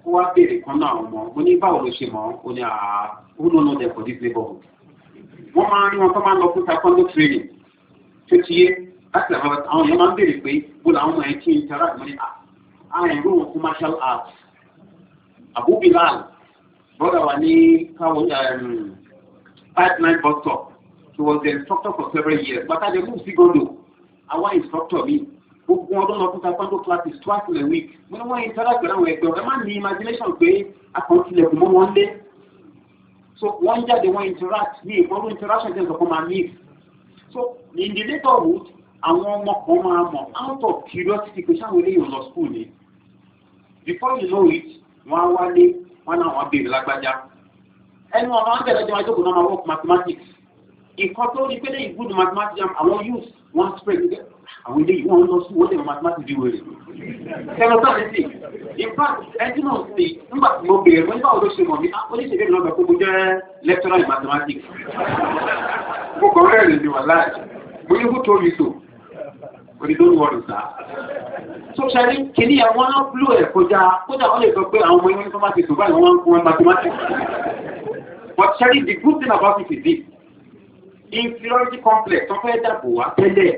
S1: ó wá béèrè kan náà ọmọ mo ní báwo ló ṣe mọ̀ ó ní àá ó lọ́nà dẹ̀ for this neighborhood wọ́n máa ń rí wọn tó máa ń lọ fún taekwondo training tó ti yé láti àwọn àwọn èèyàn máa ń béèrè pé bó làwọn ọmọ yẹn ti ń tẹ́ra ìmọ̀ ní àìrò commercial art abubilal brother wa ní káwọn um, five nine bus stop he was the instructor for several years but i dey move sí gondo our instructor mi gbogbo ọdún lọ fún taekwondo classes twice in a week mo ní wọ́n interact pẹ̀lú àwọn ẹgbẹ́ ọ̀rẹ́ máa ní imagination pé akọ̀ntilẹ̀kùn mọ́ wọn lé so wọ́n jáde wọ́n interact ní ìfọ́nrú interaction tẹ̀ sọ́kọ́ máa ní so in the later route àwọn ọmọ kan máa mọ̀ out of curiosity pé sáwọn eléyìí lọ school ni before you know it wọ́n á wálé wọ́n náà wọ́n béèrè lágbájá ẹnu ọ̀nà ọ̀nà ìjọba ìjọba ìjọba máa work mathematics nǹkan tó rí pélé ìgbúdù mathematics àwọn use wọ́n spread it àwọn eléyìí wọ́n lọ sí wọ́n lè mathematics bí wèrè ẹnu
S2: sáré sí in fact ẹni náà sì nígbà tí mo béèrè wọ́n nígbà wo ló ṣe
S1: mọ̀ mí ah, oníṣẹ́ ìbéèrè náà bẹ̀kú mo jẹ́ lecturer in mathematics mo kọ̀ rẹ́rìn ni wà láàyè mo ní who told you so orí ló ń wọ̀rùn sá. tó ṣàrí kìíní àwọn ápùlù ẹ̀ kọjá kódà wọ́n lè sọ pé àwọn ọmọ ẹgbẹ́ tó máa ti tòbá mathematics. but ṣàrí the good thing about it is this inferiority complex tó fẹ́ dàbò wá tẹ́lẹ̀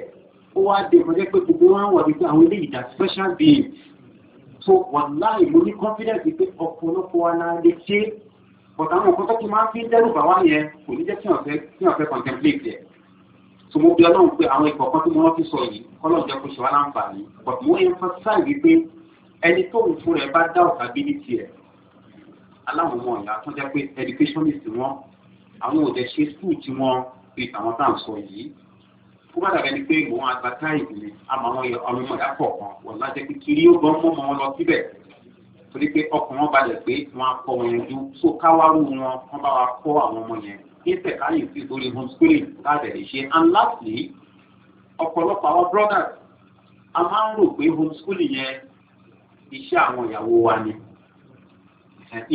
S1: ó wá dé ìfọ̀jẹ́ pé gbogbo wọn wà wípé àwọn ilé ìdá special being so wàláì mo ní confidence pé ọ̀pọ̀lọpọ̀ wa náà lè ṣe but àwọn nǹkan tó ti máa ń fi dẹ́rù bà wá yẹn kò ní jẹ́ kí wọ́n fẹ́ contemplate yẹn so mo bí ọlọ́run pé àwọn ìkọ̀kan tí wọ́n fi sọ yìí ọlọ́run jẹ́ kó ṣe wá láǹfààní but mo emphasize wípé ẹni tó ń fún rẹ̀ bá dá ọ̀tá bí ní tiẹ̀ aláwọn ọmọ ìyá tó jẹ́ pé educationist wọn àwọn òde ṣe school tí wọ́n fi àwọn tá à ń sọ yìí kó bá dàbẹ́ ni pé mò ń advertise ni àmọ́ àwọn ọmọ ìyá kọ̀ọ̀kan wọ́n lájẹ́ pé kiri ó gan mọ́ wọn lọ síbẹ̀ torí pé ọkàn wọn balẹ̀ pé wọ́n á kọ́ wọn yanjú so káwárù wọn wọ́n bá wa kọ́ àwọn ọmọ yẹn kéfẹ̀ káyìn sí sórí homeschooling káàdẹ̀ lè ṣe and lastly ọ̀pọ̀lọpọ̀ àwọn brothers a máa ń rò pé homeschooling yẹn iṣẹ́ àwọn ìyàwó wa ni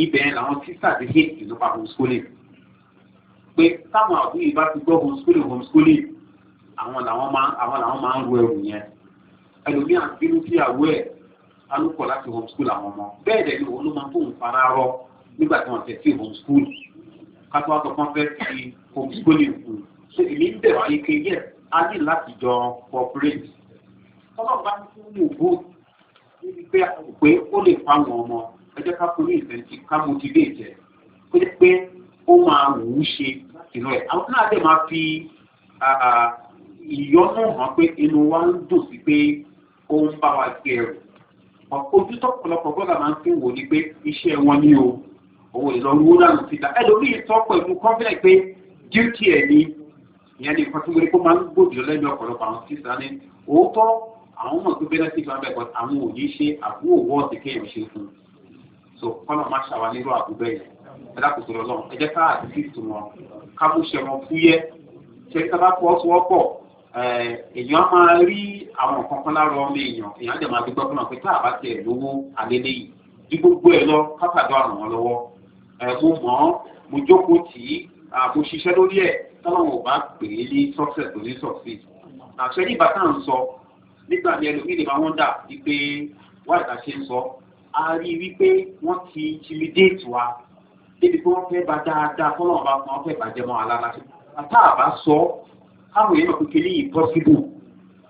S1: ibẹ̀ yẹn làwọn sísà ti hate nípa homeschooling pé táwọn àbúrò yìí bá ti gbọ́ homeschooling homeschooling àwọn làwọn máa àwọn làwọn máa ń ro ẹrù yẹn ẹlòmíràn bínú sí àwọ ẹ̀ alùpùpù láti homeschool àwọn ọmọ bẹ́ẹ̀ dẹ̀ ni òun ló máa ń fóun fara rọ nígbà tí wọ́n tẹ̀ sí homeschool kátó wá sọ fún fẹ́ fi homeschooling kù ṣé èmi ń bẹ̀rù ayé yẹ a ní láti jọ cooperate ọlọ́run bá ń fún mi ògbó níbi pé pé ó lè fa àwọn ọmọ ẹ jẹ́ ká fún ní ìfẹ̀ǹtì ká motivate ẹ̀ ó jẹ́ pé ó máa wù ú ṣe láti lọ ẹ̀ àwọn náà dẹ̀ máa fi ìyọ́nú hàn pé inú wa ń dùn sí pé ó ń bá wa gbẹ̀rù ojú tó pọ̀lọpọ̀ máa ń fi wò ni pé iṣẹ́ wọn ní o òun ìlọrúwó lánàá síta ẹlòmíì sọ pẹ̀lú confidence pé duty ẹ̀ ni ìyẹn ní nǹkan tí wọ́n kó máa ń gbòdìrò lẹ́nu ọ̀pọ̀lọpọ̀ àwọn sísá ní òótọ́ àwọn mọ̀ tó bẹ́ẹ̀ sí ìjọba ẹ̀kọ́ àwọn ò ní ṣe àbúrò wọ́ọ̀sì kéèyàn ṣe fún un so kọ́nà máa ṣàwà nírú àbúgbé yẹn ẹ̀dá kò sọ̀rọ̀ lọ́wọ́ ẹ jẹ́ ká àdúgbò tó wọn ká mú ṣe wọn fúyẹ́ ṣe ká bá pọ̀ sọ́wọ́pọ̀ èèyàn máa rí àwọn nǹkan kan lára ọmọ èèyàn èèyàn á dẹ̀ máa dúpẹ́ fún wọn pé tá àbá tiẹ̀ lówó àlélẹ́yìn ju gbogbo ẹ̀ lọ ká pàdé àrùn wọn lọ́wọ́ mo mọ̀ ọ́ mo jókòó tì í mo ṣiṣẹ́ lórí ẹ̀ tọ́lọ́wọ̀n ò bá pè é ní success tó ní success àṣẹ ní ìbátan ń sọ nígbà tí ẹlòmíì lè máa wọ́n dà wípé wáyé ta ṣe ń sọ a rí wípé wọ́n ti intimidate wa débi pé wọ́n fẹ́ ba dáadáa tọ́lọ́wọ̀n bá wọn fẹ́ bàjẹ́ mọ́ alára àtàbà sọ káwọn èèyàn kékeré yìí possible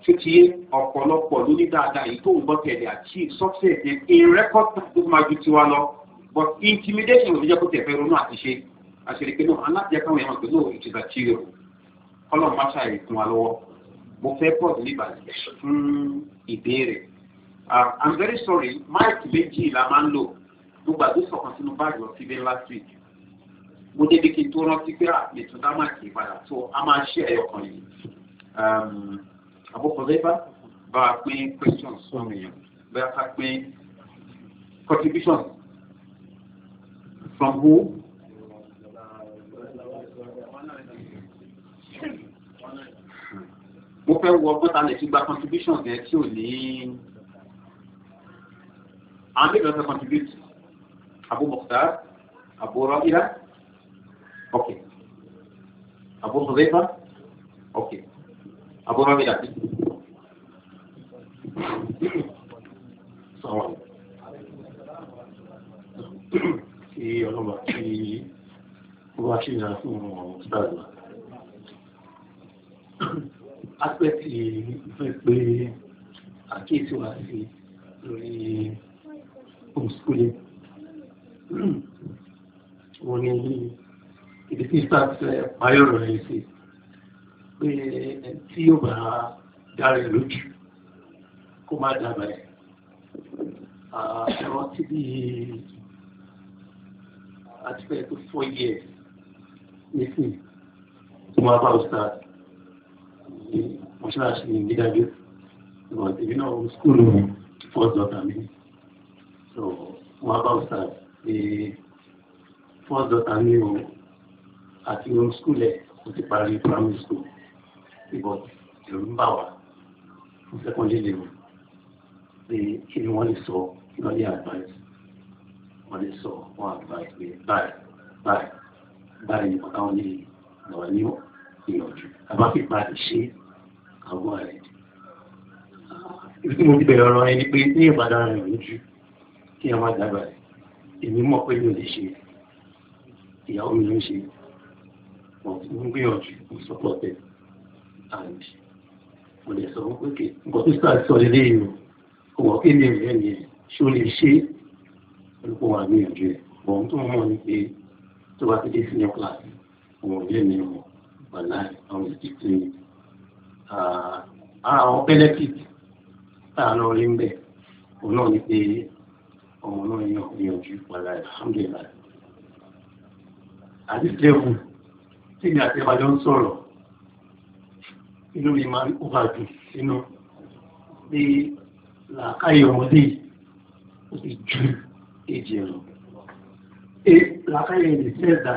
S1: títí ọ̀pọ̀lọpọ̀ lóní dáadáa èyí tó ń bọ́ tẹ̀lé àti success in record time tó máa ju tiwa lọ but intimidation ò ní jẹ́ kó tẹ̀ fẹ́ ronú àti ṣe I pé náà alájẹ káwọn èèyàn pé náà it is a material kọ́lọ̀ má ṣàyè fún wa lọ́wọ́ mo fẹ́ pọ̀ níbà fún ìbéèrè ah, i'm very sorry mike méjì la máa ń lò mo gbàgbé sọ̀kan sínú báàgì lọ síbi last week mo débi kí n tó rántí pé ètò ah, dámàkì ìpadà tó a máa ṣe ẹ̀yọ̀ kan yìí um, àbúkọ lẹ́bà bá a pín questions fún èèyàn bá a pín contributions from who? Mo fẹ́ wọ bọ́ta lè ti gba contribution yẹn tí ò ní. Àwọn mélòó fẹ́ contribute? Abu Mukhtar, Abu Rabi'a, ok. Abu Hudhaifa, ok.
S2: Abu Rabi'a. Salaam. kí ọlọ́mà kí wá ṣe ìrìnà fún ọmọ ìgbàgbà. Aspẹ́tì fẹ́ pé àkíyèsí wá sí lórí homeschooling. Wọ́n ní ibi tí sáfẹ́ payọ̀rọ̀ rẹ̀ sí pé
S1: tí yóò bá dára lójú kó má dábàá ẹ̀.
S2: Àwọn tí bí àti pé tó four years nísìn tó máa bá ọ̀sà mọ́ṣáláṣí ní gídájú ìwọ̀n tèmi náà ó skúlù fourth daughter mi so wọ́n bá ọ̀sà pé fourth daughter mi ò àti ohun skúlù ẹ̀ ó ti parí primary school ìbọ̀ ẹ̀rù ń bà wá fún secondary level pé kí ni wọ́n lè sọ lọ́lẹ́ advice wọ́n lè sọ wọ́n àgbà ìpè báyìí báyìí báyìí ni bàbá wọn lọ ní ìyànjú àbáfi báyìí ṣe àwọn rẹ̀. mo bẹ̀rẹ̀ ọ̀rọ̀ ẹni pé ní ìbàdàn rẹ̀ lójú kí ẹ má dàgbà rẹ̀ èmi mọ̀ pé mi lè ṣe ìyàwó mi ló ń ṣe mo ń gbìyànjú mo sọ́pọ̀ tẹ̀ and mo lè sọ wọ́n pé kí nǹkan tó sọ àti sọ lélẹ́yìn o wọ́n kí ni ìrẹ́ mi ṣó lè ṣe é pípọ̀ wà ní ìyànjú ẹ̀ ọ̀hún tó mọ̀ ní pé tó bá ti dé sí new class ọmọ ilé mi ò wà láì àwọn ìdí tí ah, àwọn benefit tá a lọ rí ń bẹ̀
S1: òun náà ni pé ọmọ náà yàn ìyànjú wà láì alhamdulilayi
S2: àti tẹ́kù tí mi àti ìbàjọ́ sọ̀rọ̀ inú mi máa ń kópa jù sínú bí làákàyè ọmọdé ó ti jù ìjẹun. Làkàyè ní sẹ́ẹ̀dà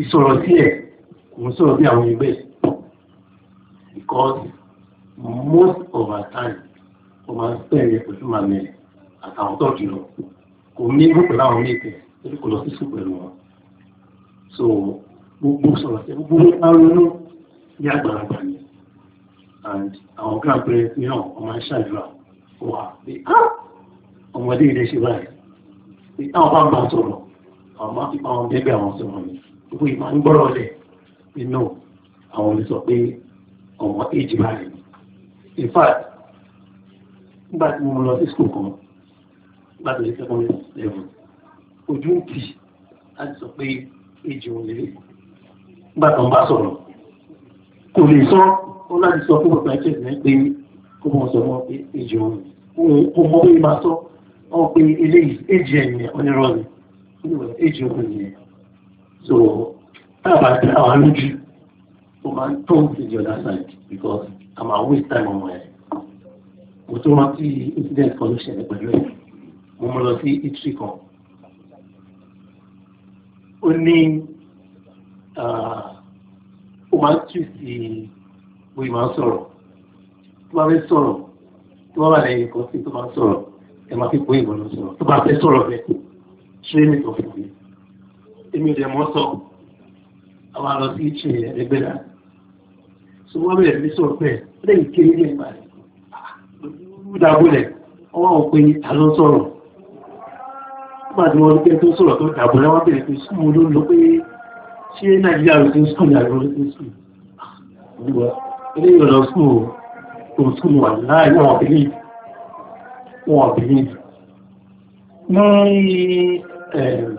S2: ìsọ̀rọ̀ sí ẹ̀ kò ń sọ̀rọ̀ bí àwọn ẹgbẹ́ because most of our time o máa
S1: ń spend ẹ̀ pẹ̀lú màmí ẹ̀ àtàwọn tó jù lọ kò ní ìlú pẹ̀lú àwọn mẹ́tẹ̀ torí kò lọ
S2: sí sùn pẹ̀lú wọn. So gbogbo sọ̀rọ̀ sí gbogbo nípa ronú ní àgbàlagbà ni and àwọn grandparents mìíràn ọmọ ẹ̀ ṣàdúrà wà pé ah ọmọdé ilé ṣe báyìí àwọn bá máa sọ̀rọ̀ àwọn bẹ́gbẹ̀ àwọn sọ̀rọ̀ ni gbogbo ìmọ̀ ń gbọ́rọ̀ lẹ̀ inú àwọn olùsọ pé ọmọ éjì báyìí in fact nígbà tí mo lọ sí school kan nígbà tó ṣe secondary level ojú ń tì láti sọ pé éjì òun lélẹ̀ nígbà tó ń bá sọ̀rọ̀ kò lè sọ ó láti sọ fún ọ̀gá ẹ̀ṣẹ̀ pé kó mọ̀ sọ mọ́ pé éjì òun kò mọ̀ pé máa sọ wọ́n pe ilé èjì ẹ̀yìn onírọ̀lẹ̀ èjì onírọ̀lẹ̀ so tábà tí àwọn
S1: alójú ó máa ń tó sí the other side because a máa waste time ọmọ ẹ̀ mo tó rántí incident kan ló ṣẹlẹ̀ pẹ̀lú ẹ̀ mo mọ lọ sí italy kan
S2: ó ní ó máa ń tù sí bóyá máa ń sọ̀rọ̀ tó bá fẹ́ sọ̀rọ̀ tó bá wà lẹ́yìn kan sí tó máa ń sọ̀rọ̀ ẹ máa fi kó ìwọ lọ sọ̀rọ̀ tó bá fẹ́ sọ̀rọ̀ rẹ̀ ṣé ní tó fún mi èmi rẹ̀ mọ́ sọ àwọn àlọ́ sí ìṣe ẹgbẹ́ rà
S1: so wọ́n bẹ̀rẹ̀ ní sọ̀rọ̀ bẹ́ẹ̀ lẹ́yìn kéré ní ẹgbà rẹ̀
S2: dàbúlẹ̀ ọwọ́ wọn pé ta ló sọ̀rọ̀ nígbà tí wọ́n pẹ́ tó sọ̀rọ̀ tó dàbúlẹ̀ wọ́n bẹ̀rẹ̀ pé súnmọ́ ló lọ pé ṣé nàìjíríà ló ti ń sùn yàrá ló o kò wọn believe
S3: ní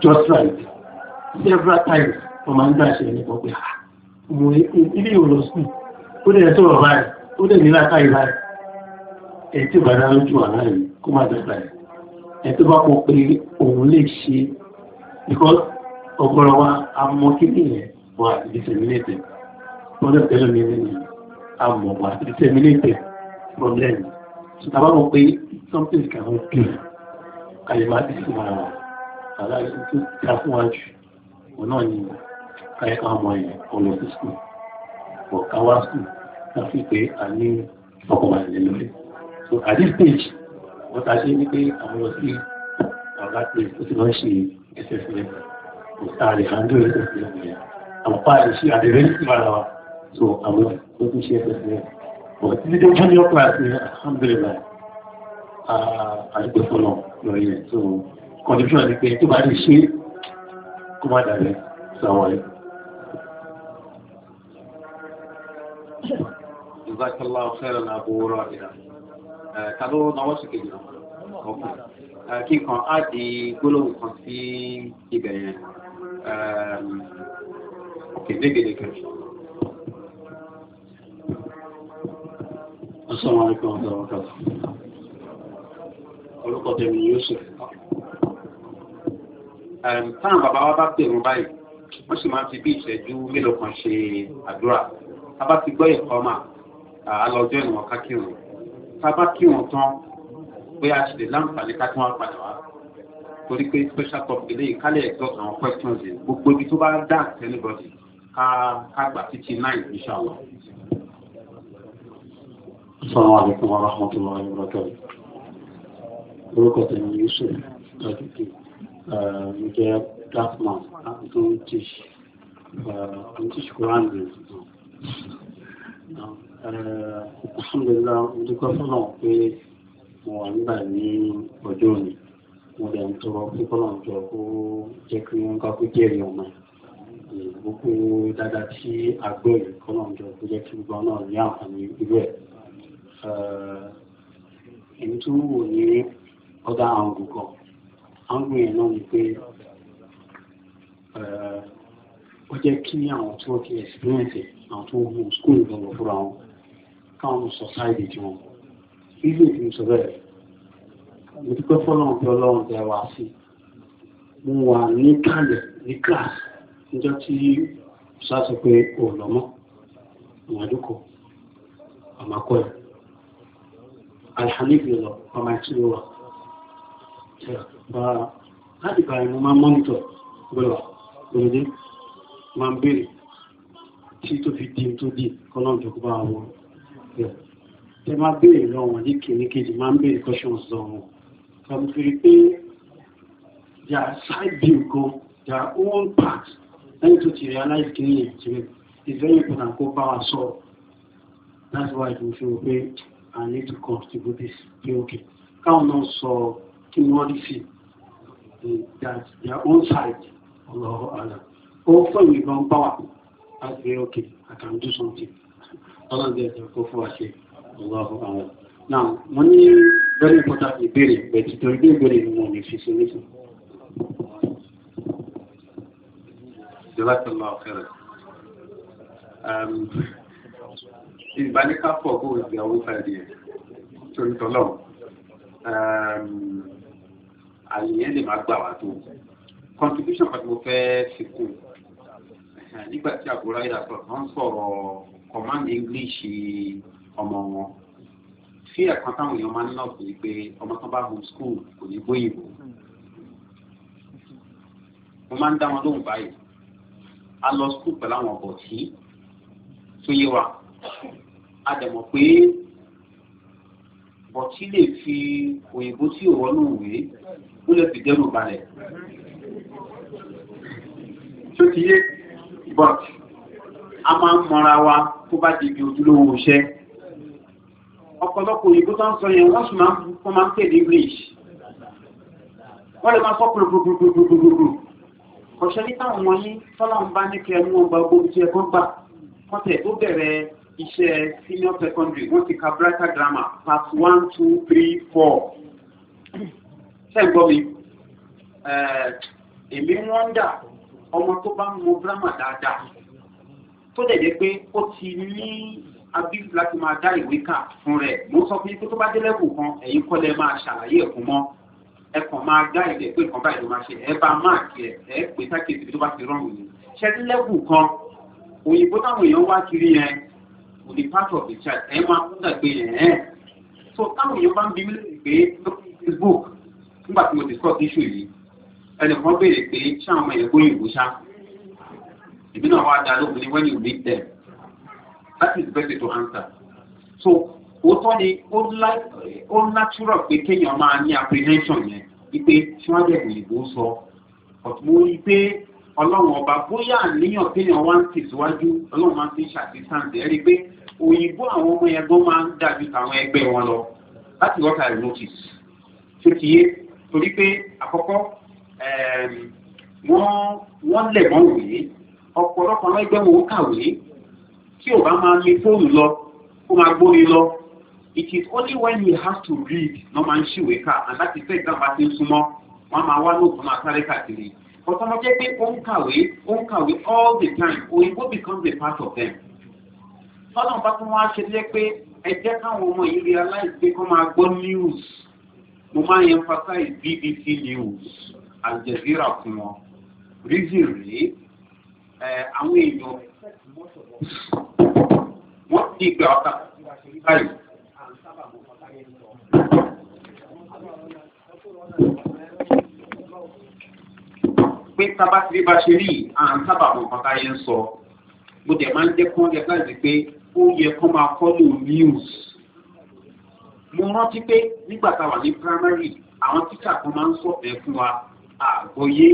S2: just right several times wọ́n máa ń dá ìṣẹ̀lẹ̀ nípa pé ah, mo ilé ìwòlò sí ó dẹ̀ tó rọ̀ báyìí ó dẹ̀ nílá káyì báyìí ẹ̀ tí bàdá lójú wà láàrin kó má dọ̀gbà ẹ̀ ẹ̀ tó bá mọ̀ pé òun lè ṣe because ọgọ́rọ̀ wa amọ̀ kíní yẹn wà disseminated wọ́n dẹ̀ tẹ́lẹ̀ mi nínú amọ̀ wà disseminated problem tàbá mọ̀ pé something can help you kàyẹ̀má ti sí ara wa àlá tó ta fún wa jù wọn náà ni káyẹ̀ká ọmọ yẹn ọlọ sí skul ọ̀ káwá skul ká fi pé a ní ọkọ̀ wà nílẹ̀ so at this stage wọ́n ta ṣe ní pé àwọn lọ sí ọ̀gá pé ó ti lọ́ọ́ ṣe ẹsẹ̀ sílẹ̀ kò sáré àndó ẹsẹ̀ sílẹ̀ nìyẹn àwọn pa ìṣe àdéhùn sí ara wa so àwọn ló ti ṣe ẹsẹ̀ sílẹ̀ but ní dé junior class ní alhamdulillah àdúgbò fọlọ lórí ẹ̀ so condition ni pé tó bá lè ṣe kó má dàbẹ̀ sáwọn ẹ̀.
S1: jazakallah khairan abu ra'ina ta ló náwó sí kejì náà kí nǹkan á di gbólóhùn kan sí ibẹ̀ yẹn ok nígbèdéke.
S2: Assalamu alaikum wa rahmatullahi wa barakatuh. Orúkọ tèmi ni Yusuf. Táwọn
S1: bàbá wa bá pè mú báyìí, wọ́n sì máa fi bí ìṣẹ́jú mélòó kan ṣe àdúrà. Tá bá ti gbọ́ ìkọ́ mà, a lọ jọ ìwọ̀n ká kírun. Tá bá kírun tán, pé a ṣe lè láǹfààní ká tún wá padà wá. Torí pé special cup ilé ìkálẹ̀ ẹ̀tọ́ àwọn questions yìí, gbogbo ibi tó bá dá anybody ká gbà títí nine inshallah. Assalamu alaikum wa rahmatullahi wa barakatuh.
S2: Orúkọ tẹ̀lé Yusuf Adìdì,
S1: mo jẹ́ Darkman, tó ń tíṣ, ń tíṣ Quran rẹ̀. Alhamdulillah, mo dúkọ́ fún àwọn pé mo wà nígbà ní ọjọ́ òní. Mo dẹ̀ ń tọrọ pé kọ́lọ̀ ń jọ kó jẹ́ kí wọ́n ká kó jẹ́rìí ọmọ gbogbo dáadáa tí a gbọ́ yìí kọ́nà jọ tó jẹ́ kí gbogbo náà ní àǹfààní irú ẹ̀ Eh, èyí tó wò ní ọ̀dà àǹgù kan àǹgù yẹn náà ni pé eh, ó jẹ́ kí àwọn tí wọ́n ti àwọn tó wù school lọ́wọ́ fúnra wọn káwọn society tí wọn ilé ìdí sọ bẹ́ẹ̀ mo dúpẹ́ fọ́lọ́run pé ọlọ́run tẹ wá sí mo wà ní kálẹ̀ ní class níjọ́ tí sá sọ pé òòlọ́mọ́ ìwádìí kọ àmàkọ́ ẹ̀ alhamdulillah ọmọ ìtúrò wà láti bàrẹ̀ mo máa mọ́mítọ̀ gbọ́lọ̀ òrùdé ma ń bèèrè
S2: tí tó fi dìm tó dì
S1: kọ́lọ̀ ìjọba wọn tẹ máa bèèrè lọ wọn ní kìíní kejì máa ń bèèrè questions lọ wọn tàbí fèrè pé their side view gan their own part lẹ́yìn tó ti realize kìíní yẹn ti rẹ̀ is very important kó bá wa sọ that's why mo fi rò pé I need to contribute this pé ok káwọn náà sọ kí wọ́n rí that their own side ọlọ́wọ́ àlà ó fún ìwé power okay I can do something ọlọ́dẹ ẹ̀jẹ̀ kó fún àṣẹ ọlọ́wọ́ àlà now money very important ìbéèrè bẹ̀tì torí bí ìbéèrè ni mo lè fi sí nísìn. جزاك الله خيرا ìbáníkàpọ̀ kó ìyàwó fàdí ẹ̀ torí tọ́lọ̀ àyè lè má gbà wá tó contribution kan tí mo fẹ́ fi kù nígbà tí àbúrò ayé àtọ̀ kan sọ̀rọ̀ command English ọmọ wọn sí ẹ̀kan táwọn èèyàn máa ń nọ̀ sí pé ọmọ tó bá home school kò ní gbóyìnbó mo máa ń dá wọn lóhùn báyìí a lọ school pẹ̀lú àwọn ọ̀bọ̀ tí tó yé wa a dẹ̀ mọ̀ pé bọ̀tí lè fi òyìnbó tí ò wọnú ìwé ó lè fi dẹ́rù balẹ̀. tó ti yé bọ̀t a máa ń mọra wa tó bá di ibi ojúlówó iṣẹ́. ọ̀pọ̀lọpọ̀ òyìnbó tó ń sọ yẹn wọ́n sì máa ń tẹ̀lé english. wọ́n lè máa sọ gbogbogbogbogbogbogbò. kọ̀ṣẹ́ ní táwọn wọ̀nyí tọ́lá ń bá ní kí ẹnu ọgbà ogun tí ẹ̀kọ́ gbà kọ́tẹ̀ tó bẹ̀rẹ̀ iṣẹ́ senior secondary wọ́n ti ka brata grammar part one two three four ṣe ń gbọ́ mi èmi wọ́n dà ọmọ tó bá ń mọ grammar dáadáa tó dẹ̀ jẹ́ pé ó ti ní abíyú láti máa dá ìwé kà fún rẹ̀ mo sọ fún yín pé tó bá dé lẹ́kùn kan ẹ̀yin kọ́ lẹ́ máa ṣàlàyé ẹ̀kún mọ́ ẹ̀kàn máa dá ìwé pé nǹkan báyìí ló máa ṣe ẹ̀ bá máàkì rẹ̀ ẹ̀ pé sákèsì tó bá ti rọrùn ni ṣẹ́dí lẹ́kùn kan òyìnbó táwọn èèyàn wá kiri yẹn could be part of the church ẹ máa kú gbàgbé yẹn ẹ so táwọn èèyàn bá ń bí mílíọ̀nù pé facebook nígbà tí mo discuss issue yìí ẹnìkan béèrè pé ṣé àwọn ọmọ yẹn gbóyìnbó ṣá èmi náà wá dá lóhùn ní when you meet them that is better to answer so òótọ́ ni ó natural pé kéèyàn máa ní apprehension yẹn wípé ṣé wọ́n á jẹ́ òyìnbó sọ but mo rí i pé ọlọ́run ọba bóyá àníyàn kéèyàn wá ń tẹ̀síwájú ọlọ́run máa ń fi ṣàtìsáǹtì ẹ pé òyìnbó àwọn ọmọ yẹn gan máa ń dàbí àwọn ẹgbẹ́ wọn lọ láti work out notice tó ti yé torí pé àkọ́kọ́ wọ́n lẹ̀ mọ́ òye ọ̀pọ̀lọpọ̀ àwọn ẹgbẹ́ wọn kàwé tí ò bá máa lé fóònù lọ ó máa gbóni lọ it is only when you have to read ló máa ń ṣìwé kà and that is why ìjọba ti ń súnmọ́ wọ́n máa wá lóògùn máa sáré káàkiri ọ̀tọ́mọ jẹ́ pé ó ń kàwé ó ń kàwé all the time òyìnbó becomes a part of them tọ́lọ́n bá tún wá ṣe jẹ́ pé ẹjẹ́ káwọn ọmọ yìí rí aláìsí kó máa gbọ́ news mo máa yẹn emphasize BBC news Al Jazeera fún wọn reason rèé àwọn èèyàn wọ́n ti gbà ọ́ta báyìí. pé tábàtìrí bá ṣe rí à ń sábà mọ̀ pátá yẹn sọ mo dẹ̀ máa ń jẹ́ kó ń jẹ́ káàdì pé ó yẹ kó máa kọ́lù news mo rántí pé nígbà tá a wà ní primary àwọn tíṣà kan máa ń sọ ẹ̀ fún wa àgbọ́yé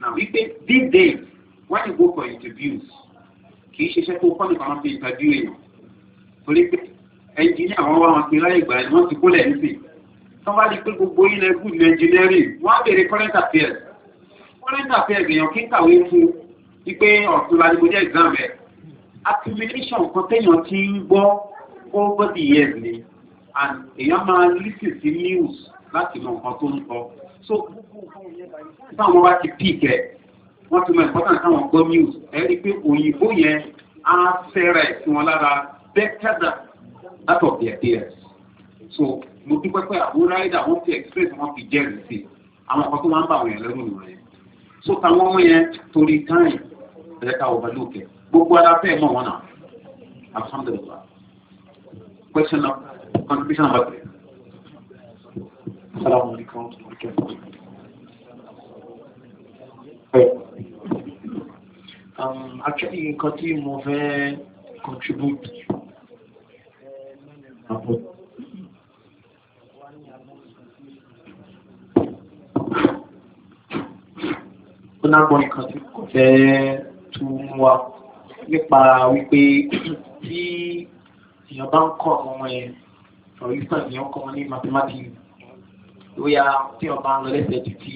S1: na wípé these days when you go for interviews kì í ṣiṣẹ́ tó kọ́ nípa wọn fi interview èèyàn torí pé ẹnjìníà wọn wá wọn ti ráyè gbà ni wọ́n ti kólẹ̀ nísìn wọ́n bá di pé gbogbo yín lẹ́gùn ní engineering wọ́n á béèrè current affairs current affairs èèyàn kí ń kàwé fún wípé ọ̀tún la ni mo jẹ́ exam ẹ̀ accumulation kan téèyàn ti ń gbọ́ over the years ni and èèyàn máa listen sí news láti mọ nǹkan tó ń kọ so táwọn bá ti pick ẹ wọ́n ti mọ important táwọn gbọ́ news ẹ rí i pé òyìnbó yẹn á fẹ́rẹ̀ sí wọn lára better than that of their peers so mo dúpẹ́ pé àwọn ráìdà wọ́n fi express wọ́n fi jẹ́rìí sí àwọn nǹkan tó máa ń bà wọ̀nyẹn lẹ́rù nù rẹ̀ so táwọn ọmọ yẹn torí time ẹ̀ka ọ̀bàlókè gbogbo ara fẹ́ mọ̀ wọn náà alhamdulillah question now contribution number three. Assalamu alaikum. Um, actually, nǹkan tí mo fẹ́ contribute ó náà gbọ́n nǹkan tí kò fẹ́ tún wá nípa wípé tí èèyàn bá ń kọ́ àwọn ọmọ yẹn for instance èèyàn kọ́ wọn ní mathematics lóyà tí èèyàn bá ń lọ lẹ́sẹ̀ títí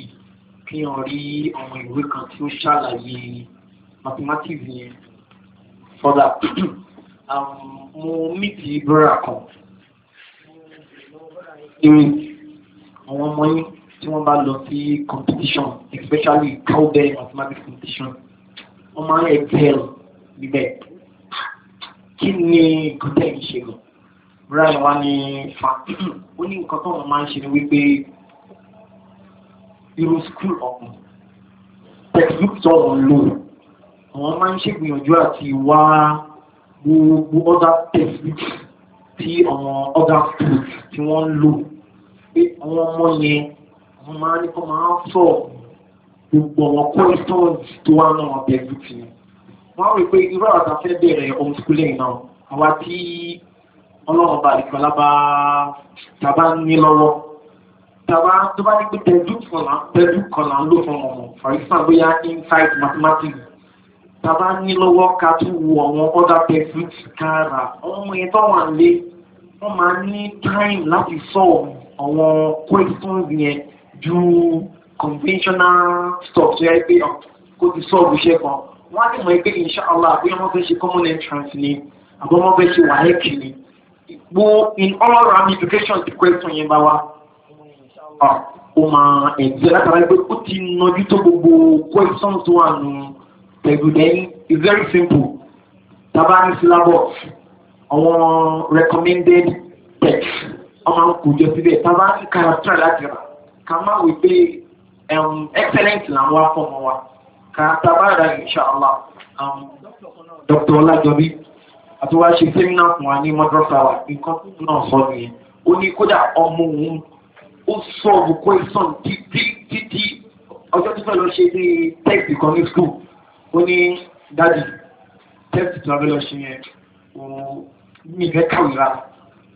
S1: kí èèyàn rí àwọn ìwé kan tí ó ṣàlàyé mathematics yẹn further um, mo mìtì brọ́ra kan àwọn ọmọ yín tí wọ́n bá lọ sí competition especially cowbell mathematics competition wọ́n máa ń excel níbẹ̀ kí ni gọ́tẹ́ yìí ṣe lọ brian wá ní fa ó ní nǹkan tó máa ń ṣe ni wípé irú skul ọ̀hún textbook tó ń lò àwọn máa ń ṣègbìyànjú àti wá gbogbo other textbook tí àwọn other school tí wọ́n ń lò pé àwọn ọmọ yẹn wọ́n máa ń kọ́ máa ń sọ gbogbo àwọn questions tó wà náà textbook yẹn wọ́n rí pé irú àwọn àtàfẹ́ bẹ̀rẹ̀ homeschooling náà àwa tí ọlọ́run bá ìkọlá bá tàbá ní lọ́wọ́ tàbá tó bá ní pé tẹ̀dú kan là ń lò fún ọmọ for example bóyá inside mathematics tàbá ní lọ́wọ́ ká tún wo àwọn other textbooks kára ọmọ yẹn tó wà lé wọ́n máa ní time láti solve àwọn questions yẹn ju conventional stuff tó yẹ pé kó ti solve iṣẹ́ kan wọ́n á ti mọ̀ pé insha Allah àbúyọ wọn fẹ́ ṣe common entrance ni àbọ̀ wọn fẹ́ ṣe wàhálẹ́kì gbó in all ramifications ti question yẹn bá wa ah, ó máa ẹ̀jẹ̀ látara pé ó ti nájú tó gbogbo questions tó wà nù pẹ̀lú dẹ́yìn it's very simple tabani syllabus àwọn recommended text ọmọ kò jọ síbẹ̀ tabani character láti rà ká má wí pé um, excellent làwọn afọmọ wa kàtàbára inshallah Dr. Ọlájọbí àtúwá ṣe tí náà fún wa ní mọ́dọ́sà wà nǹkan náà sọ nìyẹn ó ní kódà ọmọ òun ó sọ òkú ìsàn títí títí ọjọ́ tó fẹ́ lọ ṣe ní tẹ́ẹ̀tì kan ní skul ó ní dájì tẹ́ẹ̀tì tó abẹ́ lọ ṣe yẹn mi ìfẹ́ kàwé rà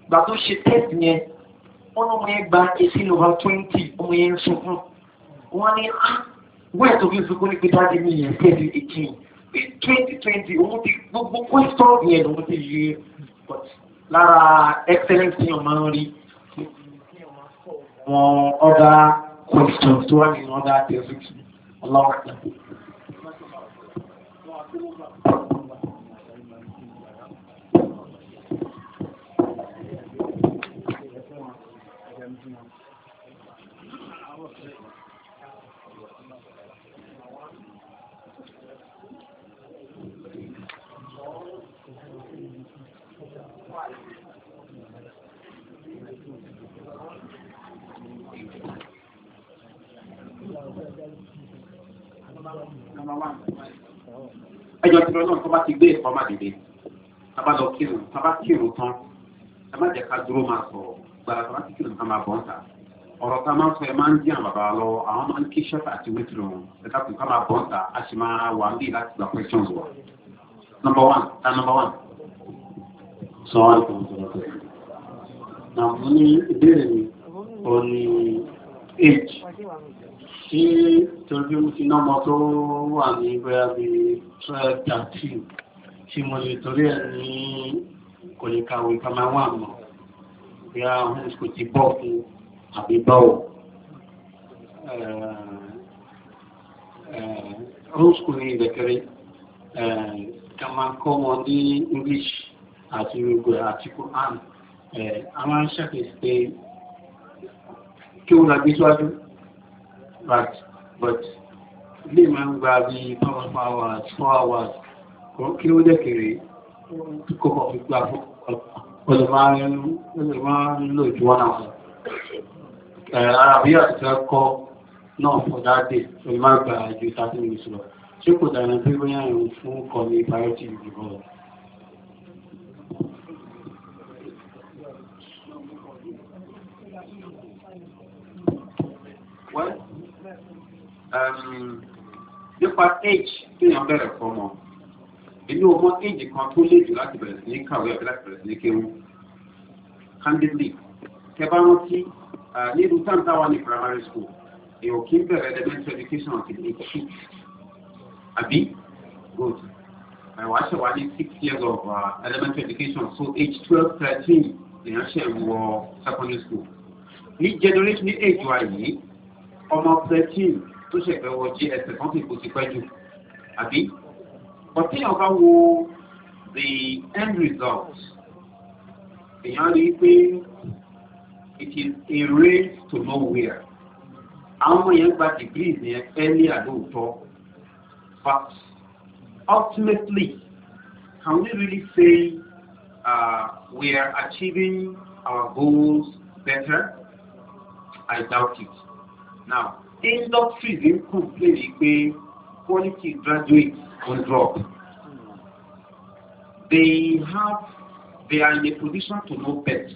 S1: gbà tó ṣe tẹ́ẹ̀tì yẹn wọ́n lọ́mọ yẹn gba èsì nọ́mbà twenty ọmọ yẹn ń sunkún wọ́n ní ah, where to give fún nípa dáadé ní yẹn twenty eighteen twenty twenty òun ti gbogbo question yẹn òun ti yé lára excellence ni ọmọ ń rí wọn ọ̀dà questions tó wà nínú ọ̀dà theory ọlọ́wọ́ àtàkùn. bẹ̀rẹ̀ náà tó bá ti gbé ẹ̀kọ́ má dìde tábà lọ kírun tábà kírun tán tábà jẹ́ ká dúró máa sọ̀rọ̀ gbàrà tábà ti kírun ká máa bọ̀ ń ta ọ̀rọ̀ ká máa ń sọ ẹ máa ń dín àwọn bàbá lọ àwọn máa ń kí ṣẹ́fà àti wítìrì wọn ẹ̀ka kù ká máa bọ̀ ń ta a sì máa wà ń bí láti gba questions wa. number one ta number one. sọ wá ní kòmọ̀tò lọ́tọ̀ yìí.
S2: nà mo ní ìbéèrè mi ò ní age tí torí mo ti nọ́mọ tó wà ní bóyá bí twelve thirteen tí mo lè torí ẹ̀ ní
S1: kò lè kàwé ká máa wà mọ́ bóyá ohun kò ti bọ̀ fún àbí báwò ohun kò ní ìdẹ̀kẹ̀rẹ̀ ká máa kọ́ wọn ní English àti gbogbo àti Quran a máa ń ṣàkíyèsí pé kí wọ́n la síwájú back but ilé máa ń gba bí power hours four hours kí ló jẹ́ kéré kókò fi gba ọ̀dọ̀ máa ń lò ju one hour ara bí àtúntà kọ́ náà for that day ọ̀dọ̀ máa gba ju thirty
S2: minutes lọ ṣé kò dára pé bóyá ìrùn fún kọ́ ní priority ìdìbò rẹ̀. What? Um,
S1: nípa age téèyàn bẹ̀rẹ̀ fọmọ inú ọmọ age kan tó lè jù láti bẹ̀rẹ̀ sí ní kàwé àbí láti bẹ̀rẹ̀ sí ní kéwú candidly kẹbà rántí nílùú táǹtà wà ní primary school èèyàn kì í bẹ̀rẹ̀ elementary education àti age two àbí good ẹ̀wà ṣe wà ní six years of uh, elementary education so age twelve thirteen èèyàn ṣe ń wọ secondary school ní generation ní age wa yìí ọmọ thirteen tó ṣe fẹ́ wọ gs tó sì kó ti pẹ́ jù àbí but téèyàn bá wo the end result èèyàn rí i pé it is a race to nowhere àwọn ọmọ yẹn gba degrees yẹn earlier lóòótọ́ but ultimately can we really say uh, we are achieving our goals better? I doubt it. Now, Industry ń kù lérí quality graduates will drop. They have they are in a position to know best.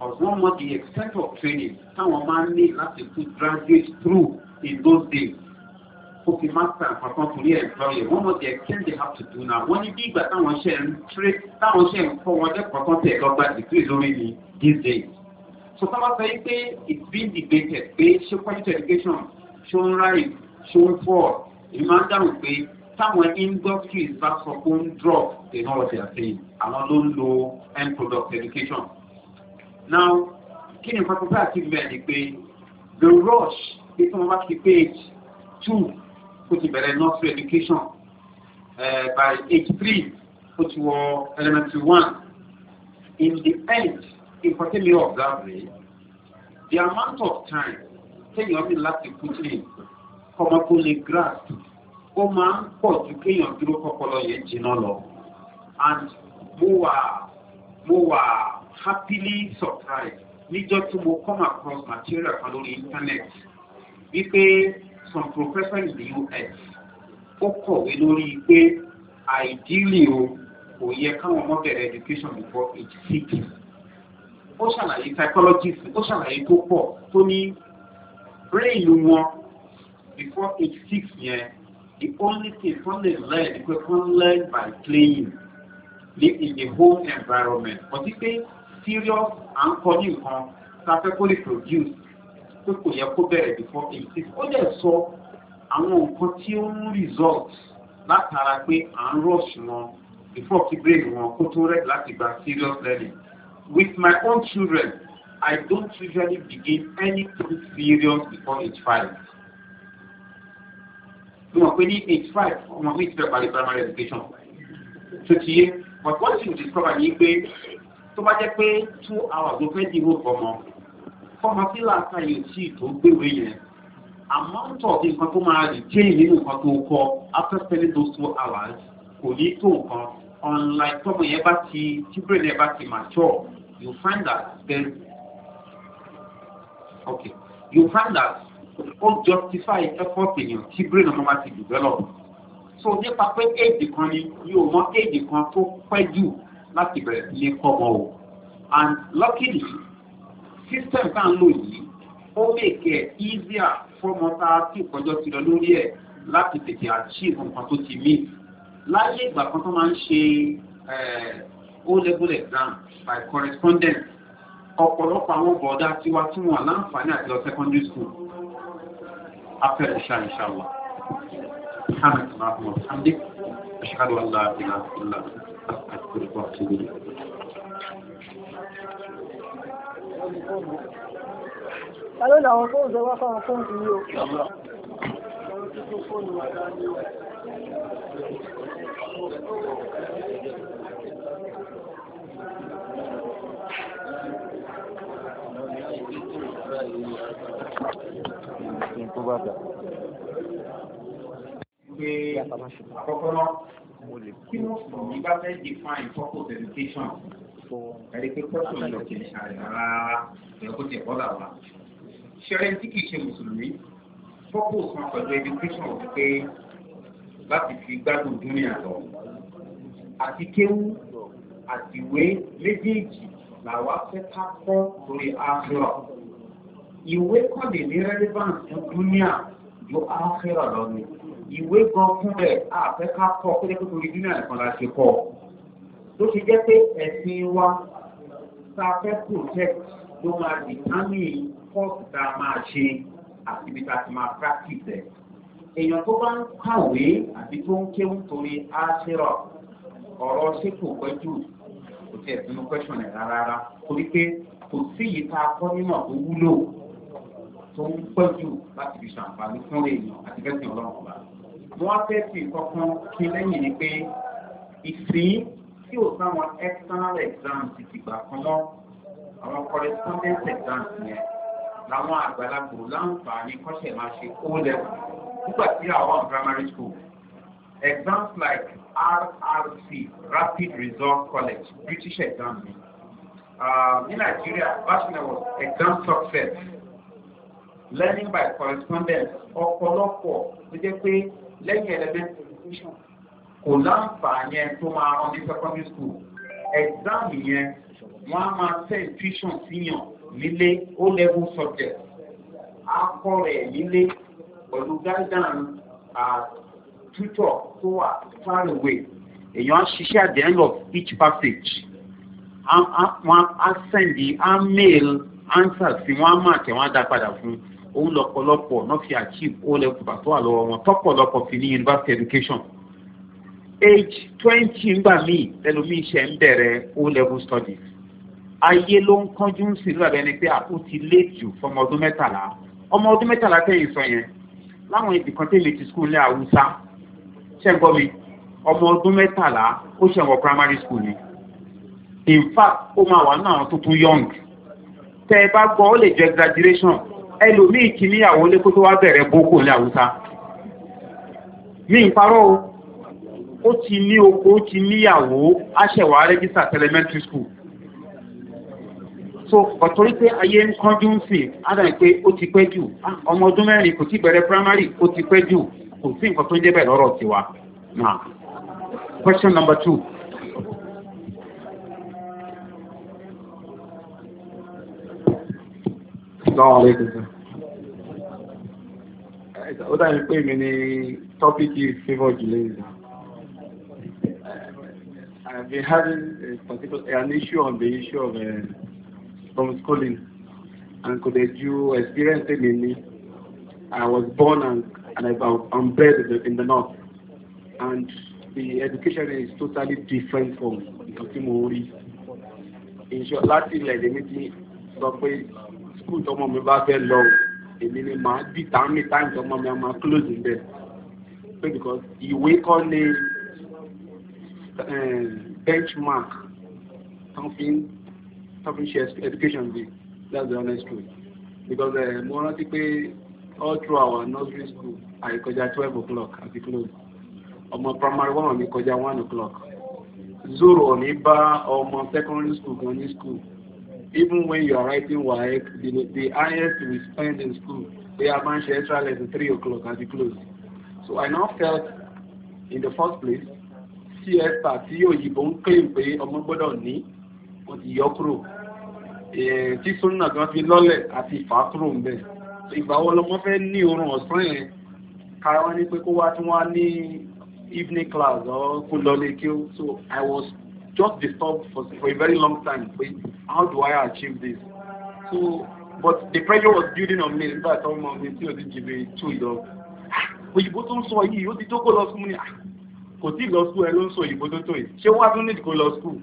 S1: As one mọ the extent of training táwọn máa ń ní láti put graduates through in those days. Ó fi master àpapọ̀ torí employer. One mọ the extent they have to do now. Wọ́n ní bí ìgbà táwọn ṣe ń kọ́ wọn lẹ́kọ̀ọ́ kan tẹ̀ lọ́gbà degree lórí ni these days so sábà sọ pé it's been debated pé ṣé quality education ṣó ń rise ṣó ń fall èmi máa ń dáhùn pé táwọn industries bá sọ pé ń drop they know what they are saying àwọn ló ń lo end product education now kí ni nǹkan tó fẹ́ àti ìgbẹ́ ni pé the rush pé tí wọ́n bá ti page two kó ti bẹ̀rẹ̀ nursery education uh, by age three kó ti wọ elementary one in the end nǹkan tẹ́mi observe rèé the amount of time téèyàn ní láti put in kọmọkùnrin grasp ó máa ń pọ̀ ju kéèyàn dúró kọ́kọ́lọ́ yẹn jìnnà lọ and mo wà mo wà happily surprised níjọ́ tí mo come across material kan lórí internet wípé some professor in the US ó kọ̀wé lórí pé ideally o kò yẹ káwọn ọmọ bẹ̀rẹ̀ education before age six ó ṣàlàyé psychologist ó ṣàlàyé tó pọ̀ tó ní brain wọn before age six yẹn the only thing fún lè learn pé fún learn by playing ní in the home environment ọtí pé serious à ń kọ ní nǹkan tá a fẹ́ kó produce pé kò yẹ kó bẹ̀rẹ̀ before age six ó dẹ̀ sọ àwọn nǹkan tí ó ń result látara pé à ń rush wọn before kí brain wọn kó tó rẹ̀ láti gba serious learning. With my own children, I don't usually begin anything serious before age five. Mo mọ̀ pé ní age five, ọmọ mi ti fẹ́ parí primary education. Tó ti yé, but one thing we discover ni pé tó bá jẹ́ pé two hours ló fẹ́ di ìwé ọmọ, fọmọ sí làásà yóò tí ì tó gbéwé yẹn. Amount of nǹkan tó máa rí jẹ́ nínú nǹkan tó kọ after spending those two hours kò ní tó nǹkan unlike tọ́mọ yẹn bá ti tí brain yẹn bá ti mature you find that then, okay you find that ó justify effort in your brain ọmọ bá ti develop so nípa pé éèdì kan ni yóò mọ éèdì kan tó pẹ́ jù láti bẹ̀rẹ̀ sí ní kọ́mọ o and luckily system tá ń lò yìí ó make it easier for tá a ti kọjọ ti lọ lórí ẹ̀ láti tètè achieve nǹkan tó ti mí láyé ìgbà kan tó máa ń ṣe eh, O-level exam by correspondence ọ̀pọ̀lọpọ̀ àwọn bọ̀ọ̀dá tí wá tí wọ́n láǹfààní àti lọ secondary school after ìṣà ìṣàwà hamid mahmoud hamdi ashhadu an la ilaha illa àti kòrìkò
S2: àti ìlú
S3: Hello, now I'm going to work on a phone to you.
S2: Thank you. bàtà.
S1: pé àkọ́kọ́ kí ló sọ nígbà fẹ́ define purpose education ẹ̀rí pé pọ́sùn lọ kì í ṣàlẹ̀ rárá ẹ̀rọ kó tiẹ̀ bọ́dà wa. ṣẹ́rẹ́ tí kì í ṣe mùsùlùmí purpose wọn pẹ̀lú education ò pé láti fi gbádùn dúnìá lọ àti kéwú àti ìwé méjèèjì làwa fẹ́ ká kọ́ lórí áfíríkà ìwé kò lè ní relevance fún dúníà ju áfíra lọ ni ìwé gan fún rẹ̀ àfẹ́ká kọ́ pé kó torí dúníà nìkan la ṣe kọ́ ló ṣe jẹ́ pé ẹ̀sìn wa tá a fẹ́ protect ló máa determine course tá a máa ṣe àti ibi tá a ti máa practice ẹ̀ èèyàn tó bá ń kàwé àbí tó ń kéwù torí áṣírọ ọ̀rọ̀ ṣé kò pẹ́jù kò tiẹ̀ sínú question ẹ̀ rárá torí pé kò sí ìta kọ́ nínà tó tó ń pẹ́jù láti fi ṣàǹfààní fún èèyàn àti fẹ́ sìn ọlọ́run ọba. wọ́n fẹ́ sí kankan kí lẹ́yìn ni pé ìsìn tí ò sáwọn external exams ti gbà kan mọ́ àwọn correspondence exams yẹn làwọn àgbàlagbò láǹfààní kọ́ṣẹ̀ máa ṣe ó lẹ́wọ̀n nígbà tí àwọn primary school exams like rrc rapid result college british exam ni uh, ní nàìjíríà bachelor exam success learning by correspondence ọ̀pọ̀lọpọ̀ ló jẹ́ pé lẹ́yìn elementary education kò láǹfààní ẹ tó máa rán ní secondary school exam yẹn wọ́n á máa tẹ́ tuition síyàn nílé ó level subject akọ rẹ̀ nílé pẹ̀lú guidance tutor tó wà far away èèyàn á ṣiṣẹ́ at the end of each passage wọ́n á send the email answer sí wọ́n á máa tẹ̀ wọ́n á dá padà fún un òun lọ́pọ̀lọpọ̀ náà fi achieve o level bàtọ́ àlọ́wọ́ wọn tọ́pọ̀lọpọ̀ fi ní university education age twenty ńgbà míì ẹlòmíì ṣe ń bẹ̀rẹ̀ o level studies ayé ló ń kánjú ń sìn lọ́dọ̀ ẹni pé àpò ti lé jù fọmọ ọdún mẹ́tàlá ọmọ ọdún mẹ́tàlá tẹ̀yìn sọ yẹn láwọn ibì kan tẹ̀lé ti school ní haúsá ṣẹ́gbọ́n mi ọmọ ọdún mẹ́tàlá ó ṣẹ̀wọ̀ primary school ni in fact ó máa wà náà tuntun young tẹ́ ẹ bá gbọ́ ó lè jẹ́ graduation ẹlòmí ìkìníyàwó lé kó tó wá bẹ̀rẹ̀ boko ní àwúsá mi ń o ó ti ní oko ó ti níyàwó aṣẹ̀wà rẹ́gísà elementary school so ọ̀tọ́rí pé ayé ń kánjú ń sìn ádàrí pé ó ti pẹ́ jù ah, ọmọ ọdún mẹ́rin kò tí bẹ̀rẹ̀ primary ó ti pẹ́ jù kò sí nǹkan tiwa question number two Assalamu alaikum sir. ó dàbí pé mi ni tọ́pìkì favour ìgbà.
S2: I've been having
S1: a particular, an issue on the issue of uh, homeschooling and could you experience it in me? I was born and, and I, am bred in the, north and the education is totally different from Ìkàtí Mòórí. Ìṣọ́ láti ilẹ̀ ìdèmí ti sọ pé skul tọmọ mi bá fẹ́ lọ èmi ni màá dì tàmí táìmù tọmọ mi máa close ń bẹ̀ pé because ìwé kọ́ ni eh, benchmark tán fi ṣe education bi that's the honest truth because eh, mo rántí pé all through our nursery school àìkọjá twelve o'clock at the close ọmọ primary one mi kọjá one o'clock zoro ò ní bá ọmọ secondary school gan ní school even when you are writing WAEC, the, the highest we spend in school, we are much extra lesson three o'clock as it close. So I now felt, in the first place, CS tí you don't claim pay ọmọ gbọ́dọ̀ ní ó ti yọ kúrò. Eh, tí Súnà gan fi lọ́lẹ̀ àti ìfà kúrò ń bẹ̀. Ìgbà wo lọmọ fẹ́ ní oorun ọ̀sán yẹn? Kára wá ní pé kó wá tún wá ní evening class or kó lọ lé kí ó. So I was just disturbed for, for a very long time. Wait, how do I achieve this? So, but the pressure was building on me. Nígbà tí ọmọ mi tí still ti jìbì tú ìlọ. Òyìnbó tó ń sọ yìí, ó ti tó kó lọ sùn Kò tí lọ sùn ẹ ló ń tó tó yìí. Ṣé wọ́n á tún need go lọ school.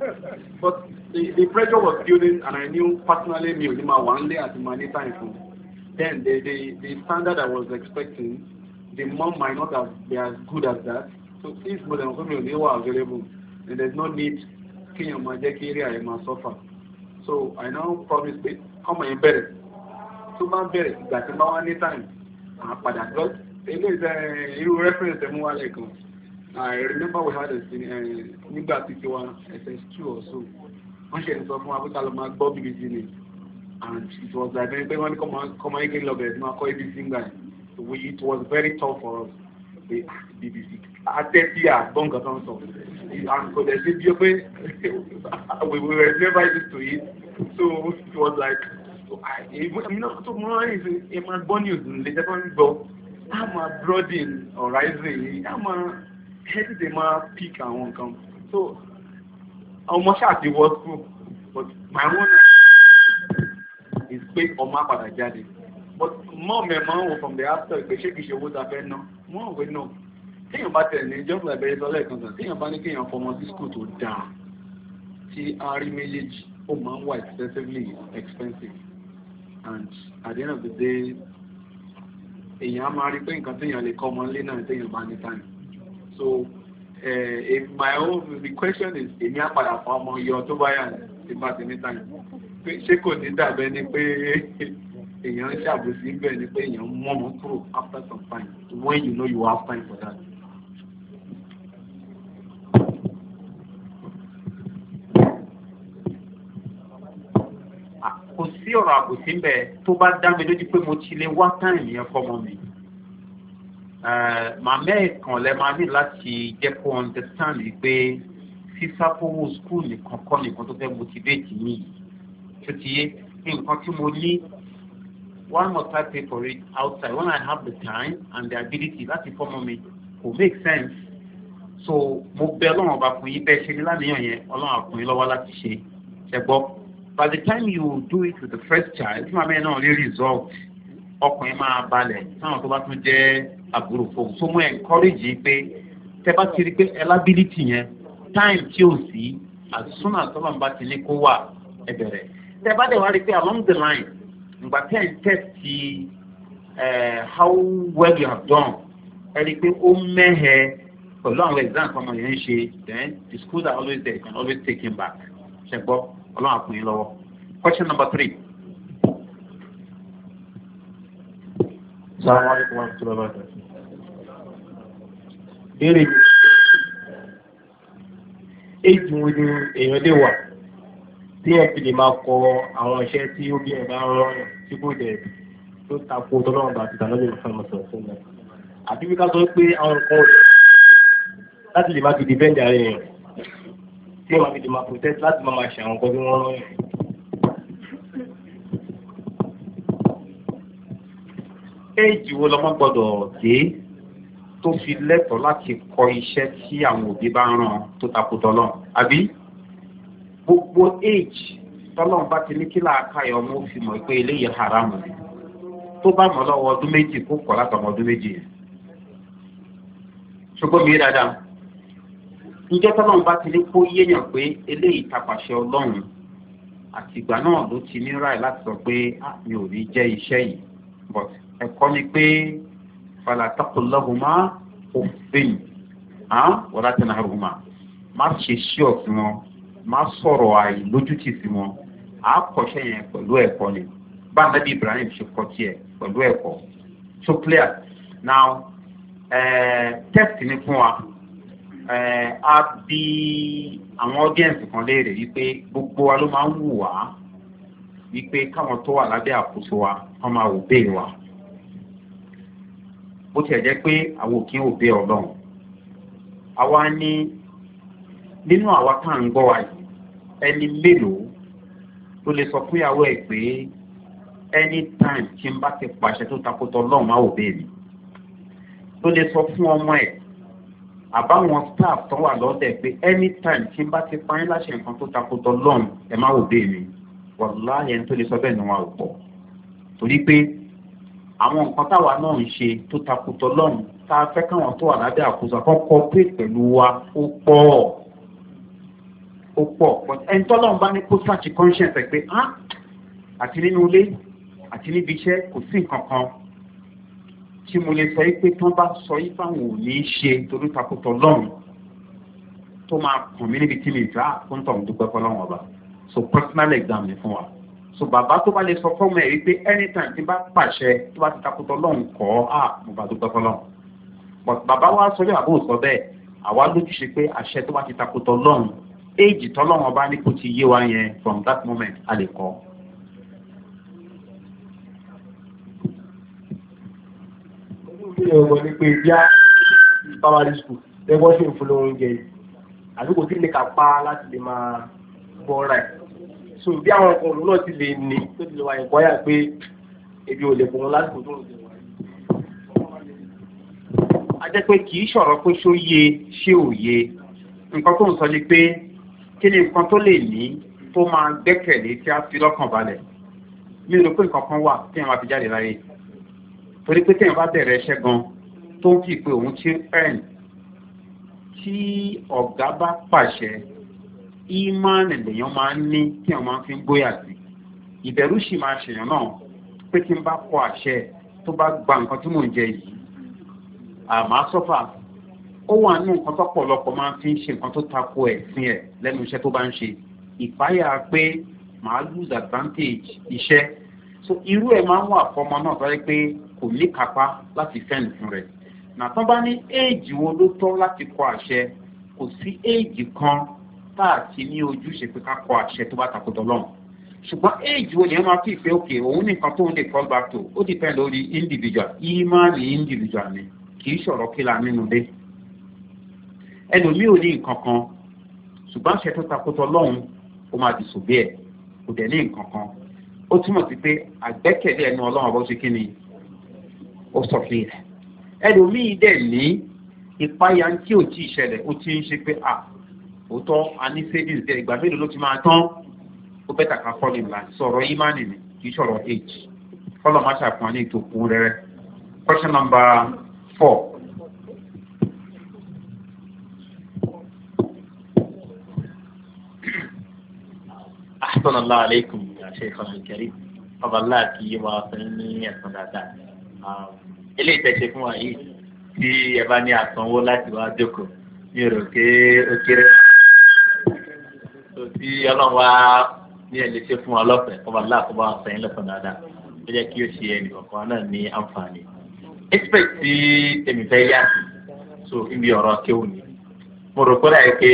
S1: But the, the pressure was building and I knew personally mi ò ní máa wà ń lé àti máa ní time fún. Then the, the, the standard I was expecting, the mom might not have, be as good as that. So if mo dẹ̀ mọ̀ pé available, then there is no need kíyàn máa jẹ́ kí eré máa sọ́fà so i now promise pé ọmọ yẹn bẹ̀rẹ̀ tó bá bẹ̀rẹ̀ ìgbà tí bá wá ní time àpàdà lọ ilé ìfẹ́ irú reference ẹ̀ mú wá lẹ́ẹ̀kan i remember we had a eh, nígbà tí tiwa ss2 or so wọ́n ṣe ń sọ fún wa pé ká lọ máa gbọ́ bbc ni and it was like pé wọ́n ní kọ́ máa ń kí lọ bẹ̀rẹ̀ sí máa kọ́ abc ńgbà it was very tough for us. BBC atẹ́tí àgbọ̀ǹkan tó ń sọ kò dẹ̀ sí bí ó pé we were never used to it so it was like èmi náà tó mọ́ ẹ́ ẹ máa gbọ́ ní òdùn lè jẹ́pọ̀ ń gbọ́ á máa broaden horizon yìí á máa hesitate máa pick àwọn nǹkan so ọmọ ṣáà ti wọ school but my own is pé ọmọ apàdà jáde but mọ́ mẹ́mọ́ wò from the after ìpèsè kìí ṣe owó tá a fẹ́ ná mú òwe náà téèyàn bá tẹ̀ ní jọ́pọ̀ ẹ̀bẹ̀rẹ̀ sọ lẹ́ẹ̀kan sàn téèyàn bá ní kéèyàn fọmọ sí skul tó dáa tí a rí méjèèjì ó máa ń wà excessively expensive and at the end of the day èèyàn á máa rí pé nǹkan téèyàn lè kọ́ ọmọ nílé náà téèyàn bá ní time so eh, if my own the question is èmi á padà fọ ọmọ yọ tó bá yà ní bá ti ní time ṣé kò ní dàbẹ́ ni pé èèyàn ń ṣàbòsí bẹ́ẹ̀ ni pé èèyàn mú ọmọ kúrò after some time when you know you have time for that. kò sí ọ̀rọ̀ àbòsí ń bẹ̀ tó bá dá mi lójú pé mo ti lè wá táìmì yẹn fọmọ mi. màmá ẹ̀kan lẹ máa ní láti jẹ́ kó understand pé sísápòwò skul nìkan kọ́ nìkan tó fẹ́ motivate mi tó ti yé nǹkan tí mo ní Why must I pay for it outside when I have the time and the ability láti fọ́mọ mi kò make sense so mo bẹ ọlọ́run ọba fún yín bẹ́ẹ̀ ṣe ní láníyàn yẹn ọlọ́run àkùnrin lọ́wọ́ láti ṣe ṣẹgbọ́ by the time you do it with the first child tí màmá yẹn náà rí result ọkùnrin máa balẹ̀ táwọn tó bá tún jẹ́ àbúrò fún un so mo encourage yín pé tẹ bá ti rí pé eligibility yẹn time tí ò sí as soon as ọlọ́run bá ti ní kó wà ẹ bẹ̀rẹ̀ tẹ bá dẹ̀ wá rí pé along the line ìgbà tẹ́ ẹ̀ tẹ̀sí how well you have done ẹ rí i pé ó mẹ́hẹ pẹ̀lú àwọn exam ọmọ yẹn ń ṣe then the school are always there you can always take him back ṣẹgbọ́ ọlọ́run àpò yín lọ́wọ́ question number three.
S3: Assalamu
S2: alaikum warahmatullahi wabarakatuh.
S1: Béèrè èjì wo ni èèyàn lè wà tí ẹ fi lè máa kọ àwọn iṣẹ́ tí ó bí ẹ bá rán tí kò dẹ̀ tó tako tọ́lọ́run bá ti tànọ́lẹ̀ ìfọ̀mọ̀sọ̀ fún mi àti wíká sọ pé àwọn nǹkan láti lè máa fi dìbẹ́ǹdì ara èèyàn tí ẹ máa fi máa protest láti máa máa ṣe àwọn nǹkan tí wọ́n rán yàn. éèjì wo lọ́mọ gbọ́dọ̀ dé tó fi lẹ́tọ̀ọ́ láti kọ iṣẹ́ tí àwọn òbí bá rán tó tako tọ́lọ́run àbí? gbogbo age tọ́lọ́n bá ti ní kí làákàyọ̀ ọmọ fi mọ̀ pé eléyìí haramu ni tó bá mọ̀ lọ́wọ́ ọdún méjì kó kọ̀ látọmọ ọdún méjì yẹn ṣùgbọ́n mi dáadáa níjẹ́ tọ́lọ́n bá ti ní kó yéèyàn pé eléyìí tapàṣẹ ọlọ́run àtìgbà náà ló ti ní ráì láti sọ pé ah, mi ò ní jẹ́ iṣẹ́ yìí but ẹ̀kọ́ ni pé falatakùnlọ́hùnmá òfin ah, wọ́n láti náà hùmá má ṣe ṣí ọ̀fun wọn. ma sọ̀rọ̀ àìlójútì sí wọn mọ a yẹn pẹ̀lú ẹ̀kọ́ ni bá nàbí ibrahim ṣe tiẹ̀ pẹ̀lú ẹ̀kọ́ so clear now test fún wa a bí àwọn audience kan léèrè wípé gbogbo wa ló máa ń wù wá wípé káwọn tó wà wa wọ́n máa wa bó tiẹ̀ jẹ́ pé àwọn òkè ọlọ́run àwa nínú àwa tá wa ẹni mélòó ló lè sọ fún ìyàwó ẹ̀ pé anytime tí n bá ti pàṣẹ tó takotọ lọ́run máa wò béèrè ló lè sọ fún ọmọ ẹ̀ àbáwọn staff tó wà lọ́dẹ̀ pé anytime tí n bá ti pa yín láṣẹ nǹkan tó takotọ lọ́run ẹ má wò béèrè wàlúwà yẹn tó lè sọ bẹ́ẹ̀ ni wọn ò pọ̀ torí pé àwọn nǹkan táwa náà ń ṣe tó takotọ lọ́run tá a fẹ́ káwọn tó wà lábẹ́ àkóso àkọ́kọ́ pé pẹ̀lú wa ó pọ̀ ó pọ̀ but ẹni tọ́lọ́run bá ní kó search conscience ẹ̀ pé ah àti nínú ilé àti níbi iṣẹ́ kò sí nǹkan kan tí mo lè sọ yí pé tán bá sọ yí fáwọn ò ní í ṣe torí takòtò lọ́run tó máa kàn mí níbi tí mi ìfẹ́ àkóńtọ̀ ń dúpẹ́ fọlọ́run ọba so personal exam ni fún wa so bàbá tó bá lè sọ fọ́ọ̀mù ẹ̀ wípé anytime tí bá pàṣẹ tó bá ti takòtò lọ́run kọ́ á mo bá dúpẹ́ fọlọ́run but bàbá wa sọ bí àbúrò sọ bẹ́ẹ̀ àwa lójúṣe pé àṣẹ tó bá ti takòtò lọ́run éèjì tọ́lọ́wọ́n bá ní kó ti yé wa yẹn from that moment a lè kọ́. ìpínlẹ̀ ọgbọ̀n pé bíá primary school lẹ́gbọ́n ṣe ń fún lóhun jẹ àbí kò lè kà pa láti lè máa gbọ́ ra so bí àwọn ọkọ̀ òun náà ti lè ní tó ti lè wà ẹ̀kọ́ yà pé ebi ò lè pòun lásìkò tó ń a jẹ́ pé kì í ṣọ̀rọ̀ pé ṣó yé ṣé ò yé nǹkan tó ń sọ ni pé kí ni nǹkan tó lè ní tó máa gbẹ́kẹ̀lé tí a fi lọ́kàn balẹ̀ mi rò pé nǹkan kan wà tí wọ́n máa fi jáde láyé torí pé téèyàn bá bẹ̀rẹ̀ iṣẹ́ gan tó ń kí pé òun ti ń earn tí ọ̀gá bá pàṣẹ ìmánì lèèyàn máa ń ní tí wọ́n máa fi ń gbóyà sí ìbẹ̀rù sì máa ṣèyàn náà pé tí n bá kọ àṣẹ tó bá gba nǹkan tí mò ń jẹ yìí àmọ́ sọ́fà ó wà ní nǹkan tọ́pọ̀lọpọ̀ máa fi ń ṣe nǹkan tó tako ẹ̀sìn ẹ̀ lẹ́nu iṣẹ́ tó bá ń ṣe ìpáyà pé màá lose advantage iṣẹ́ so irú ẹ̀ máa ń wà fọmọ náà tọ́jú pé kò ní kápá láti fẹ́ǹ fún rẹ̀ nàtọ́ bá ní éèjì wo ló tọ́ láti kọ àṣẹ kò sí éèjì kan tá a ti ní ojúṣe pé ká kọ àṣẹ tó bá takò tọ́lọ́run ṣùgbọ́n éèjì wo lèèyàn máa fi ìfẹ́ òkè òun nìkan tóun lè call back to ó depend lórí individual ìmáàlì individual ni kì í ṣọ̀rọ̀ kí la nínú dé ẹlòmíì ò ní nǹkan kan ṣùgbọ́n ṣe tó takótọ lọ́hùn ó máa dìsò bí ẹ̀ kò dẹ̀ ní nǹkan kan ó túmọ̀ sí pé àgbẹ́kẹ̀lé ẹnu ọlọ́run ọba ó ṣe kí ni ó sọ fún ilẹ̀ ẹlòmíì dẹ̀ ní ìpayà tí ò tí ì ṣẹlẹ̀ ó ti ń ṣe pé à òótọ́ a ní savings dẹ̀ ìgbà mélòó ló ti máa tán ó bẹ́tà ká fọ́ nìlà sọ̀rọ̀ imani ni kì í sọ̀rọ̀ age fọlọ́ máa ṣàfihàn ní ìtòkùn rẹ̀ question number four. sallallahu alaykum ya shaykhana al-karim ọba aláàkí yé wa fún ní ẹ̀sán dáadáa ilé ah, ìtẹ̀sẹ̀ fún wa yìí tí ẹ bá ní àsanwó láti wá jókòó ní òròké òkèrè tí ọlọ́run wá ní ẹ̀ ṣe fún wa lọ́fẹ̀ẹ́ ọba aláàkó bá wọn sẹ́yìn lọ́sàn dáadáa ó jẹ́ kí ó ṣe ẹnì kọ̀ọ̀kan náà ní àǹfààní. expect tí èmi fẹ́ yá so ibi ọ̀rọ̀ kéwù mo rò kó dà pé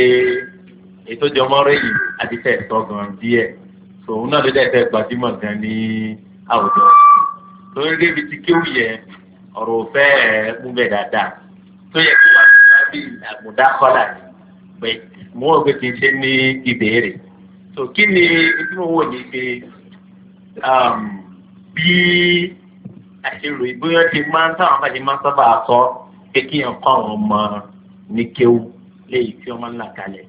S1: ètò ìjọmọ́rẹ́ yìí àti fẹ́ẹ̀ sọ gan díẹ̀ sòun náà ló dẹ̀ fẹ́ gbajúmọ̀ gan ní àwùjọ torí débi tí kéwù yẹ ọ̀rọ̀ fẹ́ ẹ̀ mú bẹ̀ dáadáa tó yẹ kí wọ́n ti sábì àgùndá kọ́là pé mo wọ́n kì í ṣe ní ìbéèrè so kí ni tí mo wò ní pé um, bí àṣírò ìgbóyàn ti máa ń táwọn afáàjì máa ń sábà sọ pé kí èèyàn kọ́ àwọn ọmọ ní kéwù léyìí tí wọ́n máa ń là kalẹ̀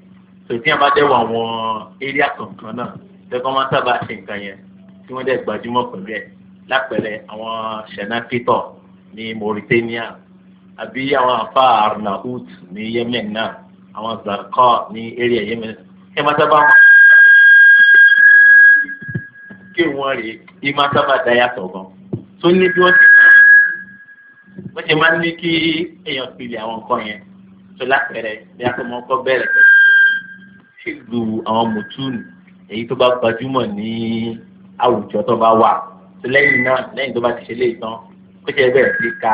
S1: so tí wọ́n bá dẹ́wọ̀ àwọn area kọ̀ọ̀kan náà lẹ́kọ́ máa sábà ṣe nǹkan yẹn tí wọ́n dẹ̀ gbajúmọ̀ pẹ̀lú ẹ̀ lápẹ̀lẹ̀ àwọn sẹ̀nàkítọ̀ ní Mauritania àbí àwọn afa Arnaout ní Yemen náà àwọn Zarqa ní area Yemen ẹ máa sábà mọ̀ kí wọ́n rè é máa sábà dá yàtọ̀ gan tó ní bí wọ́n ti wọ́n ṣe máa ń ní kí èèyàn pilẹ̀ àwọn nǹkan yẹn tó lápẹ̀rẹ̀ bí a kò mọ̀ ọkọ bẹ̀rẹ̀ pẹ̀lú ṣèlú àwọn mùtúùnù èyí tó bá gbajúmọ̀ ní àwùjọ tó bá wà lẹ́yìn náà lẹ́yìn tó bá ti ṣe léyìí tán kó ṣe bẹ̀rẹ̀ sí ka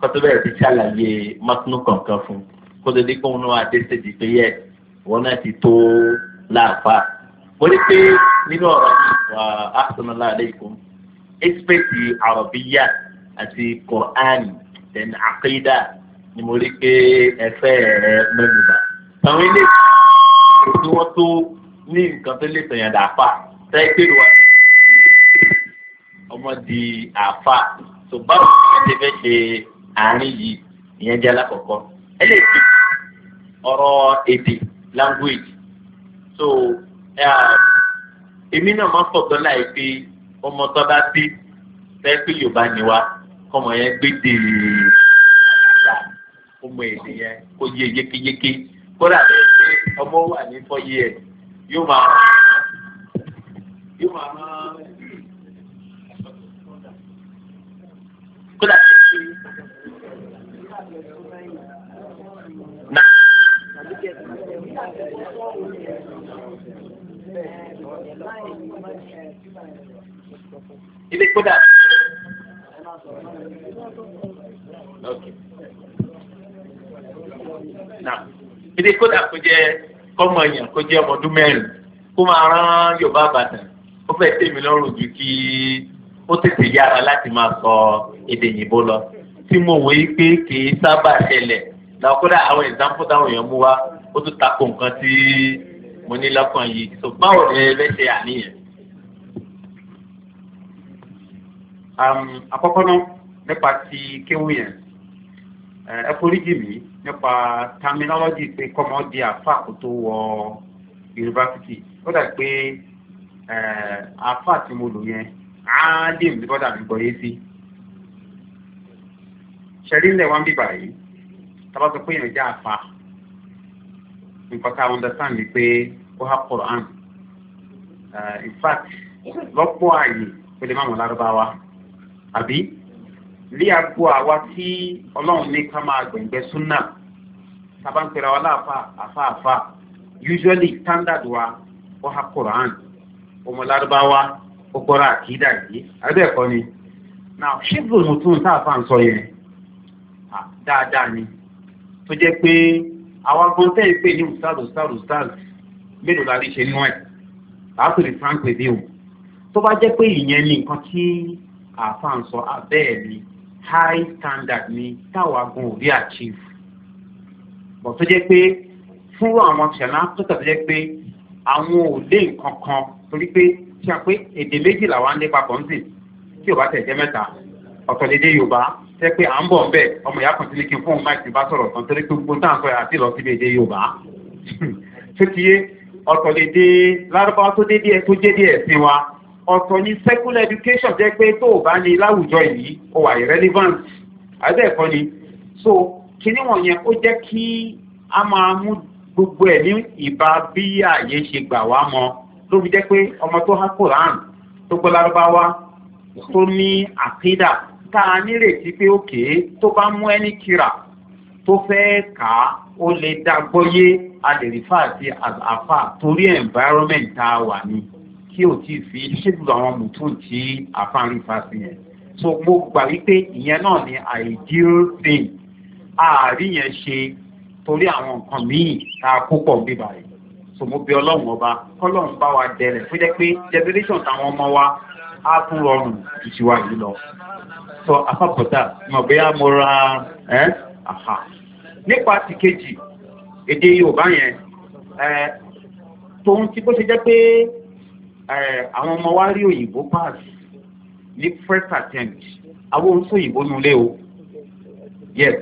S1: kó tó bẹ̀rẹ̀ sí ṣàlàyé mọ́túnú kọ̀ọ̀kan fún kó tó dé kó wọn náà dé sèdí pé yẹ wọn náà ti tó láàfà mo rí pé nínú ọ̀rọ̀ wa asalamu alaykum expect arabiya àti quran then akida ni mo rí pé ẹ fẹ́ mẹ́nu àwọn ilé ìwé tí wọ́n tó ní nǹkan tó lè sèyàn dàáfà tẹ́gbèrè wa ọmọ di àáfà tó báwo ni wọ́n ti fẹ́ ṣe àárín yìí ìyẹn jẹ́ alákọ̀ọ́kọ́ ẹlẹ́ẹ̀kejì ọ̀rọ̀ èdè language so èmi náà máa ń fọ̀ tọ́lá yìí pé ọmọ tó bá dé fẹ́ pé yorùbá ni wa kọ́mọ yẹn gbé dè é e. ọmọ èdè yẹn kó yé yékéyéké kódà bẹ́ẹ̀ pé ọmọ wà ní fọ́ ẹ̀.
S2: Yuma, Yuma, yóò máa máa kódà na. ilé kódà. Okay.
S1: Now, it is good kọ́mọ èèyàn kó jẹ́ ọmọ ọdún mẹ́rin kó máa rán yorùbá àbàdàn ó fẹ́ tèmi lọ́rùn ju kí ó tètè yára láti máa sọ èdè òyìnbó lọ tí mo wò pé kì sábà ṣẹlẹ̀ làwọn àwọn example táwọn èèyàn mú wá ó tún takò nǹkan tí mo ní lọ́kàn yìí so báwo ni ẹ fẹ́ ṣe àníyàn. àkọ́kọ́ náà nípa ti kéwù yẹn ẹ foríjì mi nípa terminology pé kọ́mọ di àfa tó wọ yunifásitì ó dà pé eh, àfa tí mo lò yẹn áádìm ní bọ́dà mi gbọ́ yé sí ṣẹ̀rí ńlẹ̀ wọn bíbà yìí tábà a understand ni pé ó há eh, in fact lọ́pọ̀ àyè pé lè lárúbáwá àbí. rí agbo àwa tí ọlọ́run ní ká máa gbẹ̀ngbẹ́ súnà sábà ń pera usually standard wa ó ha quran ọmọ lárúbáwá ó gbọ́ra àkídà yìí ni now ṣíbù mùtún táàfà ń sọ yẹn dáadáa ni tó jẹ́ pé àwa gan tẹ́ ẹ pé ní ustaz ustaz ustaz mélòó la ṣe nú ẹ̀ tó bá jẹ́ pé ìyẹn ni nǹkan tí ń sọ abẹ́ẹ̀ high standard ni táwa gan ò rí achieve bọ̀ tó jẹ́ pé fún àwọn ṣẹ̀lá tó tàbí jẹ́ pé àwọn ò lé nǹkan kan torí pé ṣe pé èdè méjì làwọn ń lépa pọ̀ ń sìn tí ò bá tẹ̀ jẹ́ mẹ́ta ọ̀tọ̀ lédè yorùbá tẹ́ pé à ń bọ̀ ń ọmọ ìyá kan ti ní kí n fún mike tí bá sọ̀rọ̀ tán torí pé gbogbo tá à ń sọ àti lọ síbi èdè yorùbá tó ti yé ọ̀tọ̀ lédè lárúbáwá tó dé díẹ̀ tó jẹ́ díẹ̀ sí wa ọ̀tọ̀ ni secular education jẹ́ pé tó bá ní láwùjọ yìí ó wà irrelevant àbẹ́ẹ̀kọ́ ni so kíní wọ̀nyẹn ó jẹ́ kí a máa mú gbogbo ẹ̀ ní ìbá bí ààyè ṣe gbà wá mọ ló fi jẹ́ pé ọmọ tó há quran tó gbọ́ lárúbáwá tó ní àkídà tá a nírètí pé òkè tó bá mú ẹni kíra tó fẹ́ kà á ó lè dá gbọ́yé a lè rí fáàtì àfà torí environment tá a wà ní tí ò tí fi ṣégbùdọ̀ àwọn mùtún tí àfáàrí fásitì yẹn so mo gbà wípé ìyẹn náà ni ideal thing ààrí yẹn ṣe torí àwọn nǹkan míì tá a kó pọ̀ bíbà yìí so mo bí ọlọ́run ọba kọ́lọ́run bá wa dẹrẹ̀ fún jẹ́ pé generation táwọn ọmọ wa á tún rọrùn ìṣìwà yìí lọ sọ afábọ̀tà mọ̀ bóyá mo ra ẹ́ àhà nípa ti kejì èdè yorùbá yẹn ẹ tòun ti bó ṣe jẹ́ pé àwọn ọmọ wa rí òyìnbó pass ní first attempt àwọn ohun tó òyìnbó nulẹ̀ o yes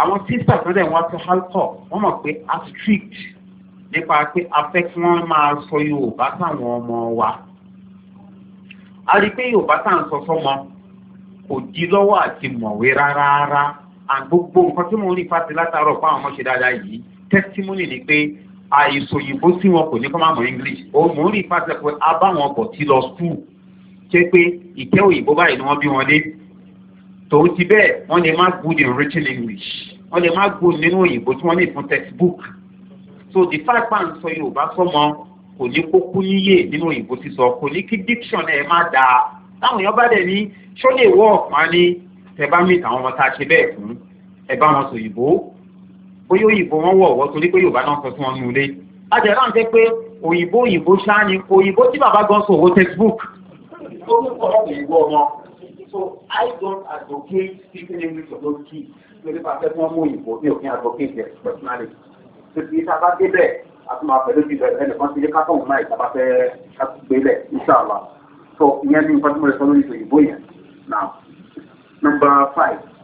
S1: àwọn sísà tó dẹ̀ wá sí halkọ wọ́n mọ̀ pé a strict nípa pé a fẹ́ kí wọ́n máa sọ yorùbá táwọn ọmọ wa a rí i pé yorùbá tá à ń sọ fọ́mọ kò di lọ́wọ́ àti mọ̀wé rárá rárá àgbogbo nǹkan tí mo rí fásitì látàárọ̀ fún àwọn ọmọ ṣe dáadáa yìí testimony ni pé àìsàn òyìnbó tí wọn kò ní kọ́ máa mọ̀ english òun rí pàṣẹ pé a bá wọn bọ̀ tí lọ skul ṣé pé ìkẹ́ òyìnbó báyìí ni wọ́n bí wọn dé tòun ti bẹ́ẹ̀ wọ́n lè má good in written english wọ́n lè má good nínú òyìnbó tí wọ́n lè fún textbook so the fact pa n sọ yorùbá sọmọ kò ní kókó níyè nínú òyìnbó sísọ kò ní kí diction ẹ̀ má dáa táwọn èèyàn bá dẹ̀ ní ṣó lè wọ́ ọ̀pá ní tẹ bá mìtà àwọn ọmọ tá a ṣe bẹ́ẹ̀ fún ẹ bá wọn sọ òyìnbó bóyá òyìnbó wọn wọ̀ ọ̀wọ́ torí pé yorùbá náà sọ fún wọn nù lé ajẹ́ náà jẹ́ pé òyìnbó òyìnbó ṣáàni òyìnbó tí bàbá gan sọ owó textbook. orúkọ òyìnbó ọmọ so i don't advocate speaking english of those kids lórí pàṣẹ fún ọmọ òyìnbó mi ò advocate their personality so kì í sábà débẹ̀ àtúmọ̀ àpẹẹrẹ bíi bẹ̀rẹ̀ ẹnìkan ti yẹ ká fọwọ́n náà
S2: ìjàmbá fẹ́ gbélẹ̀ ìṣàlá so ìyẹn ní nǹkan tí mo lè sọ lórí òyìnbó yẹn now number five.